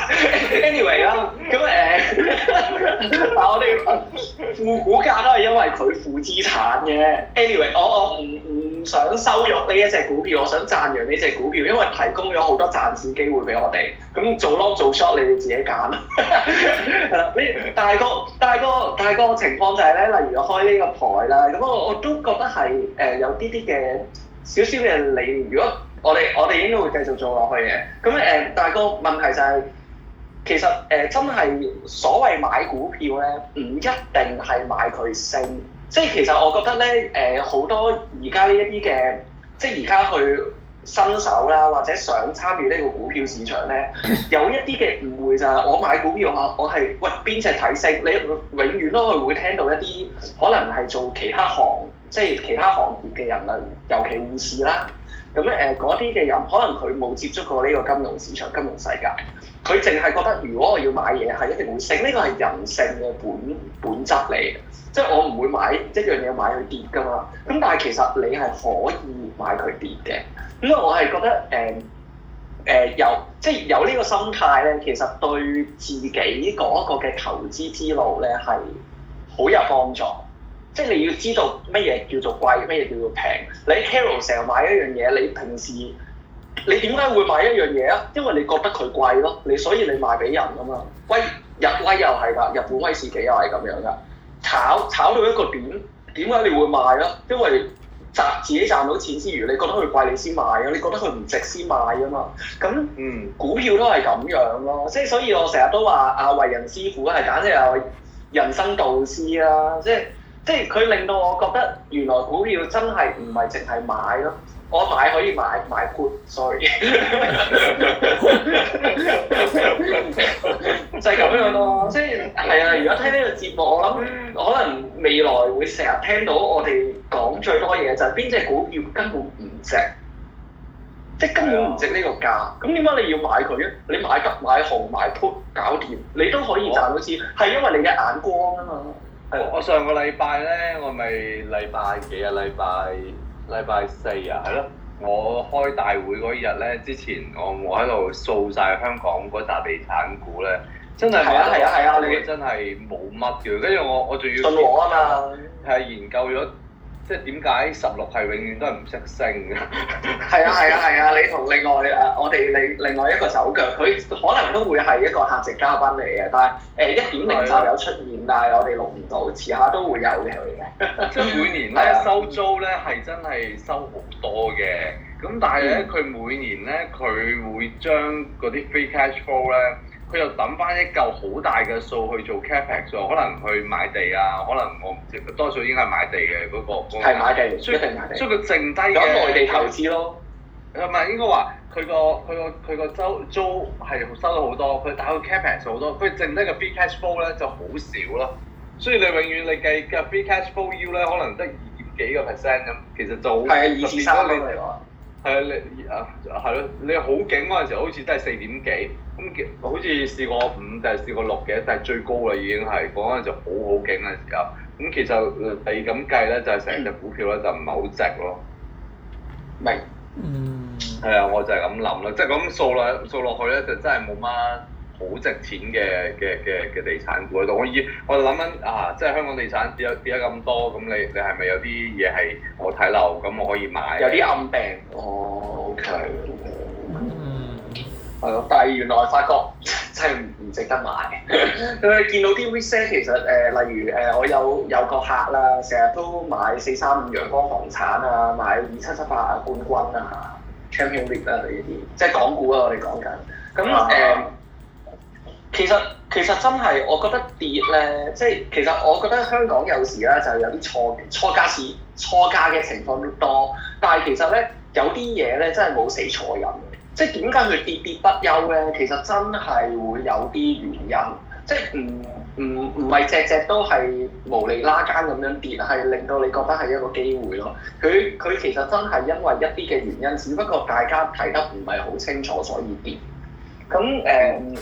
Anyway 啦，咁、哎、誒， (laughs) 但我哋負股價都係因為佢負資產嘅。 (laughs) Anyway，我我唔唔想收辱呢一隻股票，我想讚揚呢隻股票，因為提供咗好多賺錢機會俾我哋。咁做 long、ok，做 short，你哋自己揀係啦。呢但係個但係個但係個情況就係、是、咧，例如我開呢個台啊，咁我我都覺得係誒、呃、有啲啲嘅少少嘅理念。如果我哋我哋應該會繼續做落去嘅。咁誒、呃，但係個問題就係、是，其實誒、呃、真係所謂買股票咧，唔一定係買佢升。即係其實我覺得咧，誒、呃、好多而家呢一啲嘅，即係而家去，新手啦，或者想參與呢個股票市場咧，有一啲嘅誤會就係我買股票嚇，我係喂邊隻睇升？你永遠都係會聽到一啲可能係做其他行，即係其他行業嘅人啦，尤其護士啦，咁咧誒、嗰啲嘅人可能佢冇接觸過呢個金融市場、金融世界。佢淨係覺得，如果我要買嘢，係一定會升。呢個係人性嘅本本質嚟，即係我唔會買一樣嘢買佢跌㗎嘛。咁但係其實你係可以買佢跌嘅。因為我係覺得誒誒、呃呃呃、有即係有呢個心態咧，其實對自己嗰個嘅投資之路咧係好有幫助。即係你要知道乜嘢叫做貴，乜嘢叫做平。你 Carol 成日買一樣嘢，你平時。你點解會買一樣嘢啊？因為你覺得佢貴咯，你所以你賣俾人啊嘛？威日威又係㗎，日本威士忌又係咁樣㗎。炒炒到一個點點解你會賣啊？因為賺自己賺到錢之餘，你覺得佢貴你先賣啊，你覺得佢唔值先賣啊嘛。咁嗯，股票都係咁樣咯。即係所以我成日都話啊，為人師傅係簡直係人生導師啦、啊。即係。即係佢令到我覺得原來股票真係唔係淨係買咯，我買可以買買 put，sorry， (laughs) 就係咁樣咯。即係係啊！如果聽呢個節目，我諗可能未來會成日聽到我哋講最多嘢就係邊隻股票根本唔值，即係根本唔值呢個價。咁點解你要買佢啊？你買急買紅買 put 搞掂，你都可以賺到錢，係、哦、因為你嘅眼光啊嘛。我上個禮拜咧，我咪禮拜幾啊？禮拜禮拜四啊，係咯。我開大會嗰日咧，之前我我喺度掃晒香港嗰扎地產股咧，真係係啊係啊係啊，你真係冇乜嘅。跟住我我仲要信我啊嘛，係研究咗。即係點解十六係永遠都係唔識升嘅？係啊係啊係啊！你同另外誒，我哋另另外一個手腳，佢可能都會係一個客席嘉賓嚟嘅，但係誒、呃、一點零就有出現， (laughs) 但係我哋錄唔到，遲下都會有嘅佢嘅。即 (laughs) 係每年咧收租咧係真係收好多嘅，咁但係咧佢每年咧佢會將嗰啲 free cash flow 咧。佢又抌翻一嚿好大嘅數去做 capex，可能去買地啊，可能我唔知，佢多數應該係買地嘅嗰、嗰個。係、嗰個、買地，所以所以佢剩低嘅。咁內地投資咯。唔係應該話佢個佢個佢個租租係收咗好多，佢打個 capex 好多，佢剩低嘅 free cash flow 咧就好少咯。所以你永遠你計嘅 free cash flow yield 咧，可能得二點幾個 percent 咁，其實就特別少。係啊，你啊係咯，你好勁嗰陣時好似都係四點幾，咁好似試過五，定係試過六嘅，但係最高啦已經係，嗰陣就好好勁嗰陣時候。咁其實誒，第二咁計咧，就係成隻股票咧就唔係好值咯。明。嗯。係啊，我就係咁諗啦，即係咁數落數落去咧，就真係冇乜。好值錢嘅嘅嘅嘅地產股喺度，我以我諗緊啊，即係香港地產跌咗跌咗咁多，咁你你係咪有啲嘢係我睇漏？咁我可以買？有啲暗病哦、oh，OK，嗯、mm，係咯，但係原來發覺真係唔值得買。佢你見到啲 risk 其實誒、呃，例如誒、呃，我有有個客啦，成日都買四三五陽光房產 2, 7, 8, 8, 啊，買二七七八啊冠軍啊，Champion REIT 啊，嗰啲，即係港股啊，我哋講緊咁誒。Uh, 其實其實真係，我覺得跌咧，即係其實我覺得香港有時咧就有啲錯錯價市錯價嘅情況多，但係其實咧有啲嘢咧真係冇死錯人，即係點解佢跌跌不休咧？其實真係會有啲原因，即係唔唔唔係隻隻都係無厘啦更咁樣跌，係令到你覺得係一個機會咯。佢佢其實真係因為一啲嘅原因，只不過大家睇得唔係好清楚，所以跌。咁誒。Um,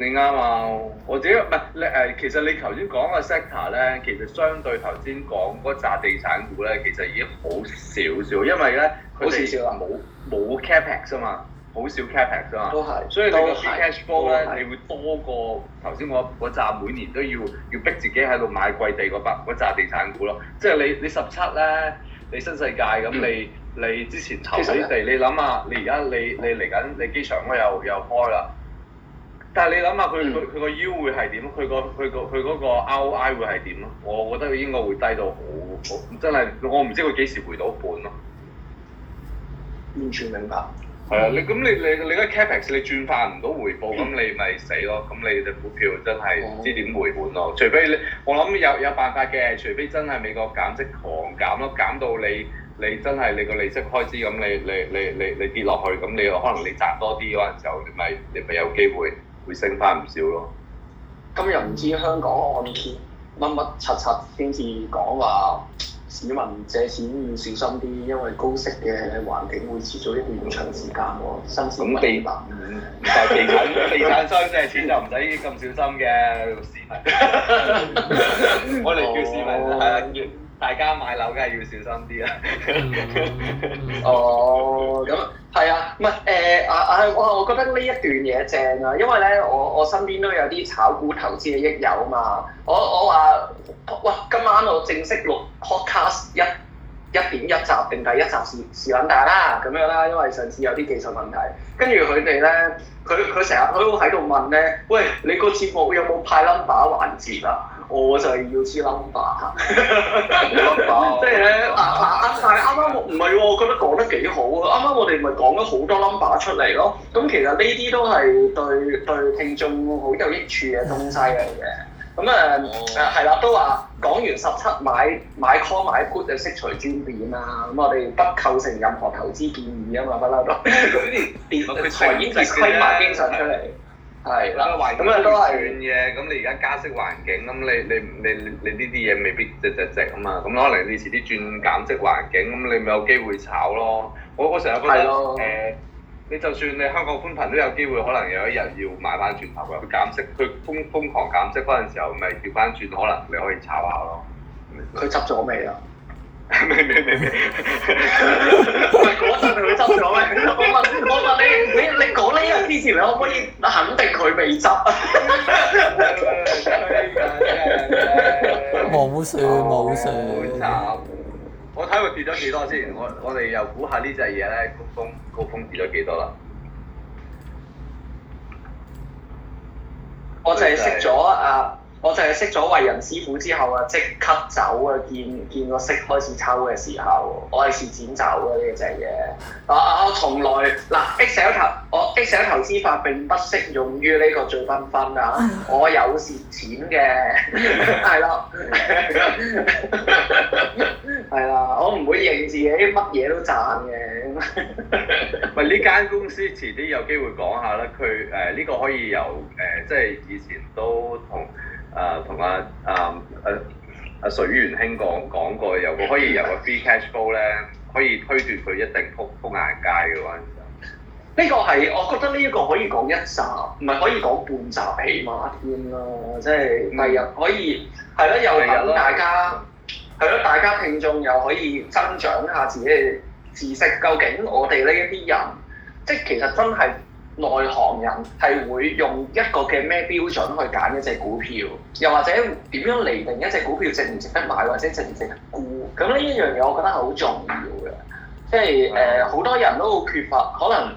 你啱啊！我自己唔係你誒，其實你頭先講個 sector 咧，其實相對頭先講嗰紮地產股咧，其實已經好少少，因為咧，好少啦，冇冇 capex 啊嘛，好少 capex 啊嘛，都係是，所以個 free cash flow 咧，你會多過頭先我嗰紮每年都要要逼自己喺度買貴地嗰筆紮地產股咯。嗯、即係你你十七咧，你新世界咁，你、嗯、你之前投地，即係你你諗啊，你而家你你嚟緊你，你，你，你機場嗰又又，又開啦。但係你諗下佢佢佢個 U 會係點？佢個佢個佢嗰個 ROI 會係點咯？我覺得佢應該會低到好好，真係我唔知佢幾時回到本咯。完全明白。係啊的的，你咁你你你而家 capex 你轉翻唔到回報，咁、嗯、你咪死咯。咁你隻股票真係唔知點回本咯。哦、除非你我諗有有辦法嘅，除非真係美國減息狂減咯，減到你你真係你個利息開支咁你你你你你，你，你，你跌落去，咁你可能你賺多啲嗰陣時候，你咪你咪有機會。會升翻唔少咯。今日唔知香港案件乜乜柒柒先至講話，市民借錢要小心啲，因為高息嘅環境會持續一段長時間喎。嗯、新市民地，地產，地產，地產商借係錢就唔使咁小心嘅，市民。 (laughs) 我哋叫市民啦，係啦、哦。啊大家買樓梗係要小心啲啦。哦， (laughs) 咁 (noise) 係、 (noise) oh，啊，唔係誒啊啊！我我覺得呢一段嘢正啊，因為咧，我我身邊都有啲炒股投資嘅益友啊嘛。我我話、啊，喂，今晚我正式錄 podcast 一一點一集定第一集是是撚大啦，咁樣啦，因為上次有啲技術問題。跟住佢哋咧，佢佢成日都喺度問咧，喂，你個節目有冇派 number 環節啊？我就係要知 number，即係咧啊啊啊！但係啱啱我唔係喎，我覺得講得幾好啊！啱啱我哋咪講咗好多 number 出嚟咯。咁其實呢啲都係對對聽眾好有益處嘅東西嚟嘅。咁誒誒係啦，嗯嗯嗯嗯嗯、都話講完十七買買 call 買 put 就識除轉變啊！咁我哋不構成任何投資建議啊嘛，不嬲都佢呢啲變啊，佢隨意規範精神出嚟。 (laughs) 係啦，環境都係轉嘅，咁、嗯、你而家加息環境，咁、嗯、你你你你呢啲嘢未必值值值啊嘛，咁可能你遲啲轉減息環境，咁、嗯、你咪有機會炒咯。我我成日覺得誒的、呃，你就算你香港寬頻都有機會，可能有一日要買翻轉頭嘅，佢減息，佢瘋瘋狂減息嗰陣時候，咪調翻轉，可能你可以炒下咯。佢執咗未啊？咩唔係嗰陣佢會執咗咩？我 (laughs) 問我問你你你講呢一刻之前，你可唔可以肯定佢未執？冇算冇算。我睇佢跌咗幾多先？ (laughs) 我 (laughs) 我哋又估下呢隻嘢咧，高峰高峰跌咗幾多啦？我就係識咗啊！我就係識咗為人師傅之後啊，即刻走啊！見見個息開始抽嘅時候，我係蝕錢走嘅呢隻嘢。啊啊！我從來嗱，Excel 投，我 Excel 投資法並不適用於呢個最繽紛啊！我有蝕錢嘅，係咯，係啦，我唔會認自己乜嘢都賺嘅。咪呢間公司，遲啲有機會講下啦。佢誒呢個可以由誒、呃，即係以前都同。誒同阿阿阿水元兄講，講過，有個可以有個 free cash flow 咧，可以推斷佢一定闔闔眼界嘅話，呢個係我覺得呢一個可以講一集，唔係是可以講半集起碼添啦，即係第日可以係咯，又等大家係咯的，大家聽眾又可以增長下自己嘅知識，究竟我哋呢一啲人，即係其實真係。內行人係會用一個嘅咩標準去揀一隻股票，又或者點樣嚟定一隻股票值唔值得買，或者值唔值得沽？咁呢一樣嘢，我覺得係好重要嘅。即係誒，好、呃、多人都好缺乏，可能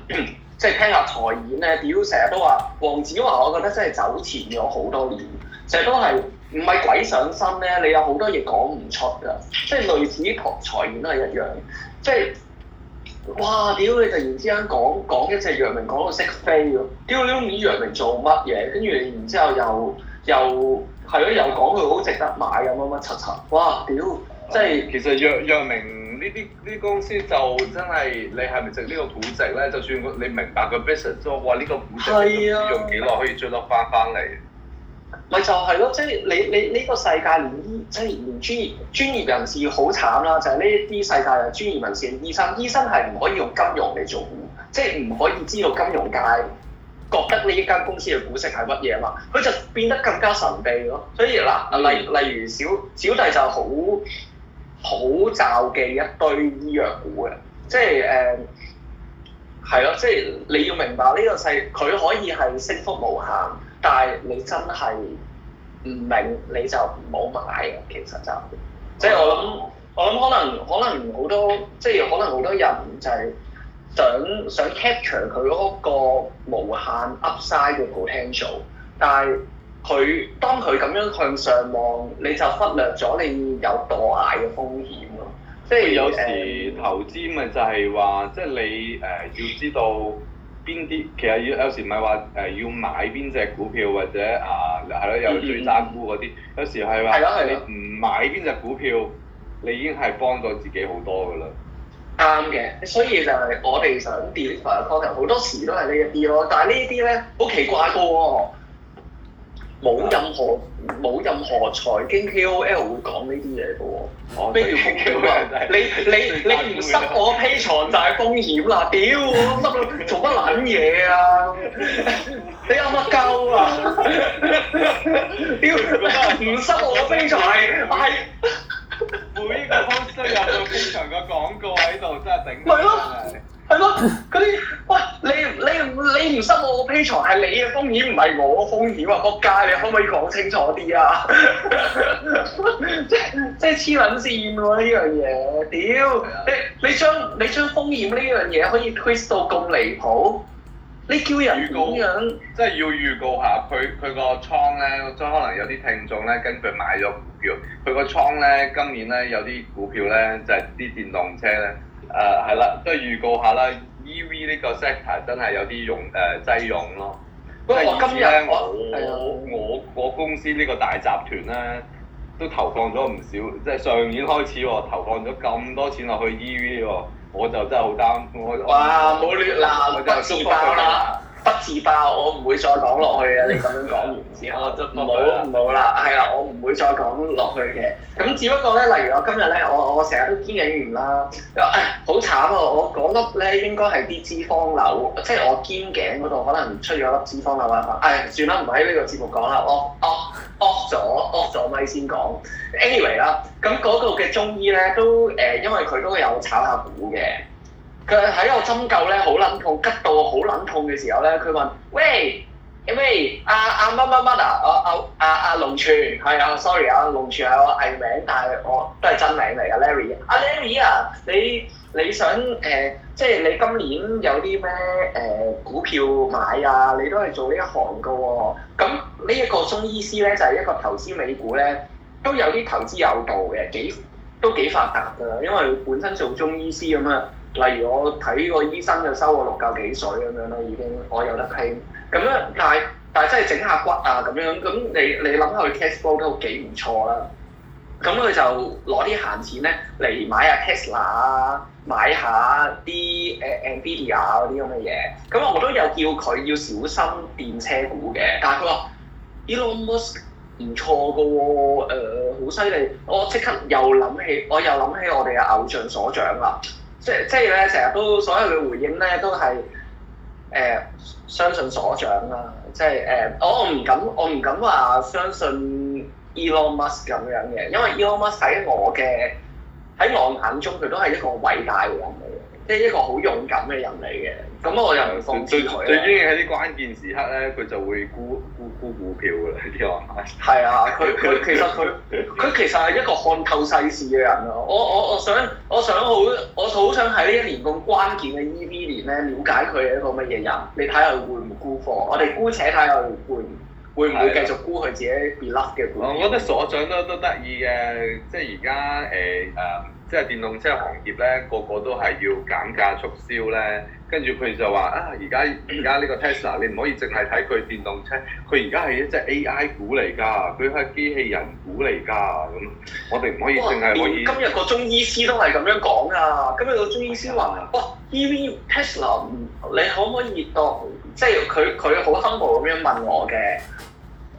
即係聽下財演咧，屌成日都話黃子華，我覺得真係走前咗好多年，成日都係唔係鬼上身咧？你有好多嘢講唔出㗎，即係類似學財演都係一樣，即係。哇！屌你突然之間講講一隻藥明講到識飛喎，屌你都唔知藥明做乜嘢，跟住然之後又又係咯，又講佢好值得買咁乜乜柒柒哇！屌，即係、這個、其實藥藥明呢啲呢公司就真係你係咪值個呢個估值咧？就算你明白佢 business，都話呢個估值用幾耐可以追得返返嚟。咪就係咯，即係你你呢個世界連醫即係連專業專業人士好慘啦，就係呢一啲世界嘅專業人士醫，醫生醫生係唔可以用金融嚟做，即係唔可以知道金融界覺得呢一間公司嘅股息係乜嘢啊嘛，佢就變得更加神秘咯。所以嗱，例例如小小弟就好好罩忌一堆醫藥股嘅，即係誒係咯，即係你要明白呢個世佢可以係升幅無限。但係你真係唔明你就唔好買其實就是， (noise) (noise) 即係我諗，我諗可能可能好多，即係可能好多人就係想想 capture 佢嗰個無限 Upside 嘅 potential，但係佢當佢咁樣向上望，你就忽略咗你有墮崖嘅風險咯。即係有時、嗯、投資咪就係話，即係你誒要知道。邊啲其實要有時唔係話誒要買邊隻股票或者啊係，咯又轉打股嗰啲，有，、嗯、有時係話你唔買邊隻股票，你已經係幫到自己好多㗎啦。啱嘅，所以就係我哋想跌同好多時都係呢一啲咯，但係呢啲咧好奇怪㗎、哦、喎。冇任何冇任何財經 K O L 會講呢啲嘢嘅喎，你條橋啊！你你你唔塞我披就係風險啦！屌乜做乜撚嘢啊！ (laughs) 你有乜鳩啊！屌唔塞我披財，但 (laughs) 係 (laughs) 每一個都有個非常嘅廣告喺度，真係頂唔順。 (laughs) (laughs) (laughs) (laughs) (laughs) 啲喂，你你你唔 sub 我 Patreon，係你嘅風險，唔係我風險 (laughs) (laughs) 啊！仆街，你可唔可以講清楚啲啊？即係黐撚線喎呢樣嘢，屌！你你將你將風險呢樣嘢可以 twist 到咁離譜？你叫人咁樣，即係要預告下佢佢個倉咧，即呢可能有啲聽眾咧跟佢買咗股票，佢個倉咧今年咧有啲股票咧就係、是、啲電動車咧。誒係啦，都預告下啦，EV 呢個 sector 真係有啲用誒擠擁咯。不過今日我、哦、我我公司呢個大集團咧，都投放咗唔少，即係上年開始喎，投放咗咁多錢落去 EV 喎，我就真係好擔心。哇！冇亂喇，我真係送包啦～不自爆，我唔會再講落去嘅。你咁樣講完之後， (laughs) 啊、就唔好唔好啦，係啦不， (laughs) 我唔會再講落去嘅。咁只不過咧，例如我今日咧，我我成日都肩頸炎啦。誒，好、哎、慘啊！我嗰粒咧應該係啲脂肪瘤，即係我肩頸嗰度可能出咗粒脂肪瘤啊！誒、哎，算啦，唔喺呢個節目講啦。我 off off 咗 off 咗咪先講。Anyway 啦，咁嗰個嘅中醫咧都誒、呃，因為佢都有炒下股嘅。佢喺我針灸咧好撚痛，急到好撚痛嘅時候咧，佢問：喂，喂，阿阿乜乜乜啊？阿阿阿阿龍柱，係啊，sorry 啊，龍柱係我藝名，但係我都係真名嚟噶，Larry。阿 Larry 啊，你你想誒，即係你今年有啲咩誒股票買啊？你都係做呢一行噶喎。咁呢一個中醫師咧，就係一個投資美股咧，都有啲投資有道嘅，幾都幾發達㗎。因為本身做中醫師咁樣。例如我睇個醫生就收我六嚿幾水咁樣啦，已經我有得傾咁樣，但係但係真係整下骨啊咁樣，咁你你諗下佢 cash flow 都幾唔錯啦。咁佢就攞啲閒錢咧嚟買，la，買下 Tesla 啊，買下啲誒 Nvidia 嗰啲咁嘅嘢。咁我都有叫佢要小心電車股嘅，但係佢話 Elon Musk 唔錯噶喎，誒好犀利。我即刻又諗起，我又諗起我哋嘅偶像所長啦。即即係咧，成日都所有嘅回應咧都係誒、呃、相信所長啦、啊，即係誒、呃、我唔敢我唔敢話相信 Elon Musk 咁樣嘅，因為 Elon Musk 喺我嘅喺我眼中佢都係一個偉大嘅人嚟嘅，即係一個好勇敢嘅人嚟嘅，咁、嗯、我又唔知佢沽股票㗎啦，呢個係啊，佢佢其實佢佢其實係一個看透世事嘅人啊！我我我想我想好我好想喺呢一年咁關鍵嘅 EV 年咧，了解佢係一個乜嘢人？你睇下會唔沽貨？我哋姑且睇下會唔會唔會繼續沽佢自己 r e 嘅，我覺得所長都都得意嘅，即係而家誒誒，即係電動車行業咧，個個都係要減價促銷咧。跟住佢就話啊，而家而家呢個 Tesla 你唔可以淨係睇佢電動車，佢而家係一隻 AI 股嚟㗎，佢係機器人股嚟㗎咁。我哋唔可以淨係可以。今日個中醫師都係咁樣講啊！今日個中醫師話，哇、哎呀 oh，EV Tesla，你可唔可以當即係佢佢好 humble 咁樣問我嘅？誒、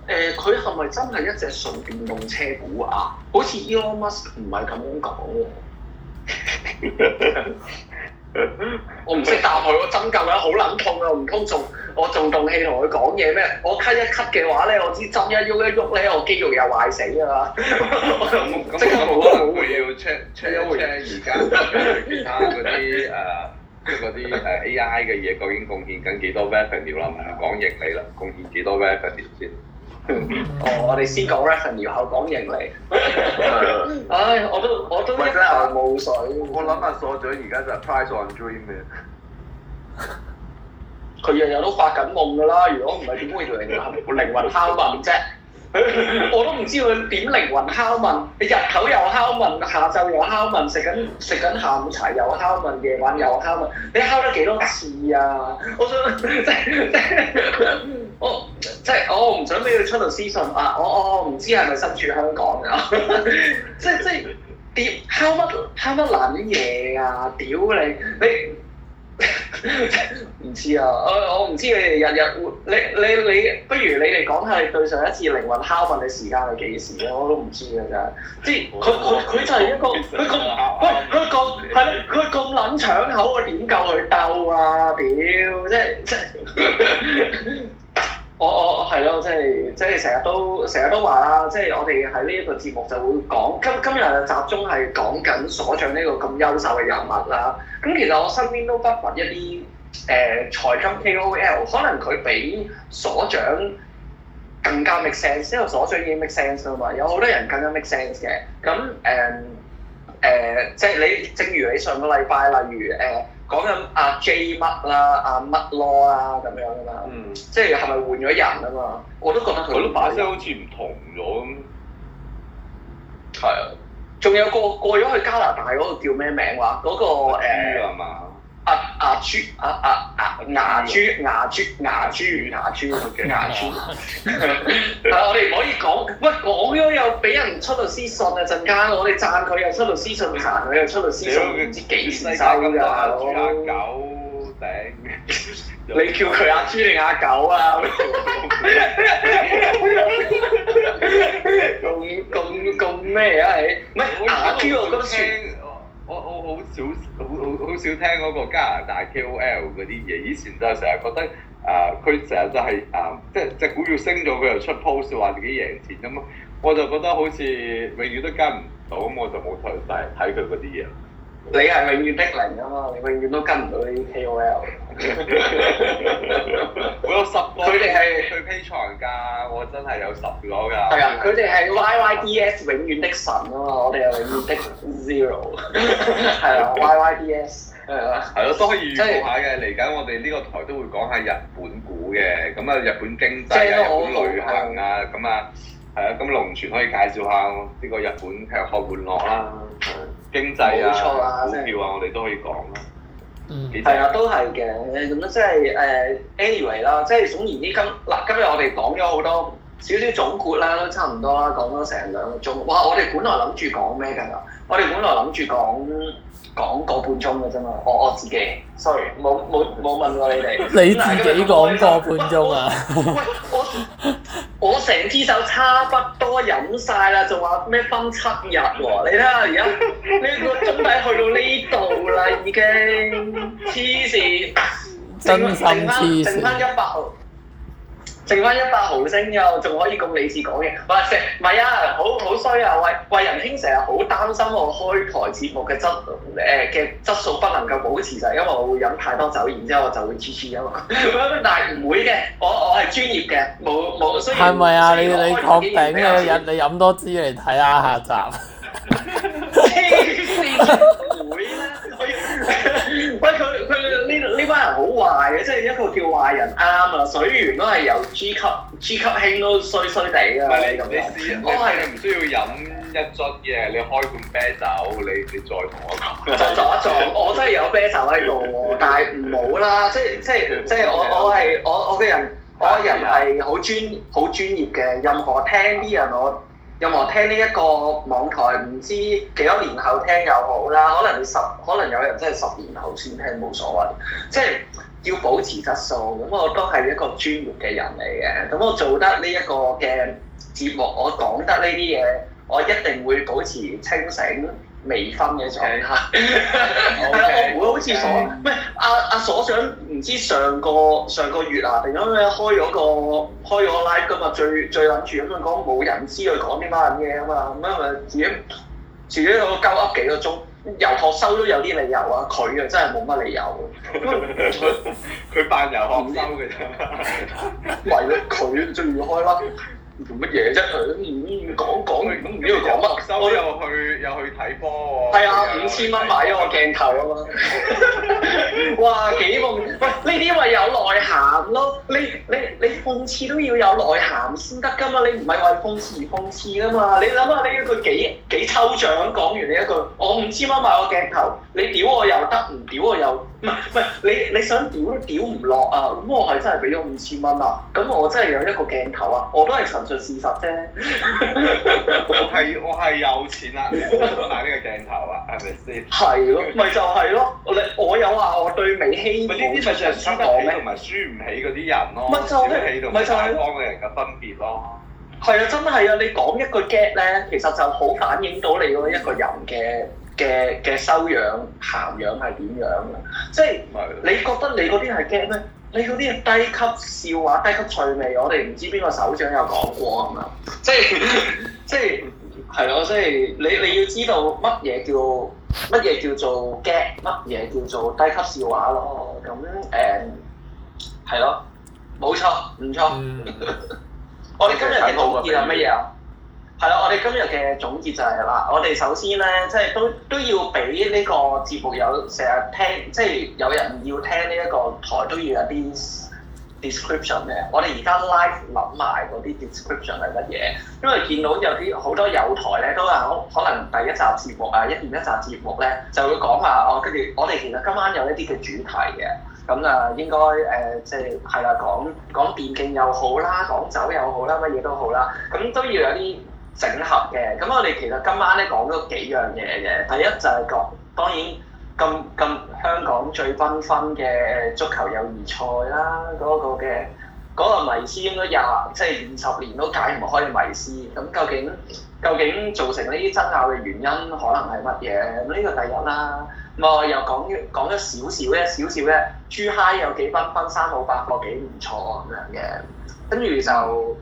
呃，佢係咪真係一隻純電動車股啊？好似 Elon Musk 唔係咁樣講喎。 (laughs) (laughs) 我唔識答佢，我針灸啦，好撚痛啊！唔通仲我仲動氣同佢講嘢咩？我咳一咳嘅話咧，我知針一喐一喐咧，我肌肉又壞死㗎喇！即刻冇可能要 check check 一會而家其他嗰啲誒即係啲誒 AI 嘅嘢，究竟貢獻緊幾多 revenue 啦？講盈利啦，貢獻幾多 revenue 先？ (laughs) 哦，我哋先講 ration，然後講盈利。唉、 (laughs) 哎，我都我都。或者係霧水，我諗下所長而家就 price on dream 嘅。佢日日都發緊夢㗎啦，如果唔係點會同你靈魂拷問啫？ (laughs) 我都唔知佢點靈魂敲問，你日頭又敲問，下晝又敲問，食緊食緊下午茶又敲問，夜晚又敲問，你敲咗幾多次啊？我想即係我即係我唔想俾佢出到私信啊！我我唔知係咪身處香港啊？ (laughs) 即係即係，點敲乜敲乜撚嘢啊！屌你你！唔 (laughs) 知啊，我我唔知你哋日日活，你你你，不如你哋講，係對上一次靈魂拷問嘅時間係幾時啊？我都唔知啊。真係。即係佢佢佢就係一個佢咁，喂佢咁係咯，佢咁捻搶口，我點夠佢鬥啊屌！即係即。我我係咯，即係即係成日都成日都話啦，即係我哋喺呢一個節目就會講今今日集中係講緊所長呢個咁優秀嘅人物啦。咁其實我身邊都不乏一啲誒、呃、財金 KOL，可能佢比所長更加 make sense，因為所長已經 make sense 啦嘛。有好多人更加 make sense 嘅。咁誒誒，即係你正如你上個禮拜，例如誒，呃講緊阿 J 乜啦，阿乜咯啊，咁樣噶嘛，嗯、即係係咪換咗人啊嘛？我都覺得佢佢都把聲好似唔同咗咁，係啊的，仲有過過咗去加拿大嗰個叫咩名話嗰、啊嗰個誒？阿阿豬，啊啊阿阿豬，阿豬阿豬阿豬，叫阿豬。係啊，我哋唔可以講，喂，講咗又俾人出律師信啊陣間，我哋讚佢又出律師信，彈佢又出律師信，唔知幾犀利㗎。阿狗頂，你叫佢阿豬定阿狗啊？咁咁咁咩啊？你，唔係阿豬啊，我聽。我我好少，好好好少聽嗰個加拿大 K O L 嗰啲嘢。以前都係成日覺得啊，佢成日都係啊，即係隻股票升咗，佢又出 post 話自己贏錢咁啊。我就覺得好似永遠都跟唔到，咁我就冇再睇睇佢嗰啲嘢。你係永遠的零啊嘛，你永遠都跟唔到呢啲 KOL。 (laughs) 我有十個。佢哋係去 Patreon 㗎，我真係有十個㗎。係啊，佢哋係 YYDS 永遠的神啊嘛，我哋係永遠的 zero。係啊，YYDS 係啊。係咯、啊，都、 (laughs) 啊、可以預告下嘅嚟緊，我哋呢個台都會講下日本股嘅，咁啊日本經濟啊，日本旅行啊，咁啊係啊，咁龍泉可以介紹下呢個日本吃喝玩樂啦。經濟啊，冇錯啊，股票啊，我哋都可以講咯。嗯，係啊，都係嘅。咁樣即係誒，anyway 啦，即係總言之今、啊，今嗱今日我哋講咗好多少少總括啦，都差唔多啦，講咗成兩個鐘。哇！我哋本來諗住講咩㗎？我哋本來諗住講講個半鐘嘅，啫嘛。我我自己，sorry，冇冇冇問過你哋。 (laughs) 你自己講個半鐘啊 (laughs) ？ (laughs) 我成支酒差不多飲曬啦，仲話咩分七日喎？你睇下而家呢個總體去到呢度啦，已經黐線，剩淨一百毫。剩翻一百毫升嘅，我仲可以咁理智講嘅，喂，食唔係啊，好好衰啊，喂喂仁兄成日好擔心我開台節目嘅質，誒嘅質素不能夠保持就係、是、因為我會飲太多酒，然之後我就會黐黐啊嘛，但係唔會嘅，我我係專業嘅，冇冇衰。係咪啊？你你確定啊？飲你，你飲多支嚟睇下下集。 (laughs) 四四會啦，喂。佢呢呢班人好壞嘅，即係一個叫壞人啱啊！水源都係由 G 級 G 級兄都衰衰地啊！咁你樣，試我係是你唔需要飲一樽嘢，是你開罐啤酒，你你再同我講，撞撞 (laughs) 一撞，我真係有啤酒喺度，但係唔好啦，即係即係即係我我係我我嘅人，是我嘅人係好專好專業嘅，任何聽啲人我。任何聽呢一個網台，唔知幾多年後聽又好啦，可能你十，可能有人真係十年後先聽，冇所謂，即係要保持質素。咁我都係一個專業嘅人嚟嘅，咁我做得呢一個嘅節目，我講得呢啲嘢，我一定會保持清醒。未婚嘅狀態，我唔會好似所，唔係阿阿所長，唔知上個上個月啊，定點樣開咗個開咗 live，今日最最撚住咁樣講，冇人知佢講啲乜嘢啊嘛，咁樣咪自己自己個交噏幾個鐘，遊學收都有啲理由啊，佢啊真係冇乜理由，佢佢 (laughs) 扮遊學收嘅啫，為咗佢仲要開啦。做乜嘢啫？佢講講完都唔知佢講乜。嗯、收去我又去、啊、又去睇波。係啊，五千蚊買咗個鏡頭啊嘛。 (laughs) 哇，幾諷？喂，呢啲咪有內涵咯？你你你，你諷刺都要有內涵先得噶嘛？你唔係為諷刺而諷刺啊嘛？你諗下你一句幾幾抽象？講完你一句，我五千蚊買個鏡頭，你屌我又得，唔屌我又。我唔係，你你想屌都屌唔落啊？咁我係真係俾咗五千蚊啊。咁我真係有一個鏡頭啊！我都係純粹事實啫， (laughs) (laughs) 我係我係有錢啊，買呢個鏡頭 (laughs) 啊，係咪先？係咯，咪就係咯，你我有話我對美希，啲咪就係輸得起同埋輸唔起嗰啲人咯、啊，咪就咧，唔就係對方嘅人嘅分別咯、啊。係 (laughs) (laughs) 啊，真係啊，你講一個 get 咧，其實就好反映到你嗰一個人嘅。嘅嘅修養涵養係點樣即係你覺得你嗰啲係 game 咩？你嗰啲低級笑話、低級趣味，我哋唔知邊個首長有講過咁啊？即係 (laughs) 即係係咯，即係你你要知道乜嘢叫乜嘢叫做 game 乜嘢叫做低級笑話咯？咁誒係咯，冇錯，唔錯。我哋今日嘅討厭係乜嘢啊？ (laughs) 係、就是、啦，我哋今日嘅總結就係啦，我哋首先咧，即係都都要俾呢個節目有成日聽，即係有人要聽呢一個台都要有啲 description 嘅。我哋而家 live 諗埋嗰啲 description 係乜嘢，因為見到有啲好多友台咧都係可能第一集節目啊、一兩集節目咧就會講話哦，跟住我哋其實今晚有一啲嘅主題嘅，咁啊應該誒即係係啦，講講電競又好啦，講酒又好啦，乜嘢都好啦，咁都要有啲。整合嘅，咁我哋其實今晚咧講咗幾樣嘢嘅，第一就係講當然咁咁香港最繽紛嘅足球友誼賽啦，嗰個嘅嗰個迷思應該廿即係二十年都解唔開嘅迷思，咁究竟究竟造成呢啲爭拗嘅原因可能係乜嘢？咁呢個第一啦，咁我又講一講少少咧少少咧，朱嘿有幾繽紛，三好八貨幾唔錯咁樣嘅，跟住就，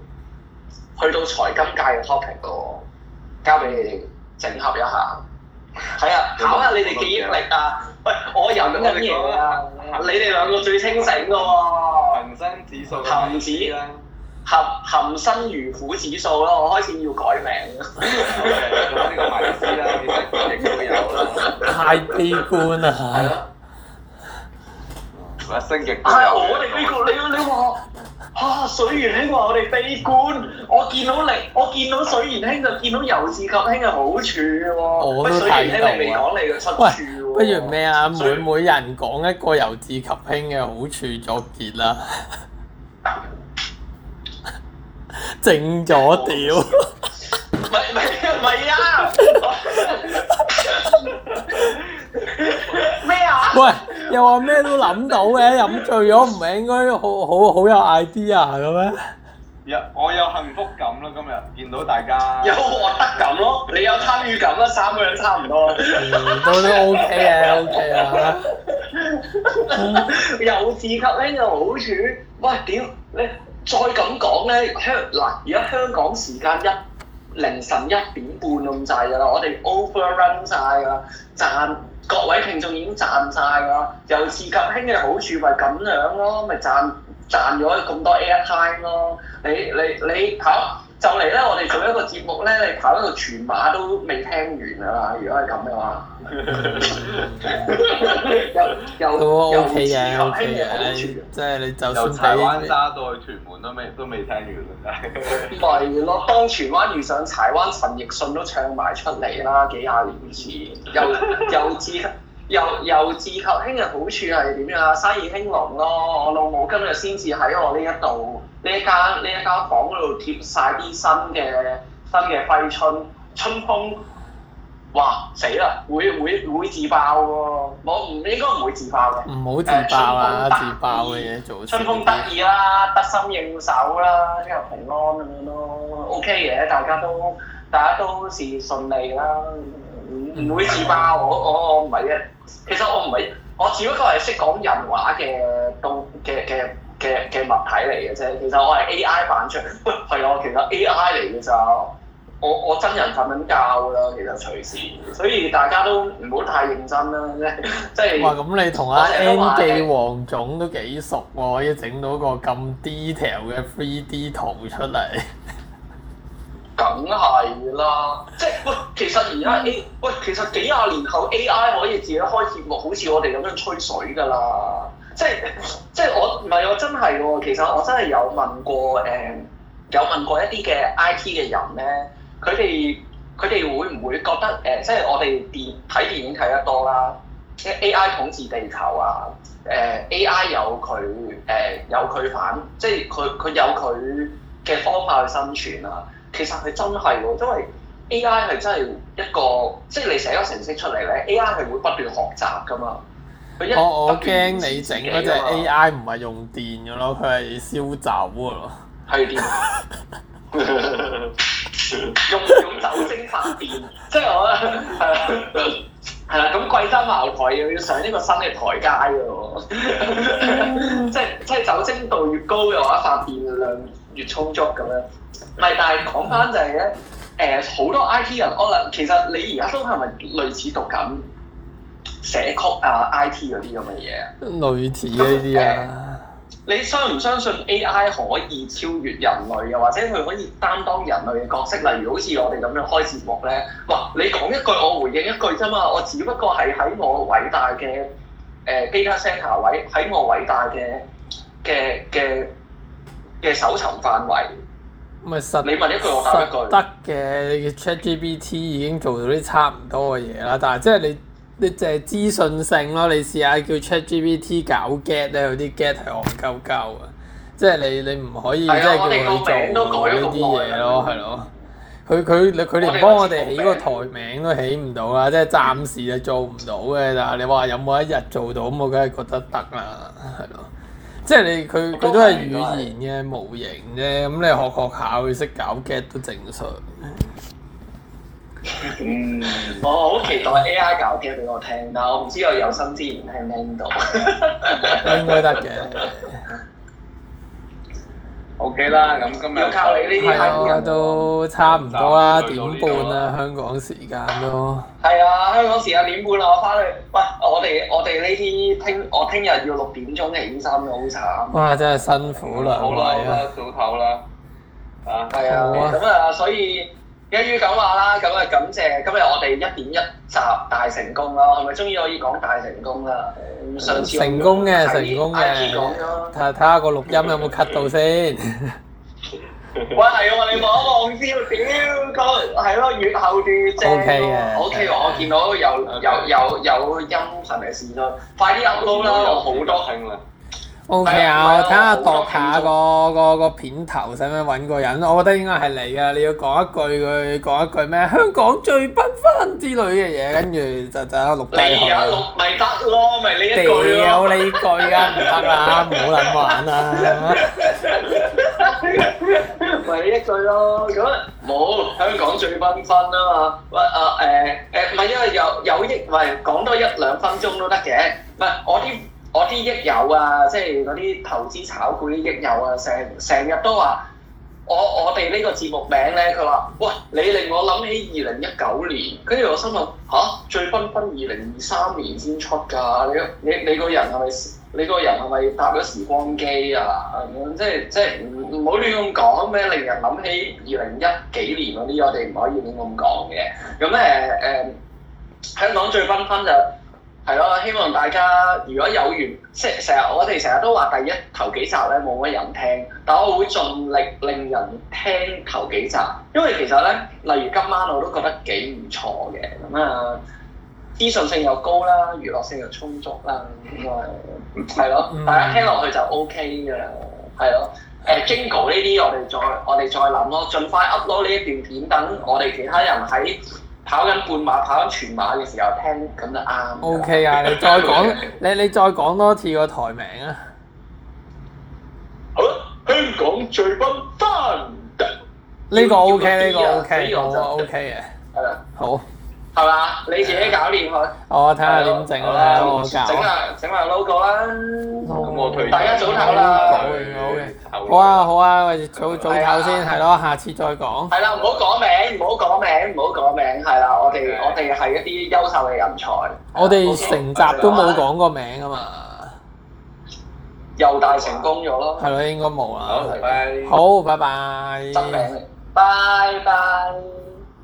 去到財金界嘅 topic 咯，交俾你哋整合一下。係啊，考下你哋記憶力啊！ (laughs) 喂，我咁乜嘢啊？你哋兩個最清醒個喎。恒生指數。恆指，恆恆生如虎指數咯，我開始要改名。我哋呢太悲觀啦！係、 (laughs) 哎。我升極都。係啊！我哋呢個，你你話。吓、啊，水原兄話我哋悲觀，我見到你，我見到水原兄就見到由字及兄嘅好處喎。我都睇，啊，你未講你嘅失處喂，不如咩啊？每每人講一個由字及兄嘅好處作結啦。整咗屌！咪咪咪啊！ (laughs) (laughs) 咩啊？喂，又話咩都諗到嘅，飲醉咗唔係應該好好好有 idea 嘅咩？有我有幸福感咯，今日見到大家有獲得感咯，你有參與感啦，三個人都差唔多，都都 OK 嘅，OK 啊！有自拍呢個好處。喂，點咧？你再咁講咧，香嗱而家香港時間一凌晨一點半咁滯嘅啦，我哋 over run 曬嘅啦，賺～各位聽眾已經賺晒㗎啦，由自及興嘅好處咪咁樣咯，咪賺賺咗咁多 airtime 咯，你你你，好。啊就嚟啦！我哋做一個節目咧，你跑一個全馬都未聽完啊！如果係咁嘅話， (laughs) (laughs) 又又又知，即係你就算柴灣揸到去屯門都未都未聽完真、啊、係。咪咯，當荃灣遇上柴灣，陳奕迅都唱埋出嚟啦，幾廿年前，又又知。又又自求興嘅好處係點樣啊？生意興隆咯！我老母今日先至喺我呢一度呢間呢一間房嗰度貼晒啲新嘅新嘅揮春春風，哇死啦！會會會自爆喎！唔應該唔會自爆嘅，唔好自爆啊！自爆嘅嘢做春風得意啦，得心應手啦，今日平安咁樣咯，咯，OK 嘅，大家都大家都事順利啦。唔、嗯、會自爆，我我我唔係嘅。其實我唔係，我只不過係識講人話嘅動嘅嘅嘅嘅物體嚟嘅啫。其實我係 AI 版出，係啊，其實 AI 嚟嘅咋。我我真人訓緊教瞓緊覺啦，其實隨時。所以大家都唔好太認真啦，即係即係。哇！咁你同阿、啊、N 記王總都幾熟喎，可以整到個咁 detail 嘅 3D 圖出嚟。梗係啦，即係喂，其實而家 A、嗯、喂，其實幾廿年後 A.I. 可以自己開節目，好似我哋咁樣吹水㗎啦。即係即係我唔係我真係喎，其實我真係有問過誒、呃，有問過一啲嘅 I.T. 嘅人咧，佢哋佢哋會唔會覺得誒、呃，即係我哋電睇電影睇得多啦，即係 A.I. 統治地球啊，誒、呃、A.I. 有佢誒、呃、有佢反，即係佢佢有佢嘅方法去生存啊。.其實係真係喎，因為 A I 係真係一個，即係你寫咗程式出嚟咧，A I 係會不斷學習噶嘛。佢一驚我你整嗰隻 A I 唔係用電嘅咯，佢係燒酒啊。係 (laughs) (laughs) 用用酒精發電，即係我覺得係啦，係、啊、啦。咁、啊啊啊啊啊、貴州茅台又要上呢個新嘅台階嘅喎、啊啊，即係即係酒精度越高嘅話，發電量越充足咁樣。唔係，但係講翻就係、是、咧，誒、呃、好多 I T 人，我啦，其實你而家都係咪類似讀緊寫曲啊 I T 嗰啲咁嘅嘢啊？類似呢啲啊！你相唔相信 A I 可以超越人類又或者佢可以擔當人類嘅角色？例如好似我哋咁樣開節目咧，哇！你講一句，我回應一句啫嘛。我只不過係喺我偉大嘅誒 data centre 位，喺、呃、我偉大嘅嘅嘅嘅搜尋範圍。咪實，你問一句我答一句。得嘅，你嘅 ChatGPT 已經做到啲差唔多嘅嘢啦，但係即係你，你淨係資訊性咯。你試下叫 ChatGPT 搞 get 咧，有啲 get 係戇鳩鳩啊！即係你，你唔可以、哎、呀即係叫佢做呢啲嘢咯，係咯。佢佢佢連幫我哋起個台名都起唔到啦，即係暫時就做唔到嘅。但係你話有冇一日做到咁，我梗係覺得得啦，係咯。即係你佢佢都係語言嘅模型啫，咁、嗯、你學學下佢識搞 get 都正常。 (laughs) (laughs) 我好期待 AI 搞 get 俾我聽，但係我唔知我有生之年聽唔聽到。 (laughs) 應該得嘅。 (laughs) O K 啦，咁今日要靠你呢啲係啊，而家、都差唔多啦，點半啦香港時間咯。係 (laughs) 啊，香港時間點半啦，我翻去。喂，我哋我哋呢啲聽，我聽日要六點鐘起身，好慘。哇！真係辛苦啦， (laughs) 們好耐啦、啊，早唞啦。啊，係 (laughs) 啊，咁啊， (laughs) (laughs) 所以。一於咁話啦，咁啊感謝，今日我哋一點一集大成功咯，係咪？終於可以講大成功啦。上次成功嘅，成功嘅。睇睇下個錄音有冇 cut 到先。喂，係喎，你望一望先，屌佢，係咯，越後啲。O K 嘅，O K 喎，我見到有有有有音，係咪先？快啲入工啦，我好多興啦。O.K. 啊，我睇下度下個個個片頭，使唔使揾個人？我覺得應該係你啊！你要講一句佢講一句咩？香港最繽紛之類嘅嘢，跟住就就錄低佢。你而家錄咪得咯？咪呢一句咯。地有呢句㗎，唔得啦，唔好諗玩啦。咪呢一句咯，咁冇香港最繽紛啊嘛！喂，啊誒誒，唔係因為有有益，喂，講多一兩分鐘都得嘅。喂我啲。我啲益友啊，即係嗰啲投資炒股啲益友啊，成成日都話我我哋呢個節目名咧，佢話：喂，你令我諗起二零一九年。跟住我心諗吓、啊，最繽紛二零二三年先出㗎，你你你個人係咪你個人係咪搭咗時光機啊？嗯、即係即係唔唔好亂咁講咩，令人諗起二零一幾年嗰啲，這個、我哋唔可以亂咁講嘅。咁誒誒，香、嗯、港最繽紛就係、～係咯，希望大家如果有緣，即係成日我哋成日都話第一頭幾集咧冇乜人聽，但我會盡力令人聽頭幾集，因為其實咧，例如今晚我都覺得幾唔錯嘅咁、嗯、啊，資訊性又高啦，娛樂性又充足啦，係、嗯、咯，mm. 大家聽落去就 OK 㗎，係咯，誒 Jingle 呢啲我哋再我哋再諗咯，盡快 upload 呢一段片，等我哋其他人喺跑緊半馬，跑緊全馬嘅時候聽咁就啱。OK 啊，你再講 (laughs) ，你你再講多次個台名啊。好啦，香港最不淡定。呢個 O K，呢個 O K，我 O K 嘅。係，嗯 OK 啊，的好。係嘛？你自己搞掂佢。我睇下點整啦，整下整下 logo 啦。大家早唞啦。好嘅，好嘅。好啊，好啊，我哋早早唞先，係咯，下次再講。係啦，唔好講名，唔好講名，唔好講名，係啦，我哋我哋係一啲優秀嘅人才。我哋成集都冇講過名啊嘛。又大成功咗咯。係咯，應該冇啊。好，拜拜。執名。拜拜。